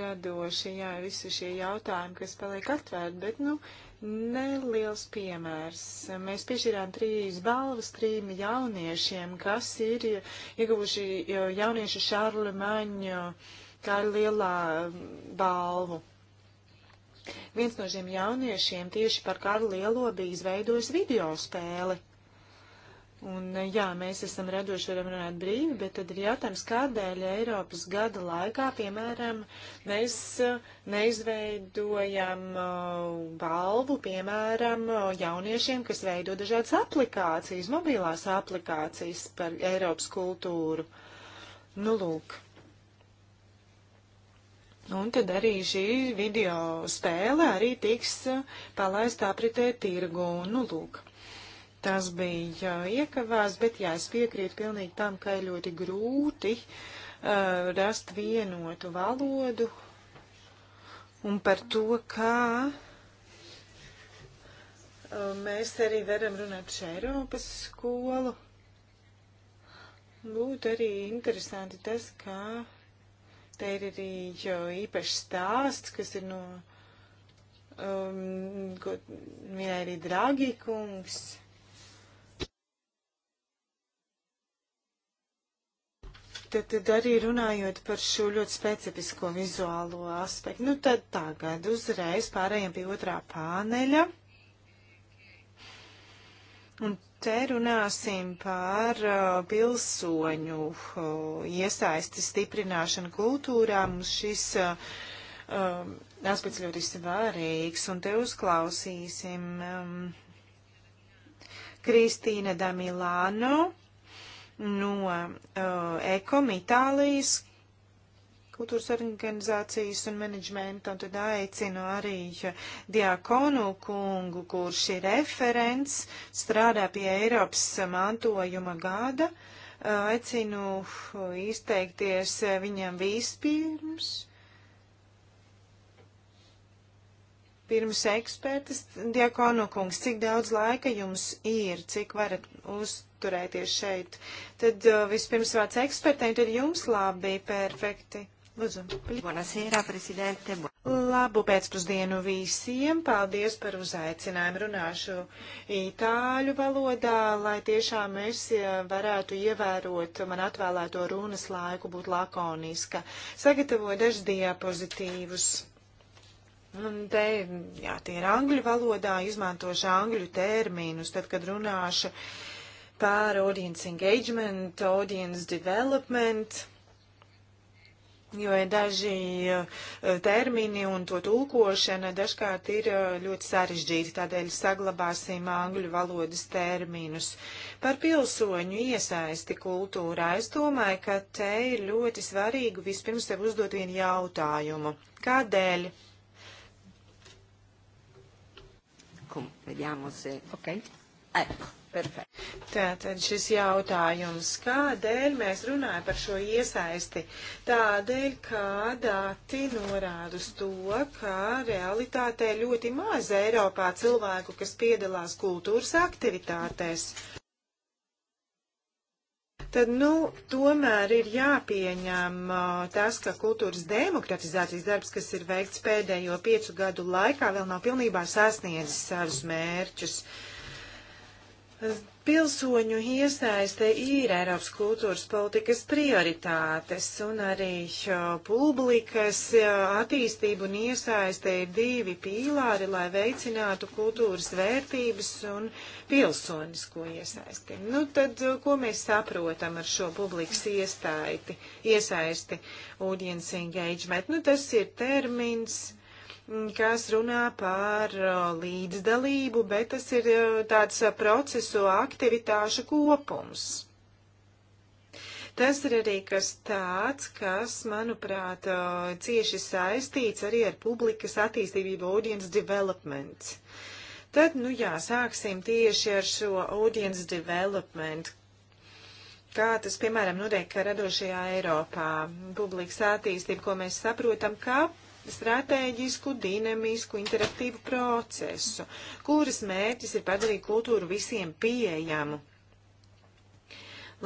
radoši, jā, visi šie jautājumi, kas paliek atvērti, bet, nu, neliels piemērs. Mēs piešķirām trīs balvas trim jauniešiem, kas ir ieguvuši jauniešu Šārlu Maņu kā lielā balvu. Viens no šiem jauniešiem tieši par Karlu Lielo bija izveidojis video spēli. Un, eh, jā, mēs esam radoši, varam runāt brīvi, bet tad ir jautājums, kādēļ Eiropas gada laikā, piemēram, mēs eh, neizveidojam balvu, eh, piemēram, jauniešiem, kas veido dažādas aplikācijas, mobilās aplikācijas par Eiropas kultūru. Nu, lūk. Un tad arī šī video spēle arī tiks palaista apritē tirgu. Nu, lūk tas bija uh, iekavēts, bet jā, es piekrītu pilnīgi tam, ka ir ļoti grūti uh, rast vienotu valodu un par to, kā uh, mēs arī varam runāt par Eiropas skolu. Būtu arī interesanti tas, kā te ir arī uh, īpašs stāsts, kas ir no um, minēja arī Dragi kungs. Tad, tad arī runājot par šo ļoti specifisko vizuālo aspektu. Nu tad tagad uzreiz pārējiem pie otrā pāneļa. Un te runāsim par uh, pilsoņu uh, iesaisti stiprināšanu kultūrā. Mums šis uh, um, aspekts ļoti svarīgs. Un te uzklausīsim um, Kristīna Damilānu no uh, ECOM Itālijas kultūras organizācijas un menedžmenta, un tad aicinu arī uh, Diakonu kungu, kurš ir referents, strādā pie Eiropas mantojuma gada. Uh, aicinu uh, izteikties viņam vispirms. Pirms ekspertas, Diakonu kungs, cik daudz laika jums ir, cik varat uz atturēties šeit. Tad uh, vispirms vārds ekspertiem, tad jums labi, perfekti. Lūdzu. Buonasera, prezidente. Labu pēcpusdienu visiem. Paldies par uzaicinājumu. Runāšu itāļu valodā, lai tiešām es uh, varētu ievērot man atvēlēto runas laiku, būt lakoniska. Sagatavoju dažus diapozitīvus. Un te, jā, tie ir angļu valodā, izmantošu angļu termīnus, tad, kad runāšu. Uh, par audience engagement, audience development, jo ir daži eh, termini un to tulkošana dažkārt ir eh, ļoti sarežģīti, tādēļ saglabāsim angļu valodas terminus. Par pilsoņu iesaisti kultūrā es domāju, ka te ir ļoti svarīgi vispirms sev uzdot vienu jautājumu. Kādēļ? Kum, vediamo se, ok, ecco perfekt. Tātad šis jautājums, kādēļ mēs runājam par šo iesaisti? Tādēļ, kā dati norāda uz to, ka realitātē ļoti maz Eiropā cilvēku, kas piedalās kultūras aktivitātēs. Tad, nu, tomēr ir jāpieņem tas, ka kultūras demokratizācijas darbs, kas ir veikts pēdējo piecu gadu laikā, vēl nav pilnībā sasniedzis savus mērķus. Uh, Pilsoņu iesaiste ir Eiropas kultūras politikas prioritātes, un arī publikas attīstība un iesaiste ir divi pīlāri, lai veicinātu kultūras vērtības un pilsonisko iesaisti. Nu tad, ko mēs saprotam ar šo publikas iesaisti, iesaisti audience engagement? Nu tas ir termins kas runā par uh, līdzdalību, bet tas ir uh, tāds uh, procesu aktivitāšu kopums. Tas ir arī kas tāds, kas, manuprāt, cieši saistīts arī ar publikas attīstību audience development. Tad, nu jā, sāksim tieši ar šo audience development, kā tas, piemēram, notiek radošajā Eiropā, publikas attīstība, ko mēs saprotam, kā stratēģisku, dinamisku, interaktīvu procesu, kuras mērķis ir padarīt kultūru visiem pieejamu,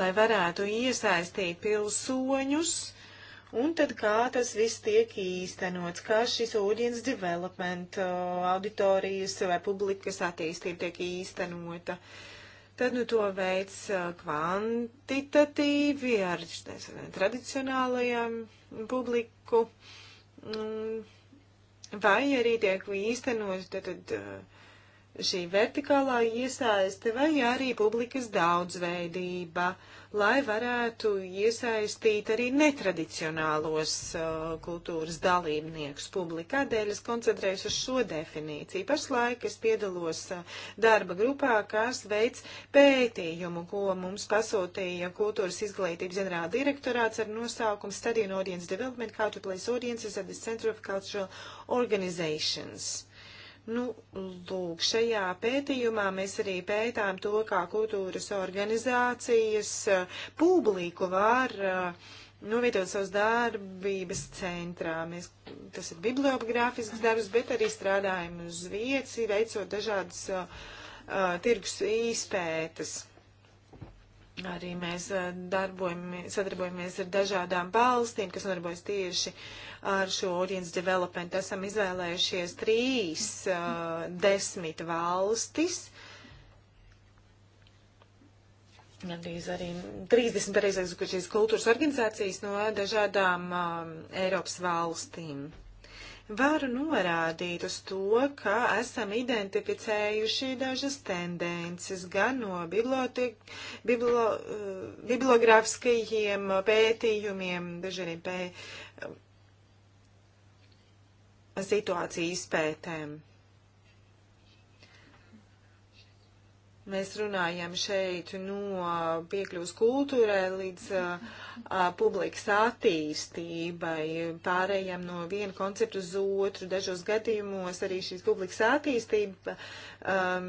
lai varētu iesaistīt pilsoņus, un tad kā tas viss tiek īstenots, kā šis audience development uh, auditorijas vai publikas attīstība tiek īstenota. Tad nu to veids uh, kvantitatīvi ar tradicionālajām publiku. Uh, Mm, vai arī tiek īstenot tad, tad, šī vertikālā iesaiste vai arī publikas daudzveidība, lai varētu iesaistīt arī netradicionālos uh, kultūras dalībniekus publikā. Dēļ es koncentrēšu uz šo definīciju. Pašlaik es piedalos uh, darba grupā, kas veids pētījumu, ko mums pasūtīja kultūras izglītības ģenerāla direktorāts ar nosaukumu Study and Audience Development, How to Place Audiences at the Center of Cultural Organizations Nu, lūk, šajā pētījumā mēs arī pētām to, kā kultūras organizācijas eh, publiku var eh, novietot savas darbības centrā. Mēs, tas ir bibliogrāfisks darbs, bet arī strādājam uz vietas, veicot dažādas uh, tirgus izpētes. Arī mēs eh, sadarbojamies ar dažādām valstīm, kas nodarbojas tieši ar šo audience development. Esam izvēlējušies trīs uh, desmit valstis. Gandrīz arī 30 pareizais, ka šīs kultūras organizācijas no dažādām um, Eiropas valstīm. Varu norādīt uz to, ka esam identificējuši dažas tendences gan no biblo, eh, bibliogrāfiskajiem pētījumiem, daži arī pē, situāciju izpētēm. Mēs runājam šeit no piekļuvas kultūrai līdz a, a, publikas attīstībai, pārējām no viena koncepta uz otru. Dažos gadījumos arī šīs publikas attīstība um,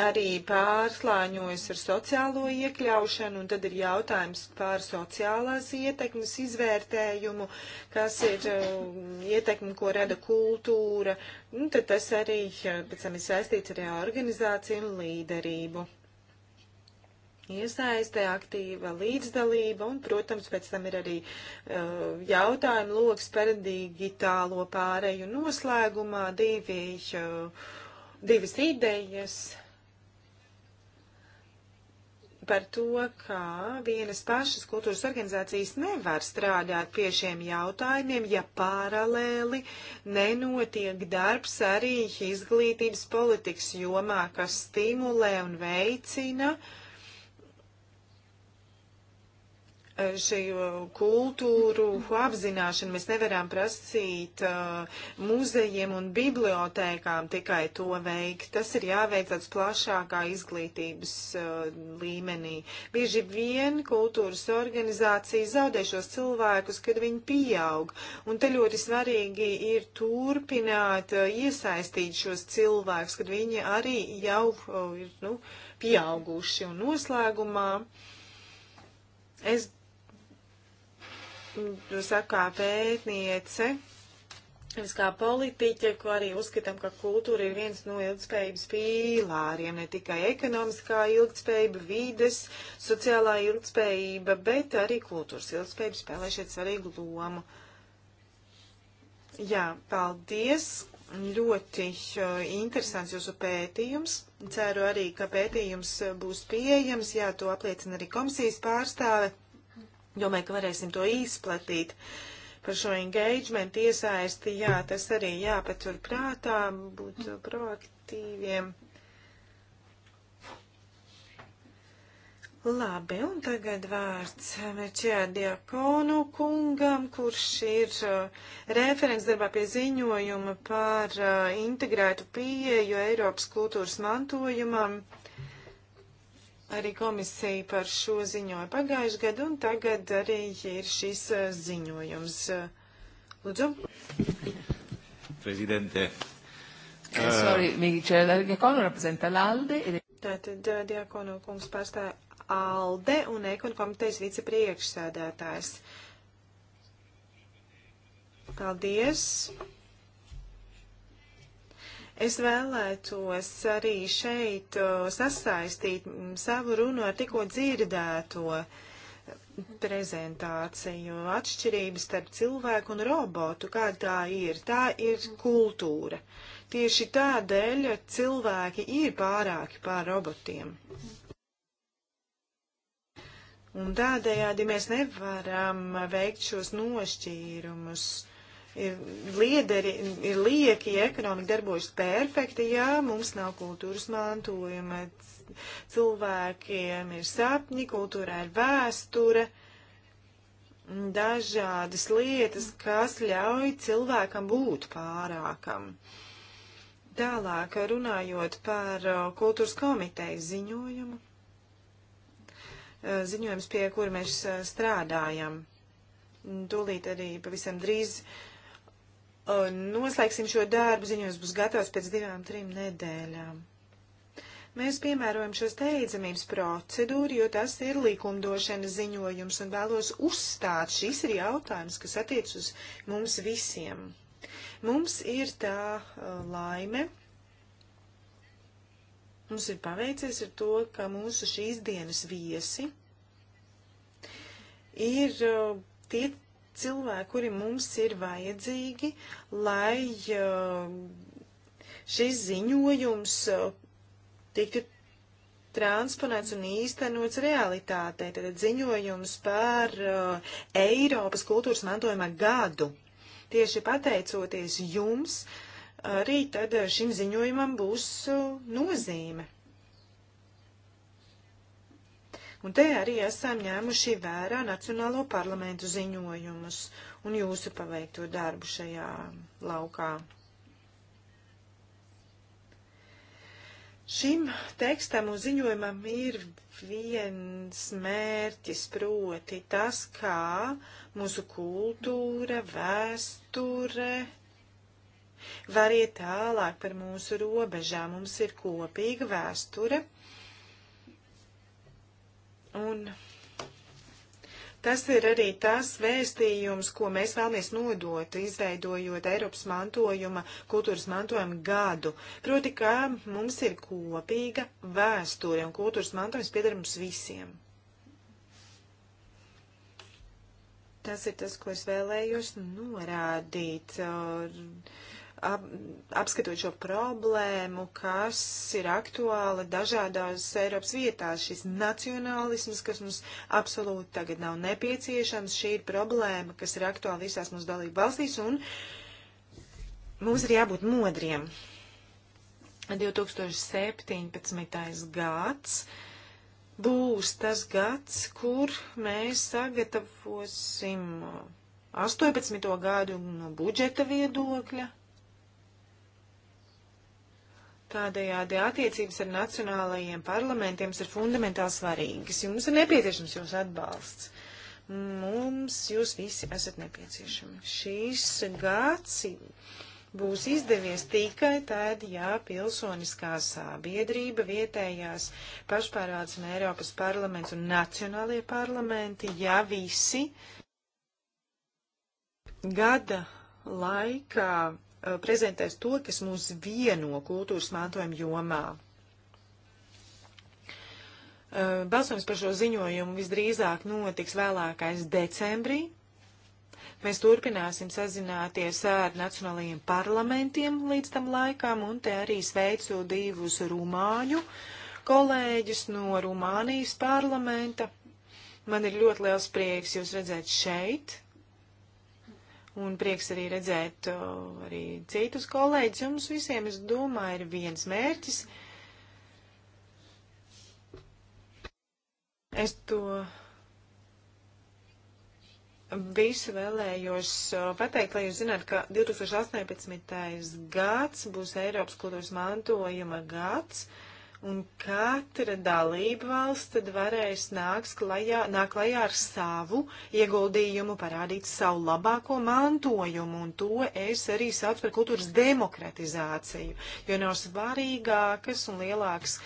arī pārslāņojas ar sociālo iekļaušanu, un tad ir jautājums par sociālās ietekmes izvērtējumu, kas ir um, ietekme, ko rada kultūra, un nu, tad tas arī pēc tam ir saistīts ar organizāciju un līderību. Iesaiste, aktīva līdzdalība un, protams, pēc tam ir arī uh, jautājumu loks par digitālo pāreju noslēgumā divi, uh, divas idejas par to, ka vienas pašas kultūras organizācijas nevar strādāt pie šiem jautājumiem, ja paralēli nenotiek darbs arī izglītības politikas jomā, kas stimulē un veicina uh, šī uh, kultūru apzināšana. Mēs nevaram prasīt uh, muzejiem un bibliotēkām tikai to veikt. Tas ir jāveic tāds plašākā izglītības uh, līmenī. Bieži vien kultūras organizācija zaudē šos cilvēkus, kad viņi pieaug. Un te ļoti svarīgi ir turpināt uh, iesaistīt šos cilvēkus, kad viņi arī jau uh, ir nu, pieauguši. Un noslēgumā es sakā pētniece, es kā politiķe, ko arī uzskatām, ka kultūra ir viens no ilgspējības pīlāriem, ne tikai ekonomiskā ilgspējība, vides, sociālā ilgspējība, bet arī kultūras ilgspējība spēlē šeit svarīgu lomu. Jā, paldies! Ļoti interesants jūsu pētījums. Ceru arī, ka pētījums būs pieejams. Jā, to apliecina arī komisijas pārstāve. Domāju, ka varēsim to izplatīt. Par šo engagement iesaisti, jā, tas arī jāpatur prātā, būt proaktīviem. Labi, un tagad vārds Mečijā Diakonu kungam, kurš ir uh, referents darbā pie ziņojuma par uh, integrētu pieeju Eiropas kultūras mantojumam. Uh, arī komisija par šo ziņoja pagājuši gadu, un tagad arī ir šis uh, ziņojums. Uh, lūdzu. Prezidente. Eh, uh. Sorry, Miķel, Diakono reprezenta l'Alde. Tātad Diakono kungs pārstāv ALDE un Ekon komitejas vicepriekšsēdētājs. Paldies. Es vēlētos arī šeit sasaistīt savu runu ar tikko dzirdēto prezentāciju, atšķirības starp cilvēku un robotu, kā tā ir. Tā ir kultūra. Tieši tādēļ cilvēki ir pārāki pār robotiem. Un tādējādi mēs nevaram veikt šos nošķīrumus ir liederi, ir lieki, ja ekonomika darbojas perfekti, ja mums nav kultūras mantojuma, cilvēkiem ir sapņi, kultūrā ir vēsture, dažādas lietas, kas ļauj cilvēkam būt pārākam. Tālāk runājot par uh, kultūras komitejas ziņojumu, uh, ziņojums, pie kura mēs uh, strādājam. Tūlīt arī pavisam drīz uh, noslēgsim šo darbu, ziņojums būs gatavs pēc divām, trim nedēļām. Mēs piemērojam šo steidzamības procedūru, jo tas ir likumdošanas ziņojums un vēlos uzstāt, šis ir jautājums, kas attiec uz mums visiem. Mums ir tā uh, laime, mums ir paveicies ar to, ka mūsu šīs dienas viesi ir uh, tie cilvēki, kuri mums ir vajadzīgi, lai eh, šis ziņojums eh, tiktu transponēts un īstenots realitātē. Tad ziņojums par uh, Eiropas kultūras mantojuma gadu. Tieši pateicoties jums, arī tad šim ziņojumam būs uh, nozīme. Un te arī esam ņēmuši vērā Nacionālo parlamentu ziņojumus un jūsu paveikto darbu šajā laukā. Šim tekstam un ziņojumam ir viens mērķis, proti tas, kā mūsu kultūra, vēsture var iet tālāk par mūsu robežām. Mums ir kopīga vēsture, Un tas ir arī tas vēstījums, ko mēs vēlamies nodot, izveidojot Eiropas mantojuma, kultūras mantojuma gadu. Proti, ka mums ir kopīga vēsture un kultūras mantojums pieder mums visiem. Tas ir tas, ko es vēlējos norādīt. Uh, ap, apskatot šo problēmu, kas ir aktuāla dažādās Eiropas vietās. Šis nacionālisms, kas mums absolūti tagad nav nepieciešams, šī ir problēma, kas ir aktuāla visās mūsu dalību valstīs, un mums ir jābūt modriem. 2017. gads būs tas gads, kur mēs sagatavosim 18. gadu no budžeta viedokļa Tādējādi attiecības ar nacionālajiem parlamentiem ir fundamentāli svarīgas. Jums ir nepieciešams jūsu atbalsts. Mums jūs visi esat nepieciešami. Šīs gads būs izdevies tikai tad, ja pilsoniskā sabiedrība vietējās pašpārvaldes un Eiropas parlaments un nacionālie parlamenti, ja visi gada laikā Uh, prezentēs to, kas mūs vieno kultūras mantojuma jomā. Uh, balsojums par šo ziņojumu visdrīzāk notiks vēlākais decembrī. Mēs turpināsim sazināties ar nacionālajiem parlamentiem līdz tam laikam, un te arī sveicu divus rumāņu kolēģus no Rumānijas parlamenta. Man ir ļoti liels prieks jūs redzēt šeit, Un prieks arī redzēt uh, arī citus kolēģus. Jums visiem, es domāju, ir viens mērķis. Es to visu vēlējos pateikt, lai jūs zinātu, ka 2018. gads būs Eiropas kultūras mantojuma gads. Uh, un katra dalība valsts tad varēs nāks klajā, nāk klajā ar savu ieguldījumu, parādīt savu labāko mantojumu, un to es arī saucu par kultūras demokratizāciju, jo nav svarīgākas un lielākas.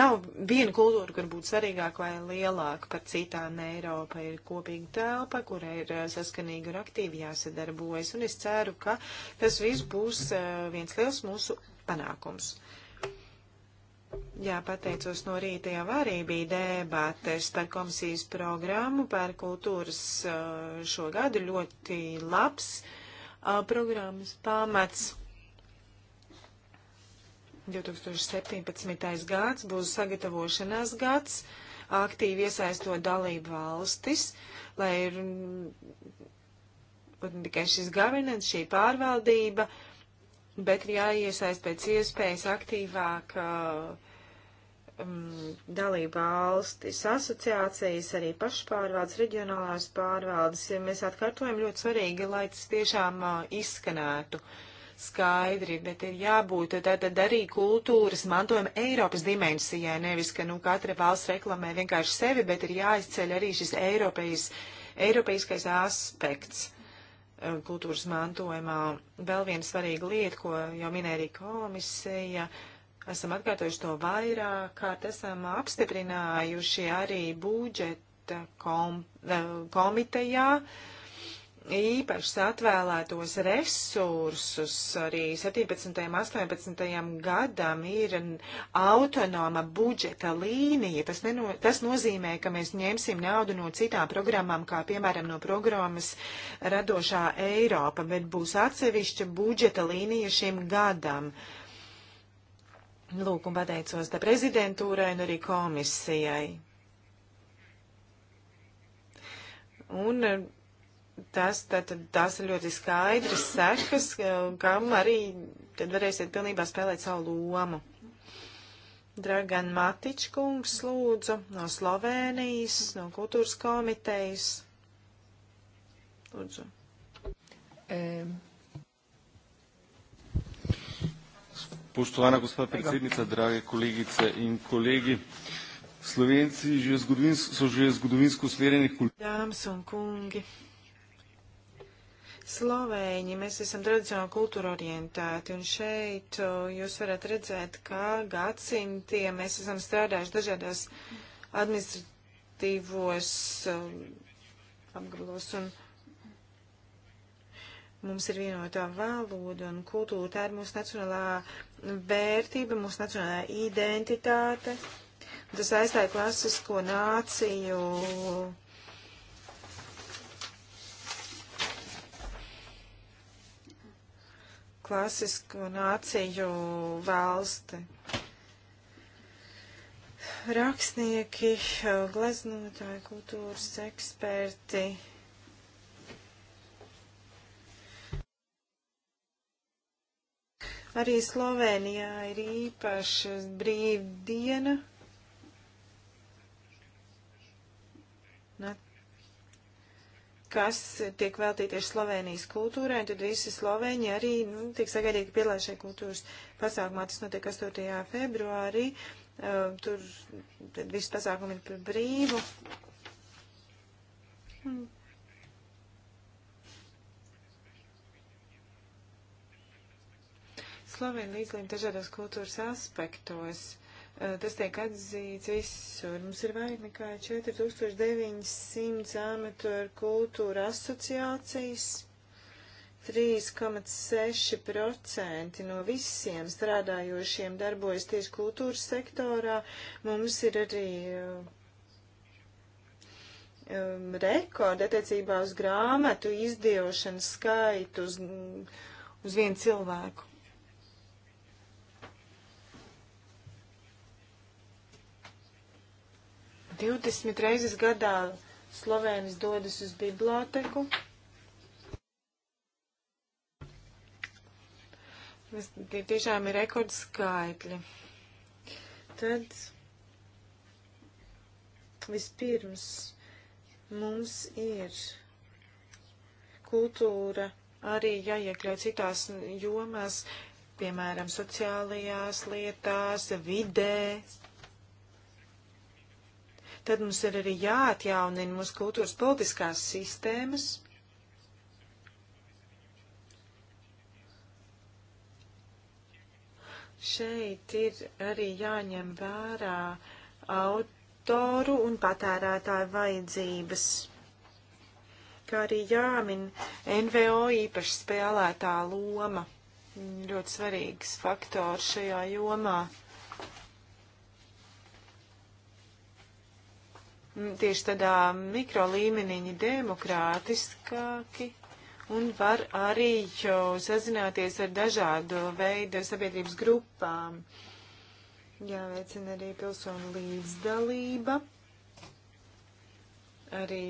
Nav viena kultūra, kur būtu svarīgāka vai lielāka par citām. Eiropa ir kopīga telpa, kur ir eh, saskanīgi un aktīvi jāsadarbojas, un es ceru, ka tas viss būs eh, viens liels mūsu panākums. Uh, Jā, pateicos no rīta jau arī bija debates par komisijas programmu par kultūras šo gadu. Ļoti labs programmas pamats. 2017. gads būs sagatavošanās gads, aktīvi iesaistot dalību valstis, lai ir mm, tikai šis governance, šī pārvaldība. Uh, bet ir jāiesaist pēc iespējas aktīvāk uh, um, dalība valstis asociācijas, arī pašpārvaldes, reģionālās pārvaldes. Ja mēs atkārtojam ļoti svarīgi, lai tas tiešām uh, izskanētu skaidri, bet ir jābūt tātad arī kultūras mantojuma Eiropas dimensijai, nevis, ka nu katra valsts reklamē vienkārši sevi, bet ir jāizceļ arī šis Eiropejas, Eiropeiskais aspekts. Uh, Eh, kultūras mantojumā. Vēl viena svarīga lieta, ko jau minēja arī komisija, esam atkārtojuši to vairāk kārt, esam apstiprinājuši arī budžeta kom, eh, komitejā. Uh, īpašs atvēlētos resursus arī 17. un 18. gadam ir autonoma budžeta līnija. Tas, neno, tas nozīmē, ka mēs ņemsim naudu no citām programmām, kā piemēram no programmas Radošā Eiropa, bet būs atsevišķa budžeta līnija šim gadam. Lūk, un pateicos te prezidentūrai un arī komisijai. Un tas, tātad tās ir ļoti skaidras sekas, e, kam arī tad varēsiet pilnībā spēlēt savu lomu. Dragan Matičkungs lūdzu no Slovēnijas, no kultūras komitejas. Lūdzu. Um. Spoštovana gospa predsednica, drage kolegice in kolegi. Slovenci že zgodovinsko, so že zgodovinsko usmerjeni kulturi. Dāmas un kungi, Slovēņi, mēs esam tradicionāli kultūra orientēti, un šeit jūs varat redzēt, ka gadsimtiem mēs esam strādājuši dažādās administratīvos apgabalos, un mums ir vienotā valoda un kultūra, tā ir mūsu nacionālā vērtība, mūsu nacionālā identitāte. Tas aizstāja klasisko nāciju klasisko nāciju valsti. Rakstnieki, gleznotāji, kultūras eksperti. Arī Slovenijā ir īpaša brīvdiena kas tiek veltīti tieši Slovenijas kultūrai, un tad visi Slovēņi arī nu, tiek sagaidīti, ka piedalās šajā kultūras pasākumā. Tas notiek 8. februārī. Uh, tur viss pasākumi ir par brīvu. Hmm. Slovēni līdzlīm dažādos kultūras aspektos. Eh, tas tiek atzīts visur. Mums ir vairāk nekā 4900 amatieru kultūra asociācijas. 3,6% no visiem strādājošiem darbojas tieši kultūras sektorā. Mums ir arī eh, um, rekordi attiecībā uz grāmatu izdiešanas skaitu uz, uz vienu cilvēku. 20 reizes gadā Slovēnis dodas uz biblioteku. Tie tiešām ir rekords skaitļi. Tad vispirms mums ir kultūra arī jāiekļaut citās jomās, piemēram, sociālajās lietās, vidē, tad mums ir arī jāatjaunina mūsu kultūras politiskās sistēmas. Šeit ir arī jāņem vērā autoru un patērētāju vajadzības kā arī jāmin NVO īpaši spēlētā loma. Ļoti svarīgs faktors šajā jomā. Mm, tieši tādā mikro līmeniņi demokrātiskāki un var arī sazināties ar dažādu veidu sabiedrības grupām. Jāveicina arī pilsonu līdzdalība. Arī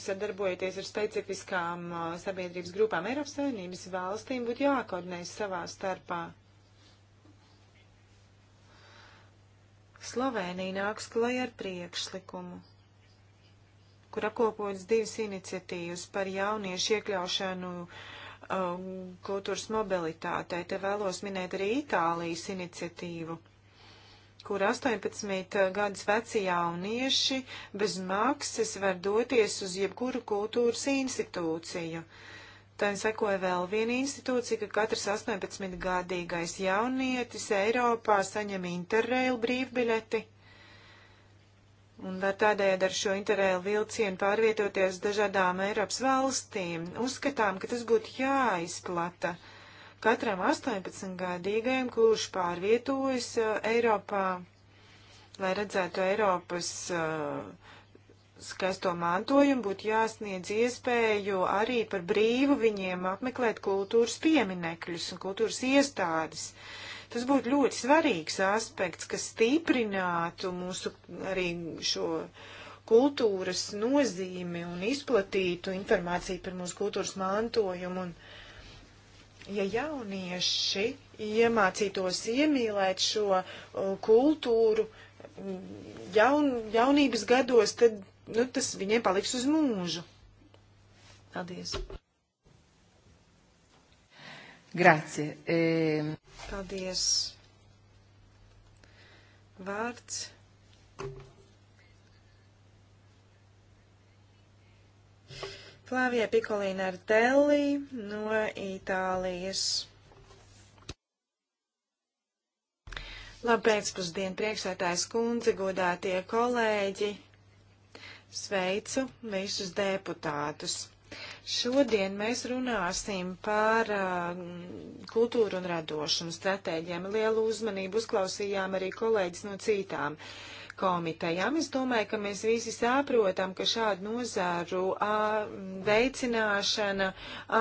sadarbojoties ar specifiskām uh, sabiedrības grupām Eiropas Savienības valstīm būtu jākoordinējas savā starpā. Slovēnija nāks klajā ar priekšlikumu kur apkopojas divas iniciatīvas par jauniešu iekļaušanu um, kultūras mobilitātei. Te vēlos minēt arī Itālijas iniciatīvu, kur 18 uh, gadus veci jaunieši bez maksas var doties uz jebkuru kultūras institūciju. Tam sekoja vēl viena institūcija, ka katrs 18-gadīgais jaunietis Eiropā saņem interreilu brīvbiļeti Un var tādējādi ar šo interēlu vilcienu pārvietoties dažādām Eiropas valstīm. Uzskatām, ka tas būtu jāizplata katram 18-gadīgajam, kurš pārvietojas uh, Eiropā, lai redzētu Eiropas uh, skaisto mantojumu būtu jāsniedz iespēju arī par brīvu viņiem apmeklēt kultūras pieminekļus un kultūras iestādes. Uh, Tas būtu ļoti svarīgs aspekts, kas stiprinātu mūsu arī šo kultūras nozīmi un izplatītu informāciju par mūsu kultūras mantojumu. Un, ja jaunieši iemācītos iemīlēt šo uh, kultūru mm, jaun, jaunības gados, tad nu, tas viņiem paliks uz mūžu. Paldies! Grācie. E... Paldies. Vārds. Flāvija Pikolīna ar Delli no Itālijas. Labpēcpusdien, priekšsētājs kundze, godātie kolēģi! Sveicu visus deputātus! Šodien mēs runāsim par uh, kultūru un radošumu stratēģiem. Lielu uzmanību uzklausījām arī kolēģis no citām komitejām. Es domāju, ka mēs visi saprotam, ka šāda nozāru uh, veicināšana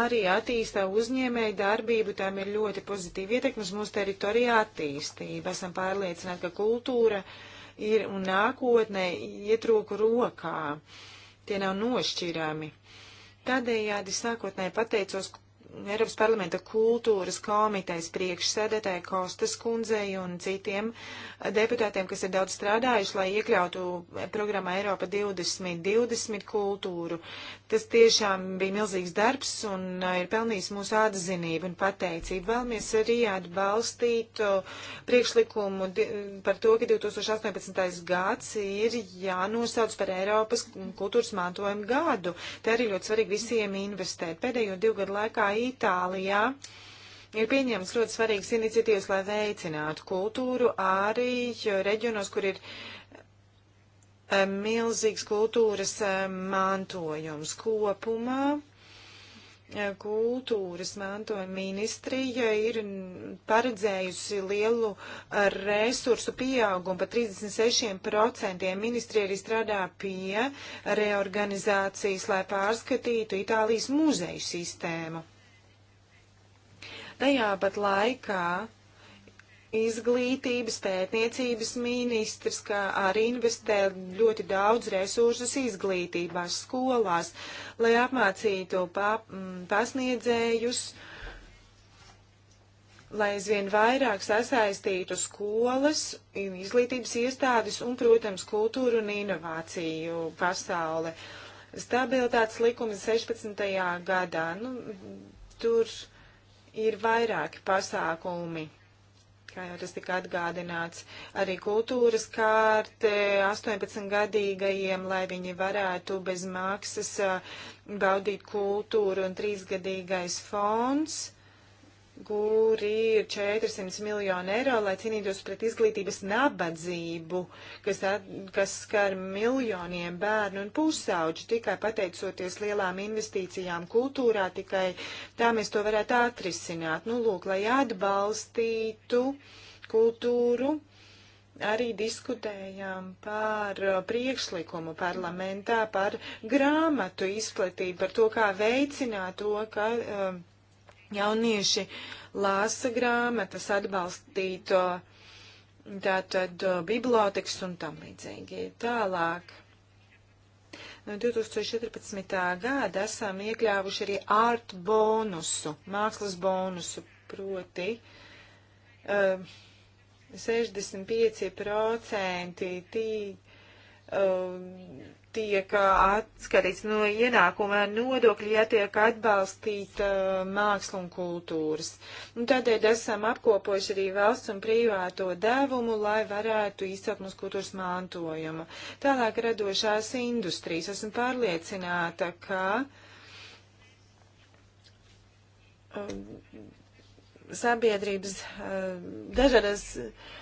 arī attīstā uzņēmēju darbību, tam ir ļoti pozitīva ietekme uz mūsu teritoriju attīstību. Esam pārliecināti, ka kultūra ir un nākotnē ietrūku rokā. Tie nav nošķirami. Tādējādi sākotnēji pateicos Eiropas parlamenta kultūras komitejas priekšsēdētāja Kostas kundzei un citiem deputātiem, kas ir daudz strādājuši, lai iekļautu programmā Eiropa 2020 kultūru. Tas tiešām bija milzīgs darbs un uh, ir pelnījis mūsu atzinību un pateicību. Vēlamies arī atbalstīt uh, priekšlikumu par to, ka 2018. gads ir jānosauc par Eiropas kultūras mantojumu gadu. Te arī ļoti svarīgi visiem investēt. Pēdējo divu gadu laikā Itālijā ir pieņemts ļoti svarīgas iniciatīvas, lai veicinātu kultūru arī reģionos, kur ir eh, milzīgs kultūras eh, mantojums kopumā. Eh, kultūras mantojuma ministrija ir paredzējusi lielu resursu pieaugumu par 36%. Ministrija arī strādā pie reorganizācijas, lai pārskatītu Itālijas muzeju sistēmu. Tajā pat laikā izglītības, pētniecības ministrs, kā arī investē ļoti daudz resursus izglītībās, skolās, lai apmācītu pa, m, pasniedzējus, lai aizvien vairāk sasaistītu skolas, izglītības iestādes un, protams, kultūru un inovāciju pasauli. Stabilitātes likums 16. gadā. Nu, tur ir vairāki pasākumi, kā jau tas tika atgādināts, arī kultūras kārte 18-gadīgajiem, lai viņi varētu bez maksas uh, baudīt kultūru un trīsgadīgais fonds gūri ir 400 miljoni eiro, lai cīnītos pret izglītības nabadzību, kas, at, kas skar miljoniem bērnu un pusauģu. Tikai pateicoties lielām investīcijām kultūrā, tikai tā mēs to varētu atrisināt. Nu, lūk, lai atbalstītu kultūru. Arī diskutējām par priekšlikumu parlamentā, par grāmatu izplatību, par to, kā veicināt to, ka uh, jaunieši lāsa grāmatas, atbalstīto tātad uh, bibliotekas un tam līdzīgi. Tālāk. No 2014. gada esam iekļāvuši arī art bonusu, mākslas bonusu, proti uh, 65% tī, uh, tiek uh, atskatīts no ienākuma nodokļa, ja tiek atbalstīta uh, māksla un kultūras. Un tādēļ esam apkopojuši arī valsts un privāto devumu, lai varētu izcelt mūsu kultūras mantojumu. Tālāk radošās industrijas. Esmu pārliecināta, ka uh, sabiedrības uh, dažādas. Uh,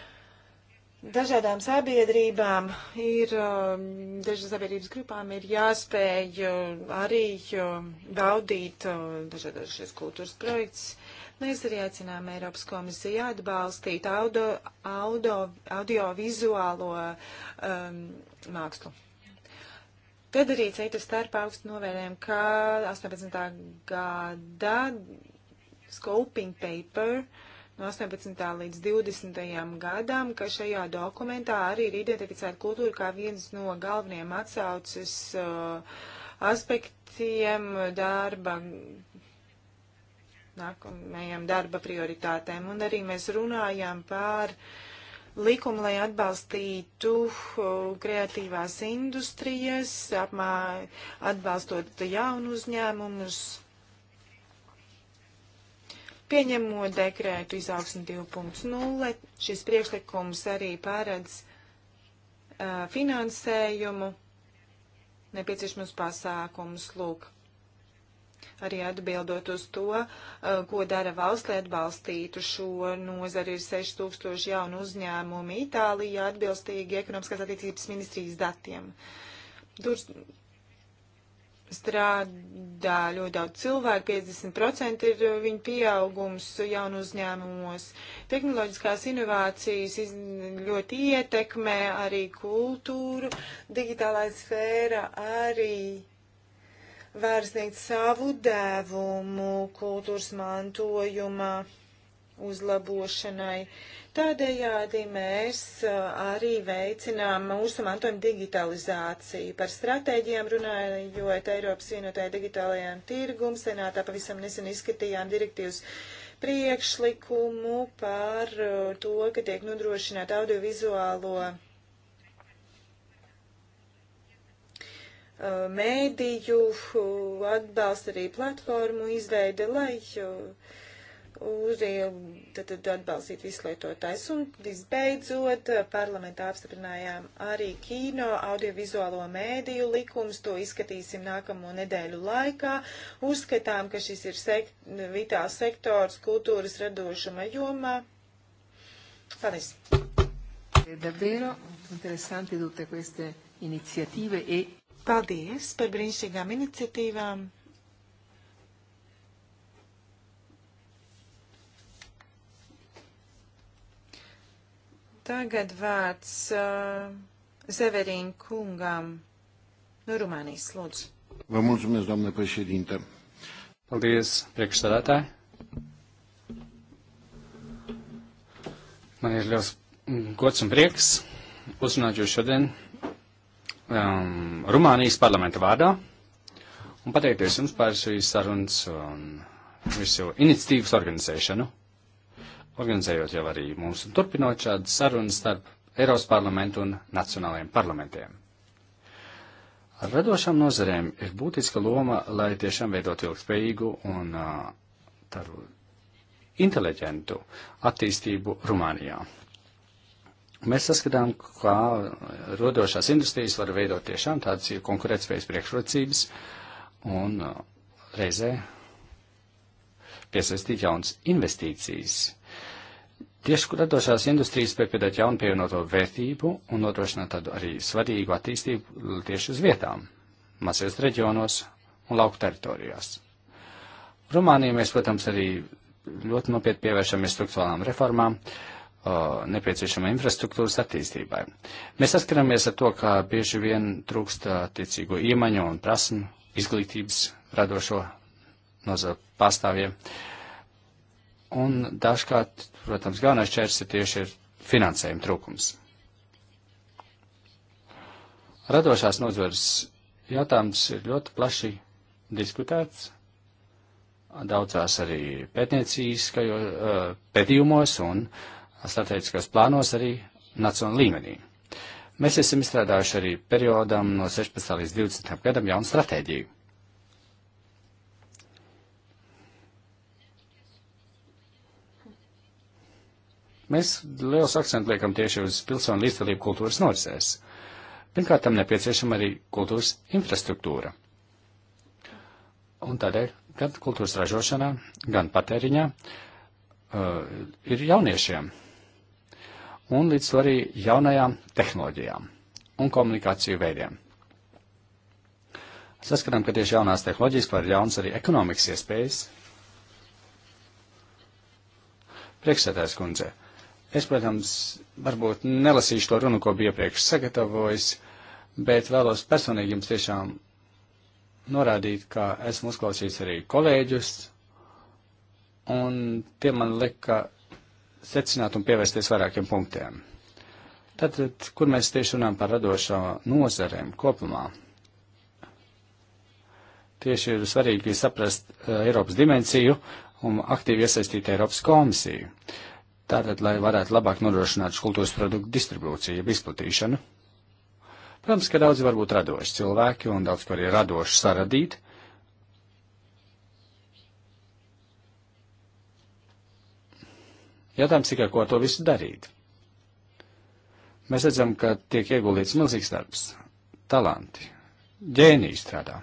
Dažādām sabiedrībām ir, um, dažas sabiedrības grupām ir jāspēj um, arī um, baudīt dažādos šīs kultūras projekts. Mēs arī aicinām Eiropas komisiju atbalstīt audio, audio, audiovizuālo um, mākslu. Tad arī citu starp augstu novērējam, ka 18. gada scoping paper uh, no 18. līdz 20. gadam, ka šajā dokumentā arī ir identificēta kultūra kā viens no galvenajiem atsauces uh, aspektiem darba nākamajām darba prioritātēm. Un arī mēs runājām par likumu, lai atbalstītu uh, kreatīvās industrijas, apmā, atbalstot jaunu uzņēmumus, Pieņemot dekrētu izaugsmu 2.0, šis priekšlikums arī pārēdz uh, finansējumu nepieciešamus pasākumus. Lūk, arī atbildot uz to, uh, ko dara valsts, lai atbalstītu šo nozari, ir 6000 jaunu uzņēmumu Itālijā atbilstīgi ekonomiskās attīstības ministrijas datiem. Tur strādā ļoti daudz cilvēku, 50% ir eh, viņa pieaugums jaunu uzņēmumos. Tehnoloģiskās inovācijas iz, ļoti ietekmē arī kultūru, digitālā sfēra arī var sniegt savu devumu kultūras mantojumā uzlabošanai. Tādējādi mēs arī veicinām mūsu mantojuma digitalizāciju. Par stratēģijām runājot Eiropas vienotajā digitālajām tirgum, senātā pavisam nesen izskatījām direktīvas priekšlikumu par to, ka tiek nodrošināta audiovizuālo mēdīju atbalsta arī platformu izveide, lai uz tad, tad atbalstīt izlietotājs. Un visbeidzot, parlamentā apstiprinājām arī kino, audiovizuālo mēdīju likums, to izskatīsim nākamo nedēļu laikā. Uzskatām, ka šis ir sekt, vitāls sektors kultūras radošuma jomā. Paldies! Davvero interesanti tutte queste iniziative e... Paldies par brīnišķīgām iniciatīvām! Tagad vārds uh, Zeverīna kungam no Rumānijas, lūdzu. Vă mulțumesc, doamnă președintă. Paldies, priekšsēdētāji. Man ir liels gods un prieks uzrunāt jūs šodien um, Rumānijas parlamenta vārdā un pateikties jums par šīs sarunas un visu iniciatīvas organizēšanu organizējot jau arī mūsu turpinot šādas sarunas starp Eiropas parlamentu un nacionālajiem parlamentiem. Ar radošām nozarēm ir būtiska loma, lai tiešām veidot ilgspējīgu un tādu inteliģentu attīstību Rumānijā. Mēs saskatām, kā rodošās industrijas var veidot tiešām tādas konkurētspējas priekšrocības un reizē piesaistīt jaunas investīcijas Tieši radošās industrijas spēj piedāt jaunu pievienoto vērtību un nodrošināt tādu arī svarīgu attīstību tieši uz vietām, mazajos reģionos un lauku teritorijās. Rumānijā mēs, protams, arī ļoti nopietni pievēršamies struktūrālām reformām, uh, nepieciešama infrastruktūras attīstībai. Mēs saskaramies ar to, ka bieži vien trūkst attiecīgo iemaņu un prasmu izglītības radošo nozaru pārstāvjiem. Uh, Un dažkārt, protams, galvenais čērs ir tieši ir finansējuma trūkums. Radošās nozveres jautājums ir ļoti plaši diskutēts daudzās arī pētniecīskajos eh, pētījumos un strateģiskos plānos arī nacionāla līmenī. Mēs esam izstrādājuši arī periodam no 16 līdz 20 gadam jaunu stratēģiju. Mēs liels akcentu liekam tieši uz pilsonu līdzdalību kultūras norisēs. Pirmkārt, tam nepieciešama arī kultūras infrastruktūra. Un tādēļ gan kultūras ražošanā, gan patēriņā uh, ir jauniešiem. Un līdz to arī jaunajām tehnoloģijām un komunikāciju veidiem. Saskatām, ka tieši jaunās tehnoloģijas var jauns arī ekonomikas iespējas. Priekšsētājs kundze, uh, Es, protams, varbūt nelasīšu to runu, ko biju iepriekš sagatavojis, bet vēlos personīgi jums tiešām norādīt, ka esmu uzklausījis arī kolēģus, un tie man lika secināt un pievērsties vairākiem punktiem. Tātad, kur mēs tieši runājam par radošo nozarēm kopumā, tieši ir svarīgi saprast uh, Eiropas dimensiju un aktīvi iesaistīt Eiropas komisiju. Uh, Tātad, lai varētu labāk nodrošināt kultūras produktu distribūciju, izplatīšanu. Protams, ka daudzi varbūt radoši cilvēki un daudz ko arī radoši saradīt. Jautājums tikai, ko ar to visu darīt. Mēs redzam, ka tiek ieguldīts milzīgs darbs, talanti, ģēnijas strādā.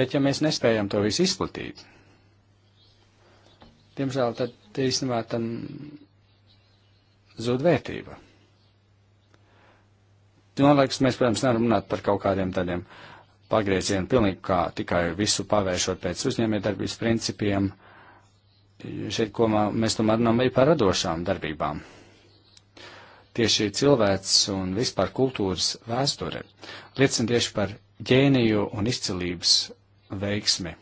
Bet ja mēs nespējam to visu izplatīt, diemžēl tad tie īstenībā tam zūd vērtība. Vienlaikus mēs, protams, nevaram runāt par kaut kādiem tādiem pagriezieniem, pilnīgi kā tikai visu pavēršot pēc uzņēmējdarbības principiem. Šeit, ko mēs tomēr runājam, ir par radošām darbībām. Tieši cilvēks un vispār kultūras vēsture liecina tieši par ģēniju un izcilības veiksmi.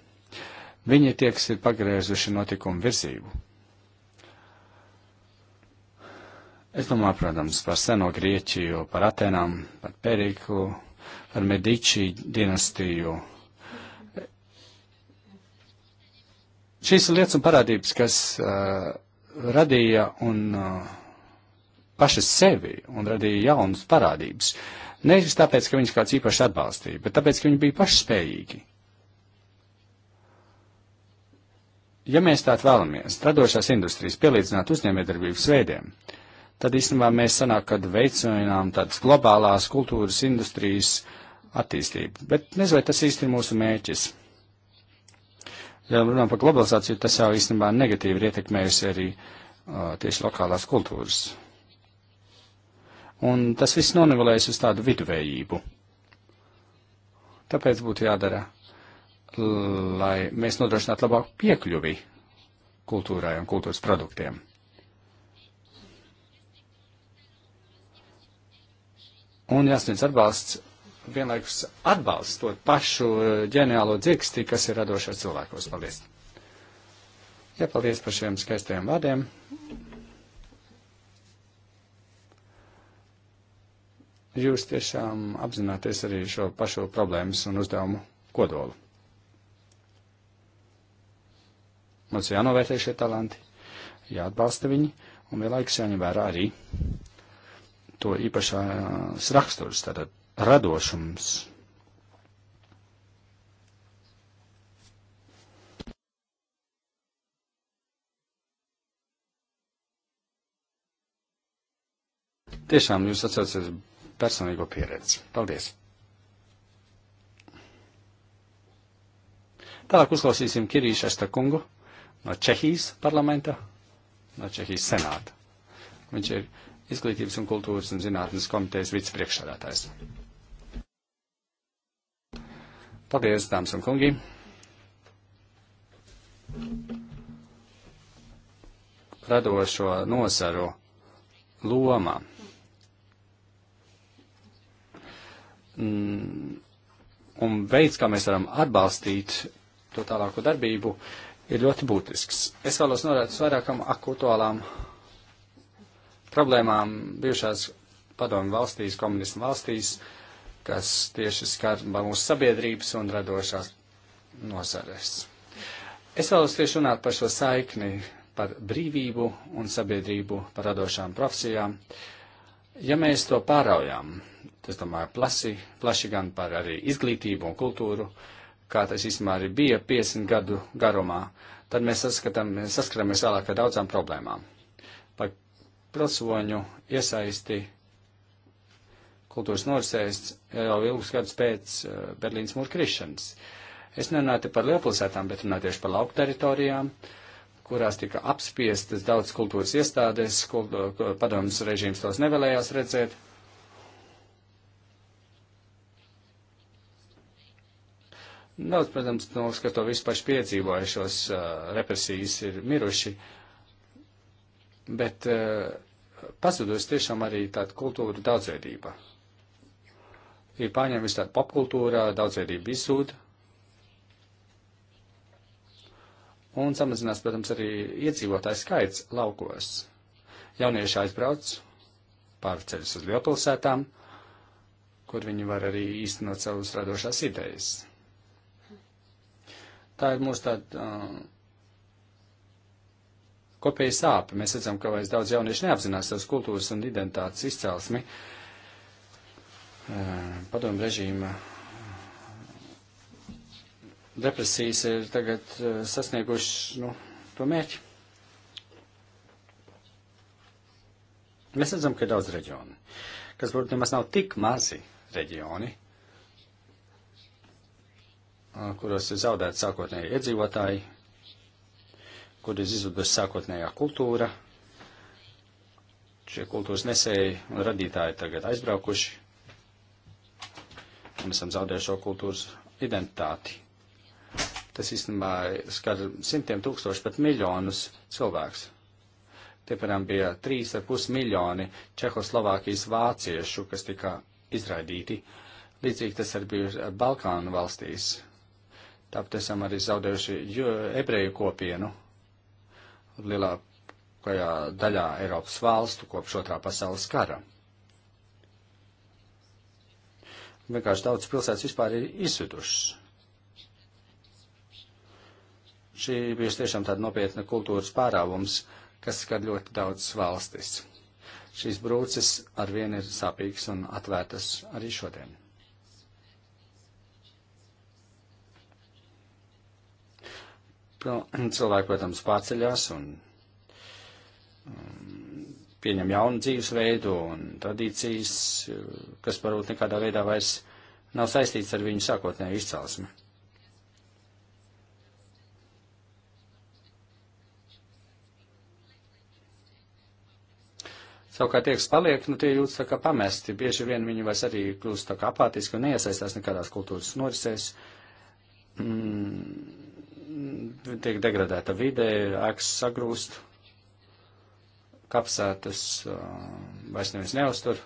Viņi tie, kas ir pagriezuši notikumu virzību. Es domāju, protams, par seno Grieķiju, par Atenām, par Periku, par Mediči dinastiju. Šīs ir lietas un parādības, kas uh, radīja un uh, paši sevi un radīja jaunas parādības. Nevis tāpēc, ka viņus kāds īpaši atbalstīja, bet tāpēc, ka viņi bija pašspējīgi. Ja mēs tādu vēlamies, radošās industrijas pielīdzināt uzņēmējdarbības veidiem, uh, tad īstenībā mēs sanāk, kad veicinām tādas globālās kultūras industrijas attīstību. Bet nezinu, vai tas īsti ir mūsu mērķis. Ja runājam par globalizāciju, tas jau īstenībā negatīvi ir ietekmējusi arī uh, tieši lokālās kultūras. Un tas viss nonivelējas uz tādu viduvējību. Tāpēc būtu jādara, lai mēs nodrošinātu labāku piekļuvi kultūrai un kultūras produktiem. un jāsniedz atbalsts, vienlaikus atbalsts to pašu eh, ģeniālo dzirksti, kas ir radošos cilvēkos. Paldies! Jā, paldies par šiem skaistajiem vārdiem. Jūs tiešām apzināties arī šo pašu problēmas un uzdevumu kodolu. Mums jānovērtē šie talanti, jāatbalsta viņi un vienlaikus jāņem vērā arī to īpašās raksturs, tātad radošums. Tiešām jūs atcaucaties personīgo pieredzi. Paldies! Tālāk uzklausīsim Kirīšu Estakungu no Čehijas parlamenta, no Čehijas senāta. Viņš ir izglītības un kultūras un zinātnes komitejas vicepriekšsādātājs. Paldies, dāmas un kungi! Radošo nozaru loma. Mm, un veids, kā mēs varam atbalstīt to tālāko darbību, ir ļoti būtisks. Es vēlos norādīt uz vairākām aktuālām problēmām bijušās padomu valstīs, komunismu valstīs, kas tieši skar mūsu sabiedrības un radošās nozares. Es vēlos tieši runāt par šo saikni, par brīvību un sabiedrību, par radošām profesijām. Ja mēs to pāraujam, tas, domāju, plasi, plaši gan par arī izglītību un kultūru, kā tas īstenībā arī bija 50 gadu garumā, tad mēs saskaramies vēlāk ar daudzām problēmām pilsoņu iesaisti kultūras norisēs jau eh, ilgus gadus pēc eh, Berlīnas mūra krišanas. Es nerunāju par lielpilsētām, bet runāju tieši par lauku teritorijām, kurās tika apspiestas daudz kultūras iestādes, kultu, eh, padomus režīms tos nevēlējās redzēt. Daudz, protams, no, kas to vispār piedzīvoja šos uh, represijas, ir miruši. Uh, bet eh, pazudusi tiešām arī tāda kultūra daudzveidība. Ir pārņēmis tāda popkultūra, daudzveidība izzūd. Un samazinās, protams, arī iedzīvotāju skaits laukos. Jaunieši aizbrauc pārceļas uz lielpilsētām, kur viņi var arī īstenot savus radošās idejas. Tā ir mūsu tāda. Uh, kopēja sāpe. Mēs redzam, ka vairs daudz jauniešu neapzinās savas kultūras un identitātes izcelsmi. Eh, padomu režīma depresijas eh, ir tagad eh, sasnieguši nu, to mērķi. Mēs redzam, ka ir daudz reģionu, kas varbūt nemaz nav tik mazi reģioni, kuros ir zaudēti sākotnēji iedzīvotāji, kur ir izzudusi sākotnējā kultūra. Šie kultūras nesēji un radītāji tagad aizbraukuši, un esam zaudējuši šo kultūras identitāti. Tas īstenībā skar simtiem tūkstoši, pat miljonus cilvēkus. Tie, piemēram, bija 3,5 miljoni Čehoslovākijas vāciešu, kas tika izraidīti. Līdzīgi tas arī bija Balkānu valstīs. Tāpēc esam arī zaudējuši ebreju kopienu lielākajā daļā Eiropas valstu kopš otrā pasaules kara. Vienkārši daudz pilsētas vispār ir izvidušas. Šī bija tiešām tāda nopietna kultūras pārāvums, kas skar ļoti daudz valstis. Šīs brūces arvien ir sāpīgas un atvērtas arī šodien. Nu, cilvēki, protams, pārceļās un um, pieņem jaunu dzīvesveidu un tradīcijas, kas varbūt nekādā veidā vairs nav saistīts ar viņu sākotnēju izcelsmi. Savukārt tie, kas paliek, nu tie jūtas tā kā pamesti. Bieži vien viņi vairs arī kļūst tā kā apātiski un neiesaistās nekādās kultūras norisēs. Mm, tiek degradēta vide, ēkas sagrūst, kapsētas uh, vairs neviens neuztur.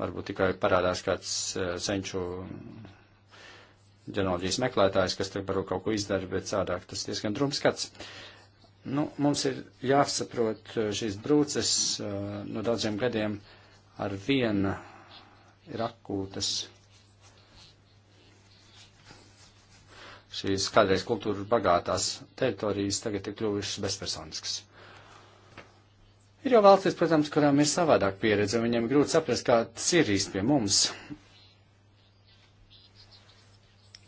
Varbūt tikai parādās kāds uh, senču ģenoloģijas meklētājs, kas tur varbūt kaut ko izdara, bet sādāk tas diezgan drums skats. Nu, mums ir jāsaprot uh, šīs brūces no daudziem gadiem ar vienu ir akūtas. šīs kādreiz kultūras bagātās teritorijas tagad ir kļuvušas bezpersoniskas. Ir jau valstis, protams, kurām ir savādāk pieredze, un viņiem grūti saprast, kā tas ir īsti pie mums.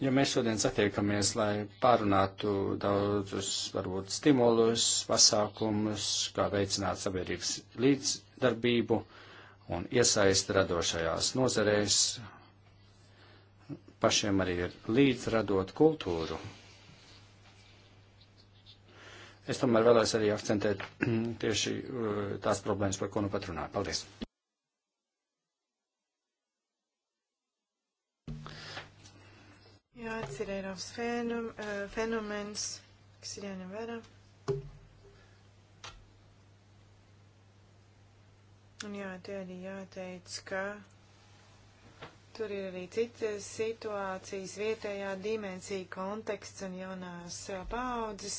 Ja mēs šodien satiekamies, lai pārunātu daudzus, varbūt, stimulus, pasākumus, kā veicināt sabiedrības līdzdarbību un iesaist radošajās nozarēs, pašiem arī ir līdz radot kultūru. Es tomēr vēlēs arī akcentēt <clears throat> tieši uh, tās problēmas, par ko nu pat runāju. Paldies! Jā, tas ir Eiropas fenom, uh, fenomens, kas ir jāņem vērā. Un jā, te arī jāteic, ka Tur ir arī citas situācijas, vietējā dimensija, konteksts un jaunās paudzes.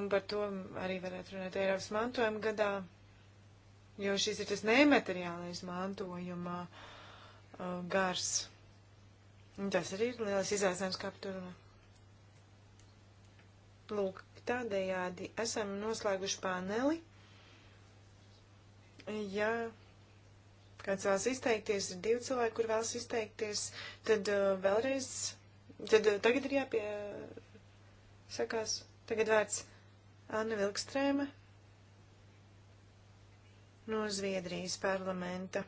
Un par to arī varētu runāt Eiropas mantojuma gadā, jo šis ir tas nemateriālais mantojuma uh, gars. Un tas arī ir liels izaicinājums, kā par to runāt. Lūk, tādējādi esam noslēguši paneli. Ja kāds vēlas izteikties, ir divi cilvēki, kur vēlas izteikties, tad uh, vēlreiz, tad uh, tagad ir jāpie, uh, sakās, tagad vērts Anna Vilkstrēma no Zviedrijas parlamenta.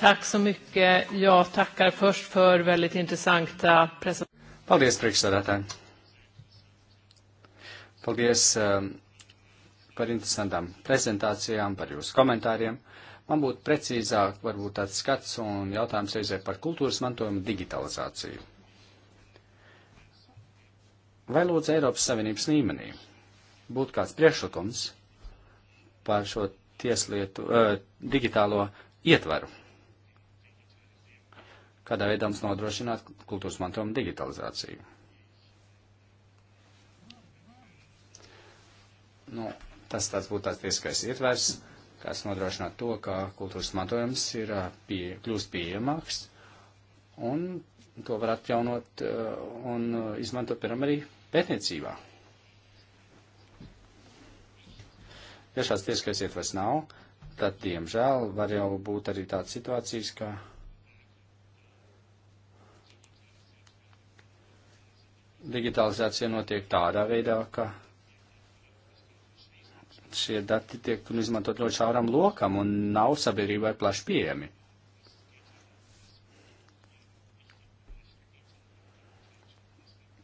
Tack så mycket. Jag tackar först för väldigt intressanta presentationer. Paldies, priekšsēdētāji. Paldies um, par interesantām prezentācijām, par jūsu komentāriem. Man būtu precīzāk varbūt tāds skats un jautājums reizē par kultūras mantojumu digitalizāciju. Vai lūdzu Eiropas Savienības līmenī būtu kāds priekšlikums par šo tieslietu uh, digitālo ietvaru? Kādā veidā mums nodrošināt kultūras mantojuma digitalizāciju? Nu, Tas tāds būtu tāds tiesiskais ietvers, kas nodrošinātu to, ka kultūras mantojums ir pie, kļūst pieejamāks, un to var atjaunot un izmantot, piemēram, arī pētniecībā. Ja šāds tiesiskais ietvers nav, tad, diemžēl, var jau būt arī tādas situācijas, ka digitalizācija notiek tādā veidā, ka šie dati tiek izmantot ļoti šauram lokam un nav sabiedrībai plaši pieejami.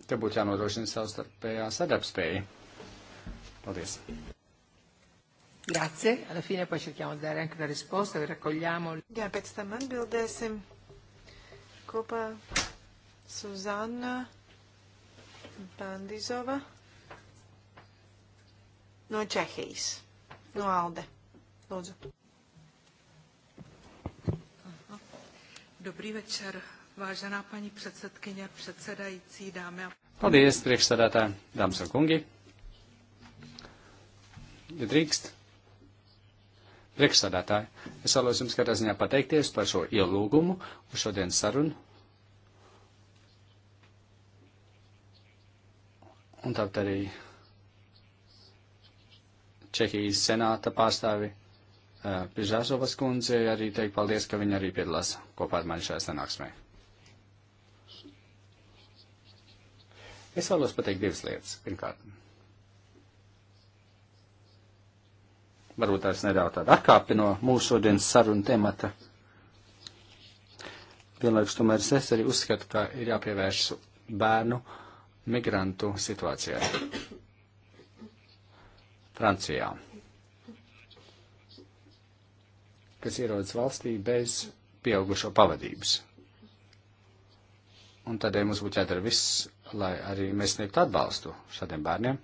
Te būtu jānodrošina savstarpējā sadarbspēja. Paldies. Grazie, alla fine poi cerchiamo di dare anche una risposta, raccogliamo. Jā, pēc tam atbildēsim kopā Suzanna Bandizova no Čehijas, no Alde. Lūdzu. Dobrý večer, vážená paní předsedkyně, předsedající, dámy a... Paldies, priekšsādātā, dāmas un kungi. Ja drīkst, priekšsādātāji, es vēlos jums katrā ziņā pateikties par šo ielūgumu uz šodienas sarunu. Un tāpat arī Čehijas senāta pārstāvi uh, eh, Pižāžovas kundze arī teikt paldies, ka viņa arī piedalās kopā ar mani šajā sanāksmē. Es vēlos pateikt divas lietas. Pirmkārt, varbūt tās nedaudz tāda atkāpi no mūsu šodienas sarunu temata. Vienlaikus tomēr es arī uzskatu, ka ir jāpievērš bērnu migrantu situācijai. Francijā, kas ierodas valstī bez pieaugušo pavadības. Un tādēļ mums būtu jādara viss, lai arī mēs sniegtu atbalstu šādiem bērniem.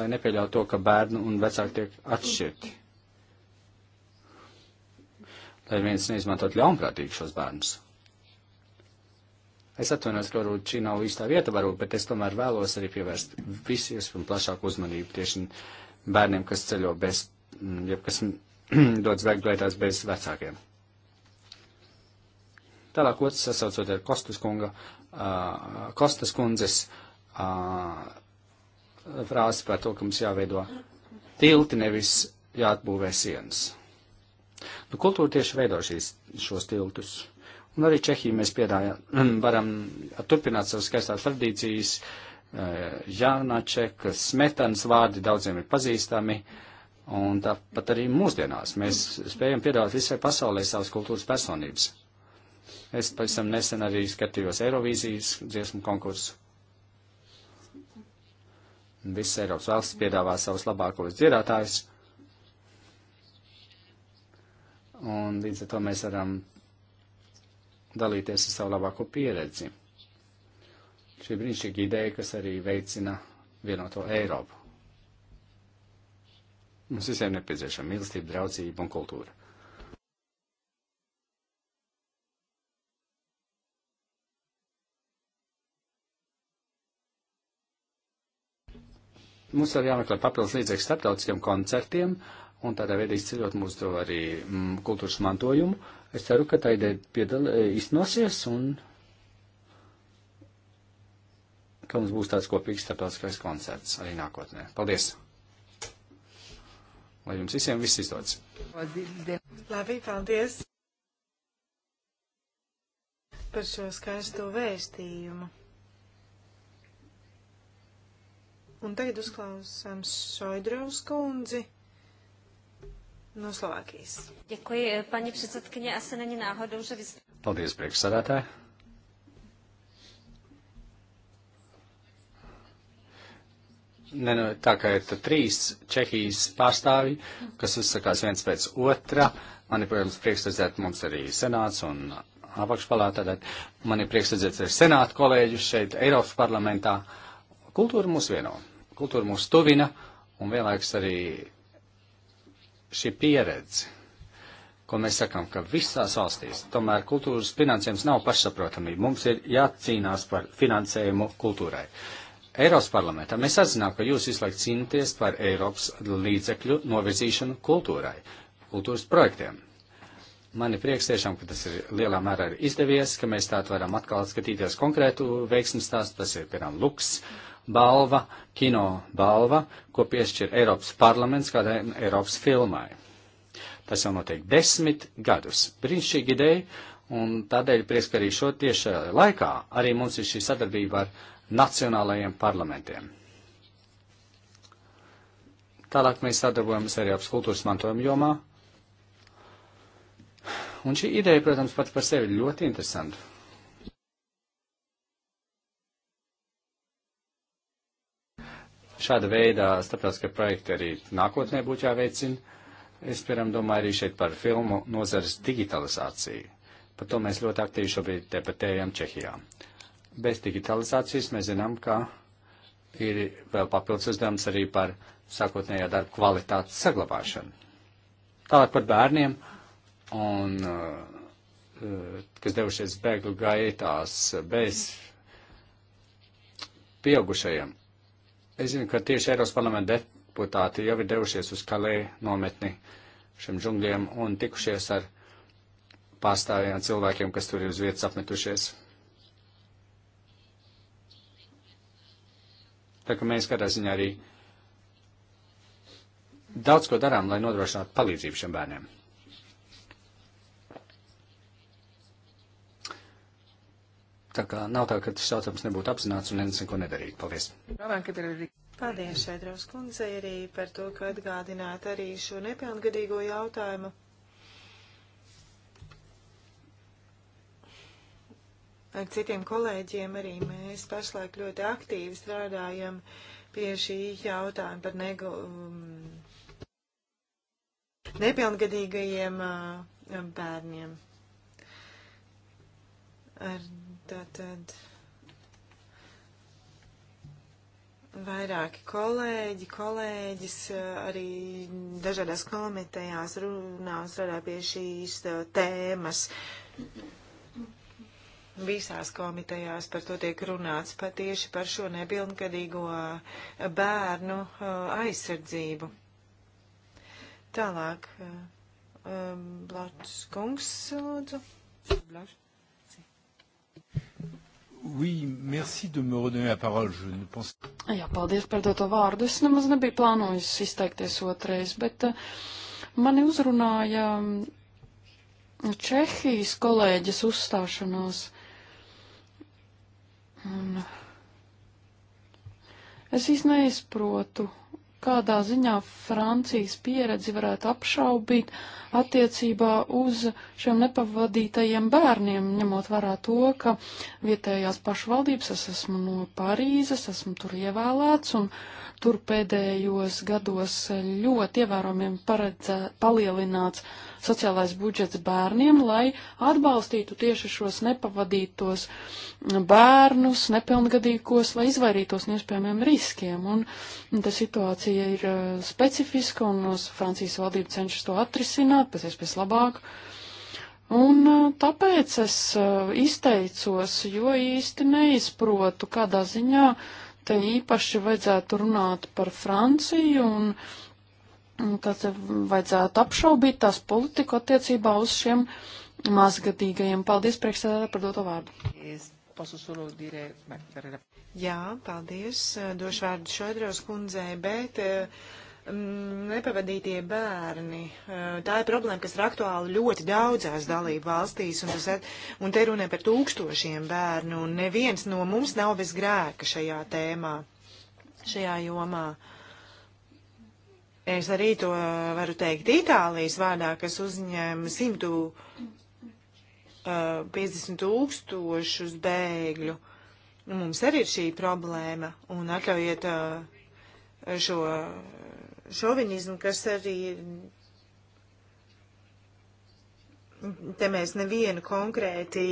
Lai nepieļautu to, ka bērnu un vecāki tiek atšķirti. Lai viens neizmantot ļaunprātīgi šos bērnus. Es atvainojos, ka varbūt šī nav īstā vieta, varbūt, bet es tomēr vēlos arī pievērst visies un plašāku uzmanību tieši bērniem, kas ceļo bez, mm, jeb kas <clears throat> dodas veiklētās bez vecākiem. Tālāk otrs sasaucot ar Kostas kunga, uh, Kostas kundzes uh, frāzi par to, ka mums jāveido tilti, nevis jāatbūvē sienas. Nu, kultūra tieši veido šīs, šos tiltus. Un nu, arī Čehiju mēs piedājām, <clears throat> varam turpināt savas skaistās tradīcijas. Eh, Jānaček, smetanas vārdi daudziem ir pazīstami. Un tāpat arī mūsdienās mēs spējam piedāvāt visai pasaulē savas kultūras personības. Es pavisam nesen arī skatījos Eirovīzijas dziesmu konkursu. Visas Eiropas valsts piedāvā savus labākos dziedātājus. Un līdz ar to mēs varam dalīties ar savu labāko pieredzi. Šī brīnišķīga ideja, kas arī veicina vienoto Eiropu. Mums visiem nepieciešama mīlestība, draudzība un kultūra. Mums vēl jāmeklē papildus līdzekļi starptautiskiem koncertiem, uh, un tādā veidā izceļot mūsu to arī mm, kultūras mantojumu. Es ceru, ka tā ideja piedal, e, iznosies un ka mums būs tāds kopīgs starptautiskais koncerts arī nākotnē. Paldies! Lai jums visiem viss izdodas! Labi, paldies! Par šo skaisto vēstījumu. Un tagad uzklausām Šoidrovs kundzi no Slovākijas. Ďakujem, eh, pani predsedkynie, asi není náhodou, že vy... Paldies, priekšsādātāji. Ne, nu, tā kā ir trīs Čehijas pārstāvji, kas uzsakās viens pēc otra, man ir, protams, prieks redzēt mums arī senāts un apakšpalātā, tad man ir prieks redzēt arī senātu kolēģus šeit Eiropas parlamentā. Kultūra mūs vieno, kultūra mūs tuvina un vienlaiks arī šī pieredze, ko mēs sakām, ka visās valstīs tomēr kultūras finansējums nav pašsaprotamība. Mums ir jācīnās par finansējumu kultūrai. Eiropas parlamentā mēs atzinām, ka jūs visu laiku cīnāties par Eiropas līdzekļu novirzīšanu kultūrai, kultūras projektiem. Man ir prieks tiešām, ka tas ir lielā mērā ir izdevies, ka mēs tādu varam atkal skatīties konkrētu veiksmestāstu, tas ir, piemēram, luks. Uh, balva, kino balva, ko piešķir Eiropas parlaments kādai Eiropas filmai. Tas jau notiek desmit gadus. Brīnišķīgi ideja, un tādēļ prieks, ka arī šo tiešā laikā arī mums ir šī sadarbība ar nacionālajiem parlamentiem. Tālāk mēs sadarbojamies arī ap kultūras mantojuma jomā. Un šī ideja, protams, pati par sevi ļoti interesanta. Šāda veida starptautiskie projekti arī nākotnē būtu jāveicina. Es, piemēram, domāju arī šeit par filmu nozares digitalizāciju. Par to mēs ļoti aktīvi šobrīd debatējam Čehijā. Bez digitalizācijas mēs zinām, ka ir vēl papildus uzdevums arī par sākotnējā darba kvalitātes saglabāšanu. Tālāk par bērniem, un, eh, kas devušies bēgļu gaitās bez pieaugušajiem. Es zinu, ka tieši Eiropas parlamenta deputāti jau ir devušies uz Kalē nometni šiem džungļiem un tikušies ar pārstāvjiem cilvēkiem, kas tur ir uz vietas apmetušies. Tā kā mēs kādā ziņā arī daudz ko darām, lai nodrošinātu palīdzību šiem bērniem. Tā kā nav tā, ka šis jautājums nebūtu apzināts un neviens neko nedarītu. Paldies! Paldies, Šaidraus kundze, arī par to, ka atgādināt arī šo nepilngadīgo jautājumu. Ar citiem kolēģiem arī mēs pašlaik ļoti aktīvi strādājam pie šī jautājuma par nego, um, nepilngadīgajiem uh, bērniem. Ar Tātad vairāki kolēģi, kolēģis eh, arī dažādās komitejās runā un strādā pie šīs eh, tēmas. Visās komitejās par to tiek runāts patieši par šo nepilngadīgo eh, bērnu aizsardzību. Tālāk, Blačs kungs, lūdzu. Blačs. Oui, merci de me redonner la parole. Je ne pense... Jā, paldies par doto vārdu. Es nemaz nebiju plānojis izteikties otrais, bet eh, mani uzrunāja mm, Čehijas kolēģis uzstāšanās. Un es īsti neizprotu kādā ziņā Francijas pieredzi varētu apšaubīt attiecībā uz šiem nepavadītajiem bērniem, ņemot vērā to, ka vietējās pašvaldības, es esmu no Parīzes, esmu tur ievēlēts, un tur pēdējos gados ļoti ievērojami paredzē, palielināts uh, sociālais budžets bērniem, lai atbalstītu tieši šos nepavadītos bērnus, nepilngadīgos, lai izvairītos no iespējamiem riskiem. Un tā situācija ir eh, specifiska, un Francijas valdība cenšas to atrisināt pēc iespējas labāk. Un eh, tāpēc es eh, izteicos, jo īsti neizprotu, kādā ziņā te īpaši vajadzētu runāt par Franciju un Mm, tad vajadzētu apšaubīt tās politiku attiecībā uz šiem mazgadīgajiem. Paldies, priekšsēdētāji, par doto vārdu. Jā, paldies. Došu vārdu Šodros kundzei, bet mm, nepavadītie bērni. Tā ir problēma, kas ir aktuāla ļoti daudzās dalību valstīs, un, tas, un te runē par tūkstošiem bērnu, un neviens no mums nav bez grēka šajā tēmā, šajā jomā. Uh, Es arī to varu teikt Itālijas vārdā, kas uzņēma 150 tūkstošus bēgļu. Nu, mums arī ir šī problēma, un atļaujiet šo šovinizmu, kas arī te mēs nevienu konkrēti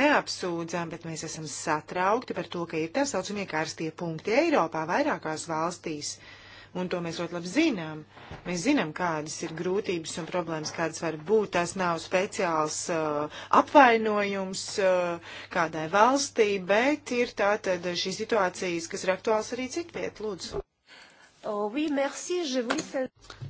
neapsūdzām, bet mēs esam satraukti par to, ka ir tā saucamie karstie punkti Eiropā vairākās valstīs. Uh, un to mēs ļoti labi zinām. Mēs zinām, kādas ir grūtības un problēmas, kādas var būt. Tas nav speciāls uh, apvainojums uh, kādai valstī, bet ir tātad šīs situācijas, kas ir aktuāls arī citviet. Lūdzu. Oh, oui, merci, je vous...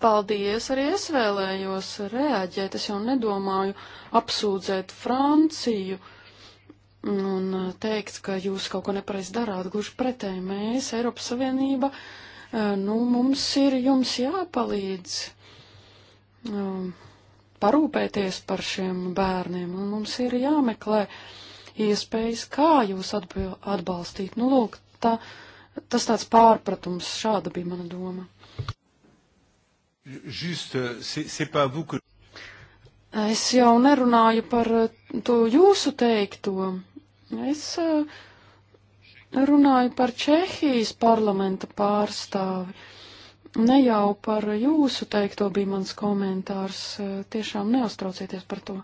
Paldies, arī es vēlējos reaģēt, es jau nedomāju apsūdzēt Franciju. Uh, un teikt, ka jūs kaut ko nepareizi darāt. Gluži pretēji, mēs, Eiropas Savienība, Eh, nu, mums ir jums jāpalīdz um, parūpēties par šiem bērniem, un mums ir jāmeklē iespējas, kā jūs atbalstīt. Nu, lūk, tā, tas tāds pārpratums, šāda bija mana doma. Juste, c'est pas vous que... Es jau nerunāju par to jūsu teikto. Es uh, runāju par Čehijas parlamenta pārstāvi. Ne jau par jūsu teikto bija mans komentārs, e, tiešām neuztraucieties par to.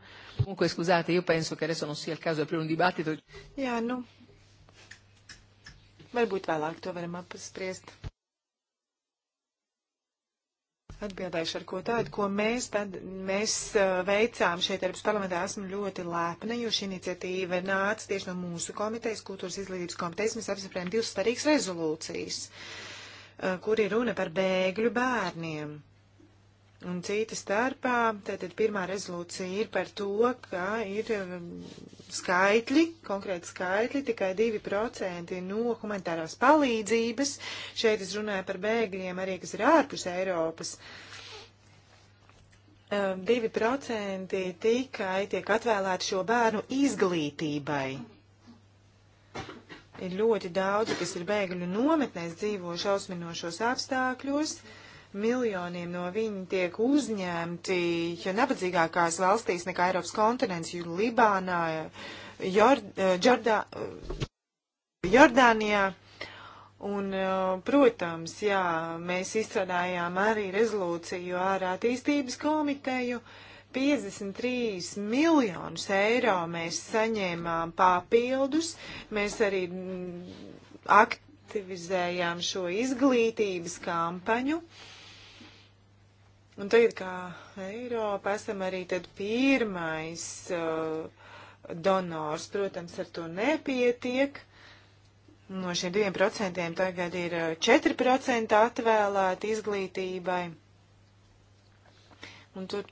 Comunque, scusate, io penso che adesso non sia il caso di aprire un dibattito. Jā, nu, varbūt vēlāk to varam apspriest. Atbildēšu ar ko tādu, ko mēs, tad, mēs uh, veicām šeit Eiropas parlamentā. Esmu ļoti lēpna, jo šī iniciatīva nāca tieši no mūsu komitejas, kultūras izglītības komitejas. Mēs apspriežam divas svarīgas rezolūcijas, uh, kur ir runa par bēgļu bērniem. Uh, Un cita starpā, tātad pirmā rezolūcija ir par to, ka ir um, skaitļi, konkrēti skaitļi, tikai 2% no humanitārās palīdzības. Šeit es runāju par bēgļiem arī, kas ir ārpus Eiropas. 2% um, tikai tiek atvēlēti šo bērnu izglītībai. Ir ļoti daudzi, kas ir bēgļu nometnēs, dzīvo šausminošos apstākļos. Mm miljoniem no viņiem tiek uzņemti nabadzīgākās valstīs nekā Eiropas kontinents, jo Libānā, Jord, Jordā, Jordānijā. Un, eh, protams, jā, mēs izstrādājām arī rezolūciju ar attīstības komiteju. 53 miljonus eiro mēs saņēmām papildus. Mēs arī mm, aktivizējām šo izglītības kampaņu. Uh, Un tagad, kā Eiropa, esam arī tad pirmais uh, donors. Protams, ar to nepietiek. No šiem diviem procentiem tagad ir 4% uh, atvēlēti izglītībai. Un tur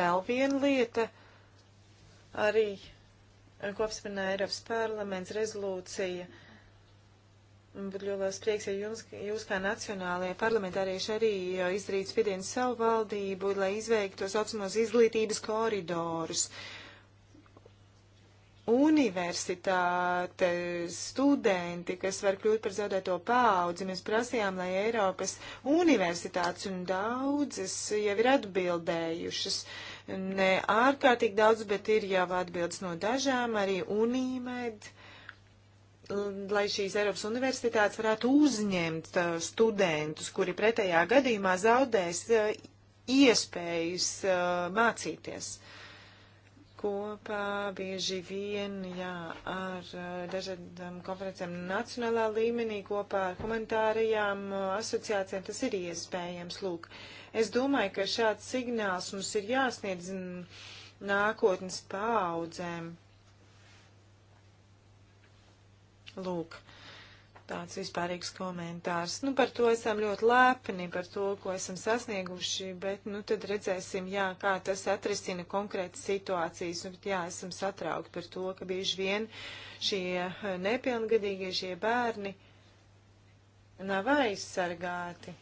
vēl viena lieta arī, ko apspinā Eiropas parlaments rezolūcija. Uh, Bet ļoti liels prieks, ja jums, jūs kā nacionālajie parlamentārieši arī izdarītu spiedienu savu valdību, lai izveiktu to saucamos izglītības koridorus. Universitāte, studenti, kas var kļūt par zaudēto paudzi, mēs prasījām, lai Eiropas universitātes un daudzas jau ir atbildējušas. Ne ārkārtīgi daudz, bet ir jau atbildes no dažām, arī unīmed lai šīs Eiropas universitātes varētu uzņemt uh, studentus, kuri pretējā gadījumā zaudēs uh, iespējas uh, mācīties. Kopā bieži vien, jā, ar dažādām konferencēm nacionālā līmenī, kopā ar humanitārajām asociācijām tas ir iespējams. Lūk, es domāju, ka šāds signāls mums ir jāsniedz mm, nākotnes paaudzēm. Lūk, tāds vispārīgs komentārs. Nu, par to esam ļoti lepni, par to, ko esam sasnieguši, bet, nu, tad redzēsim, jā, kā tas atrisina konkrētas situācijas. Nu, bet, jā, esam satraukti par to, ka bieži vien šie eh, nepilngadīgie, šie bērni nav aizsargāti.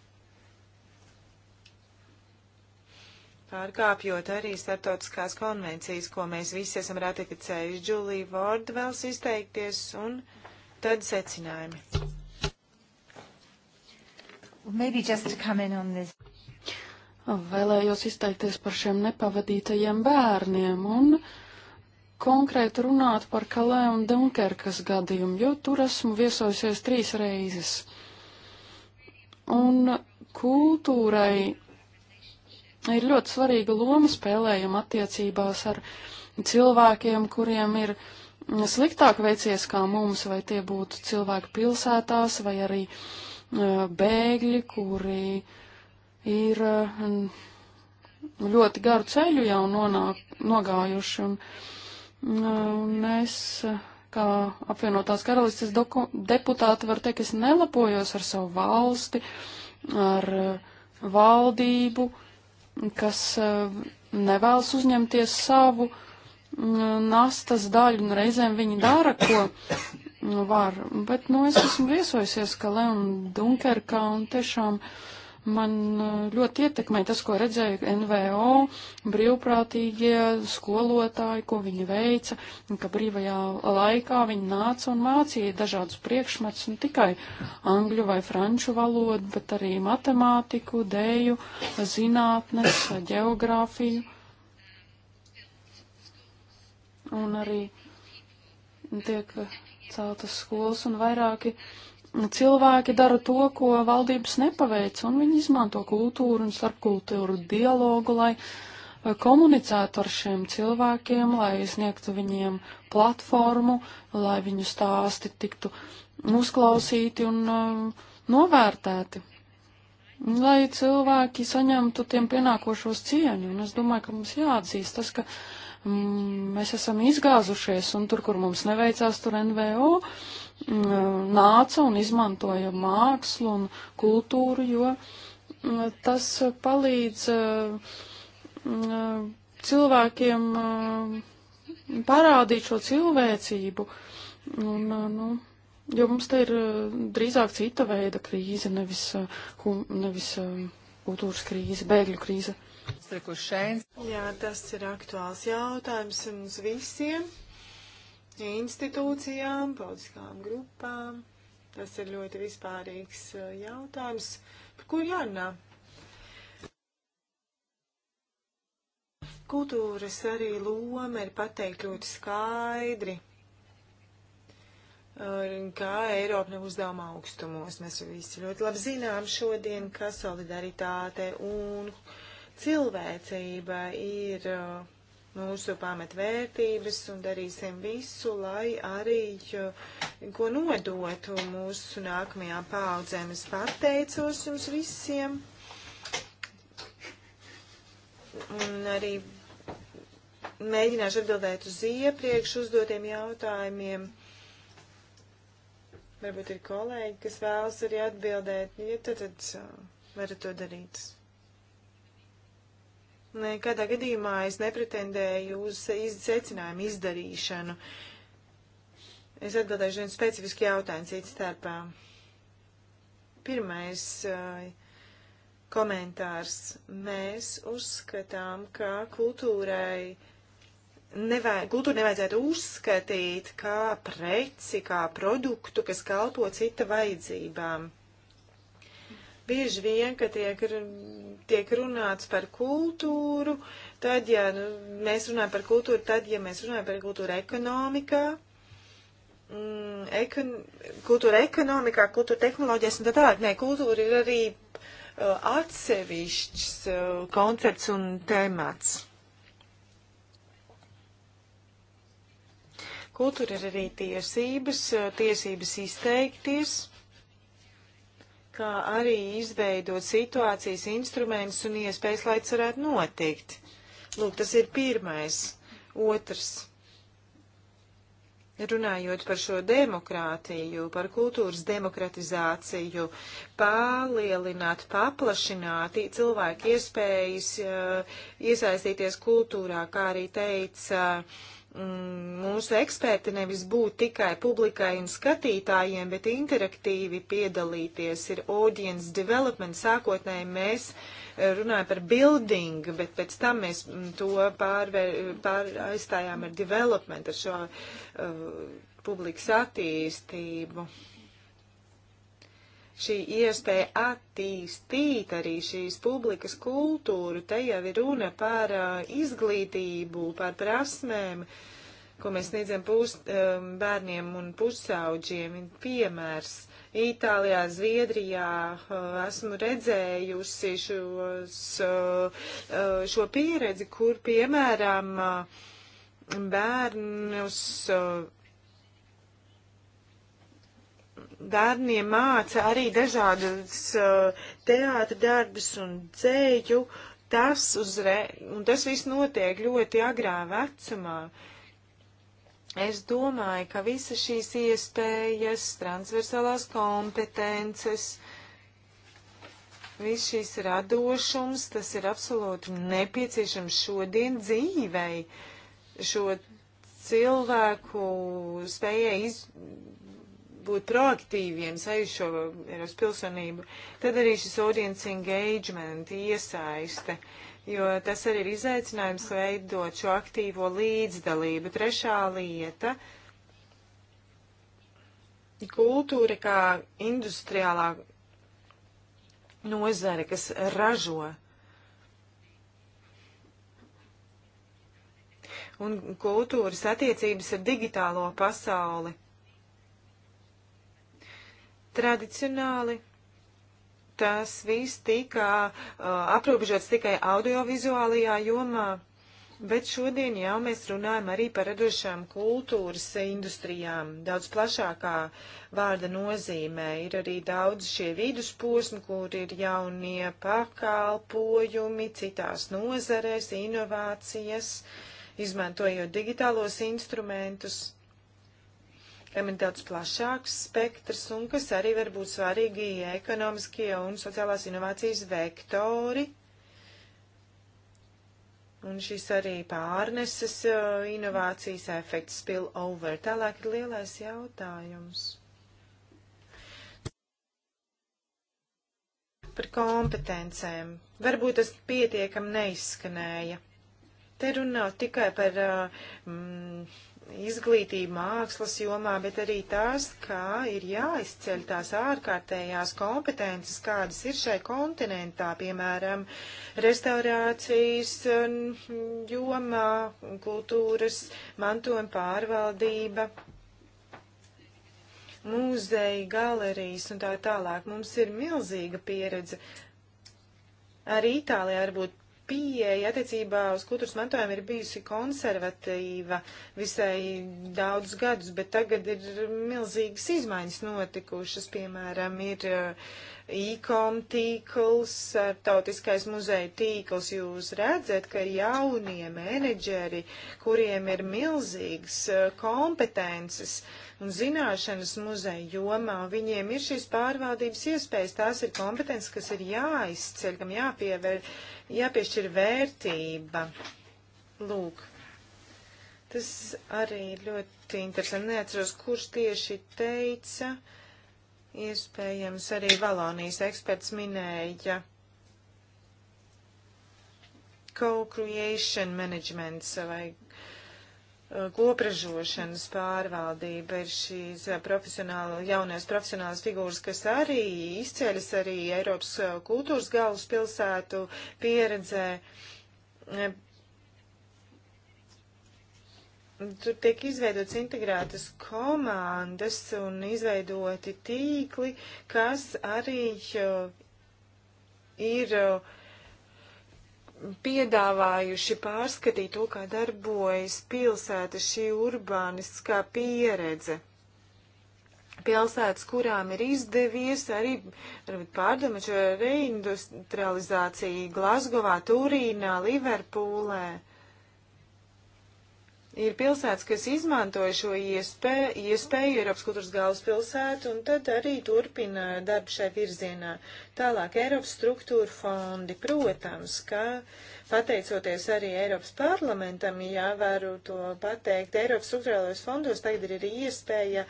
pārkāpjot arī starptautiskās konvencijas, ko mēs visi esam ratificējuši. Džulija Vorda vēlas izteikties un tad secinājumi. Vēlējos izteikties par šiem nepavadītajiem bērniem un konkrēti runāt par Kalē un Dunkerkas gadījumu, jo tur esmu viesojusies trīs reizes. Un kultūrai ir ļoti svarīga loma spēlējuma attiecībās ar cilvēkiem, kuriem ir uh, sliktāk veicies kā mums, vai tie būtu cilvēki pilsētās, vai arī bēgļi, kuri ir ļoti garu ceļu jau nonāk, nogājuši. Un, un es, kā apvienotās karalistes deputāti, varu teikt, es nelapojos ar savu valsti, ar valdību, kas nevēlas uzņemties savu uh, nastas daļu, un reizēm viņi dara, ko var. Bet, nu, es esmu viesojusies Kalē un Dunkerkā, un tiešām man uh, ļoti ietekmē tas, ko redzēju NVO, brīvprātīgie skolotāji, ko viņi veica, un ka brīvajā laikā viņi nāca un mācīja dažādus priekšmetus, ne nu, tikai angļu vai franču valodu, bet arī matemātiku, dēju, zinātnes, geogrāfiju un arī tiek celtas skolas un vairāki cilvēki dara to, ko valdības nepaveic, un viņi izmanto kultūru un starpkultūru dialogu, lai e, komunicētu ar šiem cilvēkiem, lai sniegtu viņiem platformu, lai viņu stāsti tiktu uzklausīti un uh, novērtēti, lai cilvēki saņemtu tiem pienākošos cieņu. Un es domāju, ka mums jāatzīst tas, ka Mm, mēs esam izgāzušies, un tur, kur mums neveicās, tur NVO mm, nāca un izmantoja mākslu un kultūru, jo mm, tas palīdz cilvēkiem parādīt šo cilvēcību. Un, nu, jo mums te ir drīzāk cita veida krīze, nevis, nevis kultūras krīze, bēgļu krīze. Jā, tas ir aktuāls jautājums mums visiem, institūcijām, politiskām grupām. Tas ir ļoti vispārīgs eh, jautājums, par ko jārunā. Kultūras arī loma ir pateikt ļoti skaidri, eh, kā Eiropa nav uzdevuma augstumos. Mēs visi ļoti labi zinām šodien, ka solidaritāte un uh, Cilvēcība ir uh, mūsu pamatvērtības un darīsim visu, lai arī uh, ko nodotu mūsu nākamajām paudzēm. Es pateicos jums visiem un arī mēģināšu atbildēt uz iepriekš uzdotiem jautājumiem. Varbūt ir kolēģi, kas vēlas arī atbildēt. Ja tad, tad uh, varat to darīt. Nekādā gadījumā es nepretendēju uz secinājumu izdarīšanu. Es atbildēšu vienu specifisku jautājumu cits starpā. Pirmais komentārs. Mēs uzskatām, ka kultūrai nevajag, kultūru nevajadzētu uzskatīt kā preci, kā produktu, kas kalpo cita vajadzībām. Bieži vien, ka tiek, tiek runāts par kultūru, tad, ja nu, mēs runājam par kultūru, tad, ja mēs runājam par kultūru ekonomikā, mm, ekon, kultūra ekonomikā, kultūra tehnoloģijas un tā tālāk, nē, kultūra ir arī uh, atsevišķs uh, koncepts un temats. Kultūra ir arī tiesības, tiesības izteikties kā arī izveidot situācijas instrumentus un iespējas, lai tas varētu notikt. Lūk, tas ir pirmais. Otrs. Runājot par šo demokrātiju, par kultūras demokratizāciju, palielināt, paplašināt cilvēku iespējas uh, iesaistīties kultūrā, kā arī teica uh, Mm, mūsu eksperti nevis būt tikai publikai un skatītājiem, bet interaktīvi piedalīties. Ir audience development, sākotnēji mēs eh, runājam par building, bet pēc tam mēs mm, to pārver, pār aizstājām ar development, ar šo uh, publikas attīstību. Uh, šī iespēja attīstīt arī šīs publikas kultūru. Te jau ir runa par uh, izglītību, par prasmēm, ko mēs sniedzam pus, um, bērniem un pusauģiem. Piemērs. Itālijā, Zviedrijā uh, esmu redzējusi šos, uh, šo pieredzi, kur, piemēram, bērnus bērniem māca arī dažādas uh, teātra darbus un dzēju. Tas uzre, un tas viss notiek ļoti agrā vecumā. Es domāju, ka visas šīs iespējas, transversālās kompetences, viss šīs radošums, tas ir absolūti nepieciešams šodien dzīvei, šo cilvēku spējai iz, būt proaktīviem, sajust šo Eiropas pilsonību. Tad arī šis audience engagement, iesaiste, jo tas arī ir izaicinājums veidot šo aktīvo līdzdalību. Trešā lieta - kultūra kā industriālā nozare, kas ražo un kultūras attiecības ar digitālo pasauli. Tradicionāli tas viss tika uh, aprobežots tikai audiovizuālajā jomā, bet šodien jau mēs runājam arī par radošām kultūras industrijām. Daudz plašākā vārda nozīmē ir arī daudz šie vidusposmi, kur ir jaunie pakalpojumi citās nozarēs, inovācijas, izmantojot digitālos instrumentus kam ir daudz plašāks spektrs un kas arī var būt svarīgi ekonomiskie un sociālās inovācijas vektori. Un šis arī pārneses inovācijas efekts spill over. Tālāk ir lielais jautājums. Par kompetencēm. Varbūt tas pietiekam neizskanēja. Te runa nav tikai par mm, izglītību mākslas jomā, bet arī tās, kā ir jāizceļ tās ārkārtējās kompetences, kādas ir šai kontinentā, piemēram, restaurācijas um, jomā, kultūras mantojuma pārvaldība, muzeja, galerijas un tā tālāk. Mums ir milzīga pieredze. Arī Itālijā varbūt pieeja attiecībā uz kultūras mantojumu ir bijusi konservatīva visai daudz gadus, bet tagad ir milzīgas izmaiņas notikušas, piemēram, ir uh, ikon tīkls, tautiskais muzeja tīkls, jūs redzat, ka jaunie menedžeri, kuriem ir milzīgas eh, kompetences un zināšanas muzeja jomā, viņiem ir šīs pārvaldības iespējas, tās ir kompetences, kas ir jāizceļ, kam jāpiever, jāpiešķir vērtība. Lūk. Tas arī ļoti interesanti. Neatceros, kurš tieši teica. Uh, Iespējams, arī Valonijas eksperts minēja co-creation management vai uh, kopražošanas pārvaldība ir šīs uh, profesionāla, jaunās profesionālas figūras, kas arī izceļas arī Eiropas uh, kultūras galvaspilsētu pieredzē Tur tiek izveidotas integrētas komandas un izveidoti tīkli, kas arī ir piedāvājuši pārskatīt to, kā darbojas pilsēta šī urbāniskā pieredze. Pilsētas, kurām ir izdevies arī pārdomāt šo reindustrializāciju Glasgovā, Turīnā, Liverpūlē ir pilsētas, kas izmantoja šo iespēju, iespēju Eiropas kultūras galvaspilsētu, un tad arī turpina darbu šai virzienā. Tālāk Eiropas struktūra fondi, protams, ka pateicoties arī Eiropas parlamentam, ja varu to pateikt, Eiropas struktūrālajos fondos tagad ir iespēja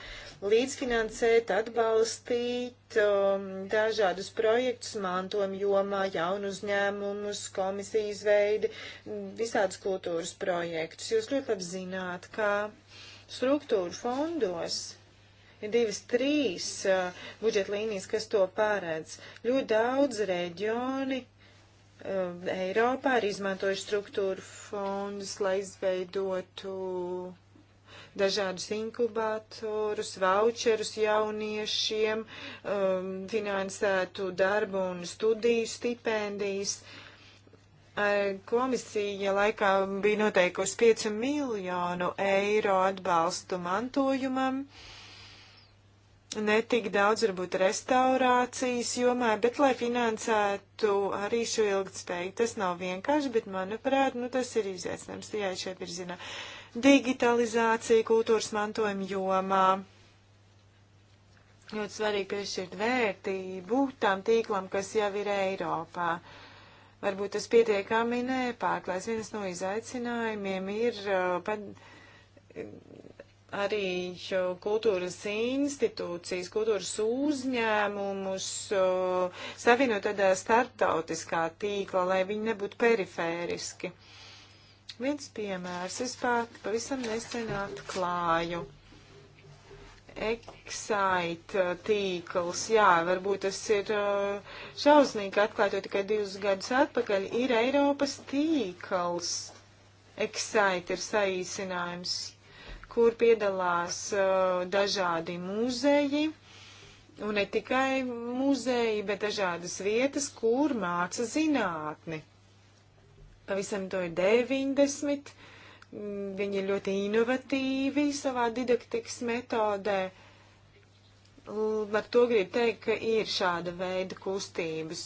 līdzfinansēt, atbalstīt um, dažādus projektus mantojuma jomā, jaunu uzņēmumus, komisijas veidi, visādus kultūras projektus. Jūs ļoti labi zināt, ka struktūru fondos ir divas, trīs uh, budžeta līnijas, kas to pārēdz. Ļoti daudz reģioni um, Eiropā ir izmantojuši struktūru fondus, lai izveidotu dažādus inkubatorus, voucherus jauniešiem, um, finansētu darbu un studiju stipendijas. Komisija laikā bija noteikusi 5 miljonu eiro atbalstu mantojumam. Uh, ne tik daudz varbūt restaurācijas jomā, bet lai finansētu arī šo ilgtspēju. Tas nav vienkārši, bet manuprāt, nu, tas ir izaicinājums tajā šajā virzienā. Digitalizācija kultūras mantojuma jomā. Ļoti svarīgi piešķirt vērtību tām tīklam, kas jau ir Eiropā. Varbūt tas pietiekami nepārklājas. Viens no izaicinājumiem ir uh, pat arī kultūras institūcijas, kultūras uzņēmumus savienot tādā starptautiskā tīklā, lai viņi nebūtu perifēriski. Viens piemērs, es pat pavisam nesen atklāju. Excite tīkls, jā, varbūt tas ir šausmīgi atklāt, jo tikai divus gadus atpakaļ ir Eiropas tīkls. Excite ir saīsinājums kur piedalās uh, dažādi muzeji, un ne tikai muzeji, bet dažādas vietas, kur māca zinātni. Pavisam to ir 90. Mm, viņi ir ļoti inovatīvi savā didaktikas metodē. Ar to gribu teikt, ka ir šāda veida kustības.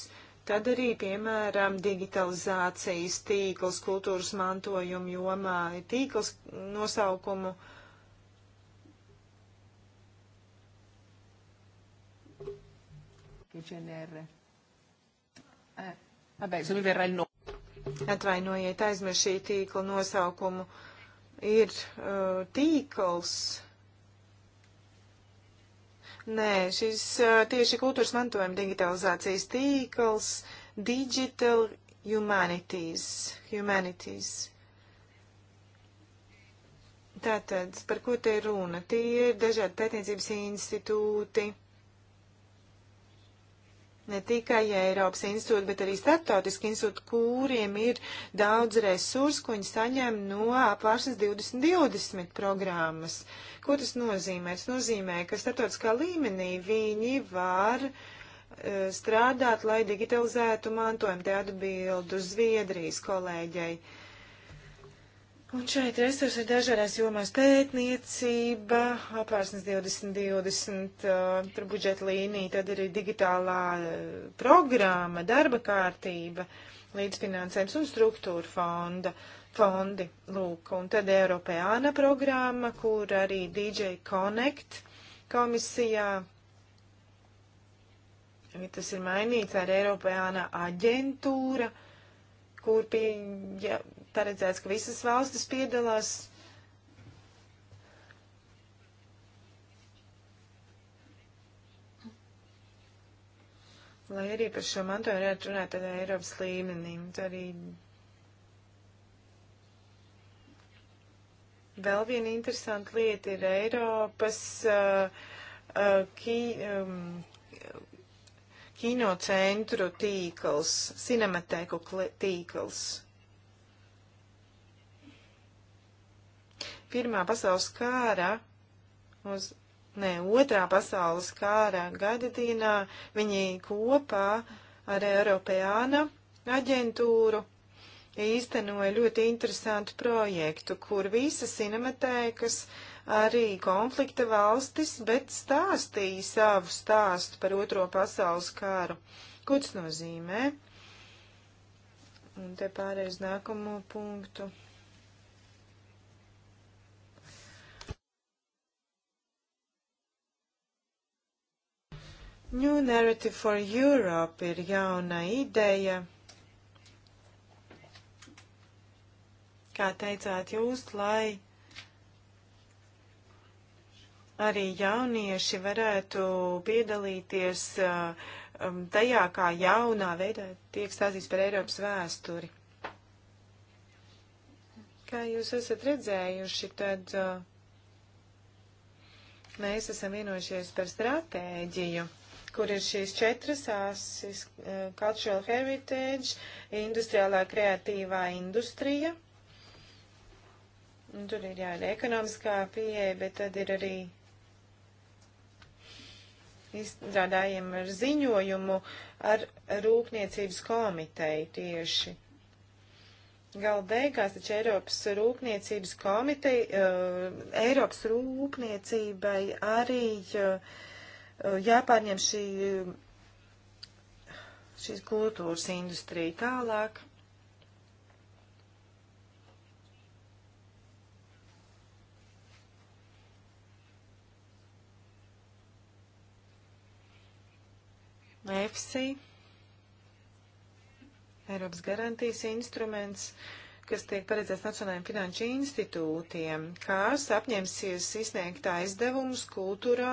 Tad arī, piemēram, digitalizācijas tīkls kultūras mantojuma jomā ir tīkls nosaukumu uh, il CNR. Eh, vabbè, se mi verrà il nome. Atvainojiet, aizmirst šī tīkla nosaukumu. Ir uh, tīkls. Nē, šis uh, tieši kultūras mantojuma digitalizācijas tīkls Digital Humanities. Humanities. Tātad, par ko te runa? Tie ir dažādi pētniecības institūti. Uh, ne tikai Eiropas institūti, bet arī starptautiski institūti, kuriem ir daudz resursu, ko viņi saņem no apvāršas 2020 programmas. Ko tas nozīmē? Tas nozīmē, ka starptautiskā līmenī viņi var uh, strādāt, lai digitalizētu mantojumu. Te atbildu Zviedrijas kolēģei. Uh, Un šeit resursi ir dažādās jomās pētniecība, apvērsnes 2020, uh, tur budžeta līnija, tad ir digitālā uh, programma, darba kārtība, līdzfinansējums un struktūra fonda, fondi. Lūk, un tad Eiropēāna programma, kur arī DJ Connect komisijā Ja tas ir mainīts ar Eiropāna aģentūra, kur pie, ja, paredzēts, ka visas valstis piedalās. Lai arī par šo mantojumu varētu runāt tādā Eiropas līmenī, arī vēl viena interesanta lieta ir Eiropas uh, uh, ki, um, kinocentru tīkls, cinematēku tīkls. Pirmā pasaules kāra uz, ne, otrā pasaules kāra gadadienā viņi kopā ar Eiropēāna aģentūru īstenoja ļoti interesantu projektu, kur visas cinematēkas arī konflikta valstis, bet stāstīja savu stāstu par otro pasaules kāru. Ko tas nozīmē? Un te pārējais nākamo punktu. New Narrative for Europe ir jauna ideja. Kā teicāt jūs, lai arī jaunieši varētu piedalīties uh, um, tajā, kā jaunā veidā tiek stāstīts par Eiropas vēsturi. Kā jūs esat redzējuši, tad uh, mēs esam vienojušies par stratēģiju kur ir šīs četras asis eh, - cultural heritage, industriālā kreatīvā industrija. Un tur ir jā, ir ekonomiskā pieeja, bet tad ir arī izstrādājiem ar ziņojumu ar rūpniecības komiteju tieši. Galu beigās taču Eiropas rūpniecības komiteja, uh, Eiropas rūpniecībai arī uh, jāpārņem šī, šīs kultūras industrija tālāk. EFSI, Eiropas garantijas instruments. Uh, kas tiek paredzēts Nacionālajiem finanšu institūtiem, kas apņemsies izsniegt aizdevumus kultūrā,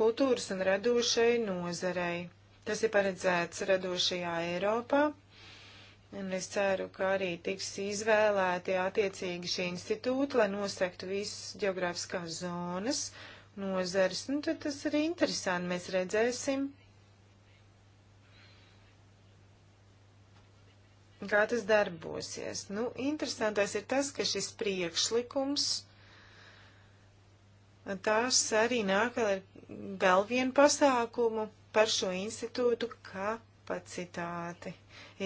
kultūras un radošai nozarei. Tas ir paredzēts radošajā Eiropā. Un es ceru, ka arī tiks izvēlēti attiecīgi šī institūta, lai nosektu visas geogrāfiskās zonas, nozares. Nu, tad tas ir interesanti. Mēs redzēsim, uh, kā tas darbosies. Nu, interesantais ir tas, ka šis priekšlikums, tās arī nāk ar vēl vienu pasākumu par šo institūtu kapacitāti.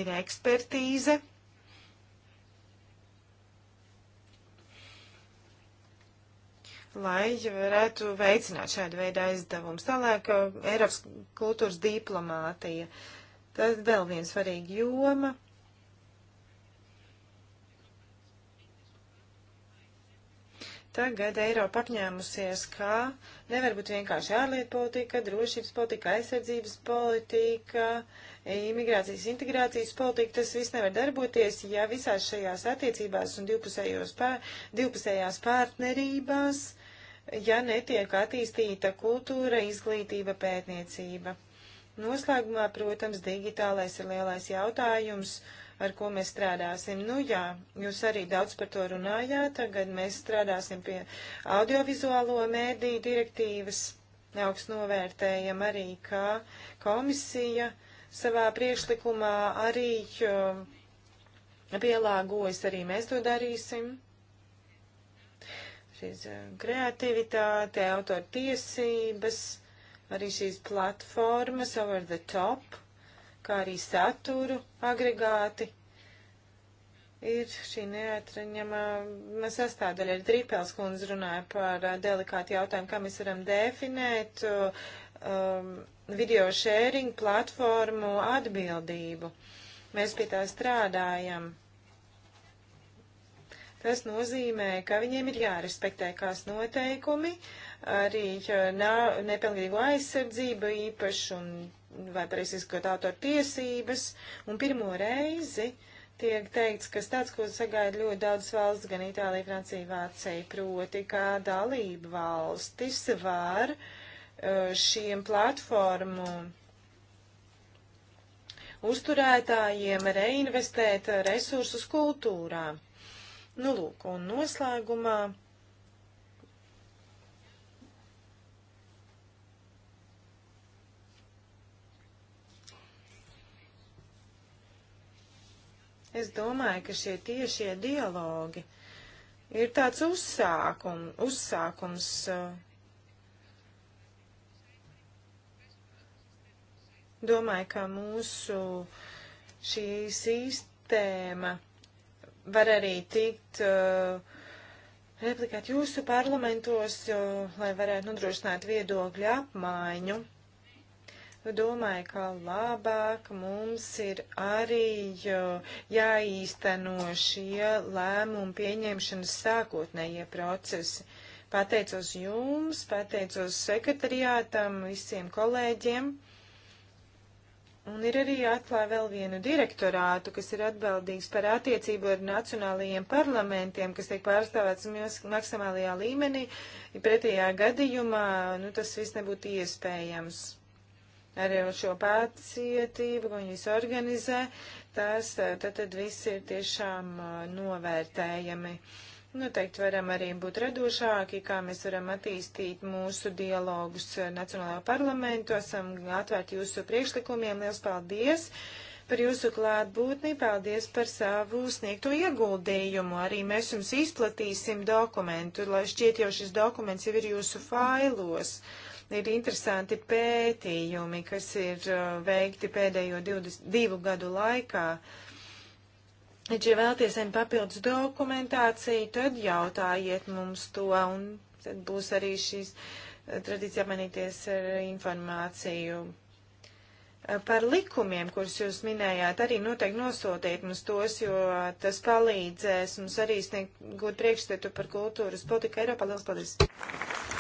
Ir ekspertīze. lai varētu veicināt šādu veidu aizdevumus. Tālāk uh, Eiropas kultūras diplomātija. Tas vēl viens svarīgi joma. Tagad Eiropa apņēmusies, ka nevar būt vienkārši ārlietu politika, drošības politika, aizsardzības politika, imigrācijas integrācijas politika. Tas viss nevar darboties, ja visās šajās attiecībās un pār, divpusējās partnerībās, ja netiek attīstīta kultūra, izglītība, pētniecība. Noslēgumā, protams, digitālais ir lielais jautājums. Uh, ar ko mēs strādāsim. Nu jā, jūs arī daudz par to runājāt, tagad mēs strādāsim pie audiovizuālo mēdīju direktīvas. Augs novērtējam arī, ka komisija savā priekšlikumā arī uh, pielāgojas, arī mēs to darīsim šīs uh, kreativitāte, autortiesības, arī šīs platformas over the top kā arī saturu agregāti ir šī neatraņama nu, sastāvdaļa. Arī Trīpels kundze runāja par uh, delikātu jautājumu, kā mēs varam definēt um, video sharing platformu atbildību. Mēs pie tā strādājam. Tas nozīmē, ka viņiem ir jārespektē kās noteikumi, uh, arī nepilngadīgo aizsardzību īpaši un, vai pareizi izskot autoru tiesības. Un pirmo reizi tiek teikts, kas tāds, ko sagaida ļoti daudz valsts, gan Itālija, Francija, Vācija, proti, kā dalība valstis var uh, šiem platformu uzturētājiem reinvestēt resursus kultūrā. Nu, lūk, un noslēgumā Es domāju, ka šie tiešie dialogi ir tāds uzsākum, uzsākums. Uh, domāju, ka mūsu šī sistēma var arī tikt uh, replikēt jūsu parlamentos, jo, uh, lai varētu nodrošināt viedokļu apmaiņu domāju, ka labāk mums ir arī jāīsteno šie lēmumu pieņemšanas sākotnējie procesi. Pateicos jums, pateicos sekretariātam, visiem kolēģiem. Un ir arī atklāja vēl vienu direktorātu, kas ir atbildīgs par attiecību ar nacionālajiem parlamentiem, kas tiek pārstāvēts maksimālajā līmenī. Pretējā gadījumā nu, tas viss nebūtu iespējams ar šo pacietību, ko viņas organizē, tas tad, tad viss ir tiešām novērtējami. Noteikti varam arī būt radošāki, kā mēs varam attīstīt mūsu dialogus Nacionālajā parlamentu. Esam atvērti jūsu priekšlikumiem. Liels paldies par jūsu klātbūtni, paldies par savu sniegto ieguldījumu. Arī mēs jums izplatīsim dokumentu, lai šķiet jau šis dokuments jau ir jūsu failos. Mm ir interesanti pētījumi, kas ir uh, veikti pēdējo 22 gadu laikā. Bet, ja vēlties vien papildus dokumentāciju, tad jautājiet mums to, un tad būs arī šīs uh, tradīcija manīties ar informāciju. Uh, par likumiem, kurus jūs minējāt, arī noteikti nosūtiet mums tos, jo tas palīdzēs mums arī sniegt gūt priekšstatu par kultūras politiku Eiropā. Lielas paldies!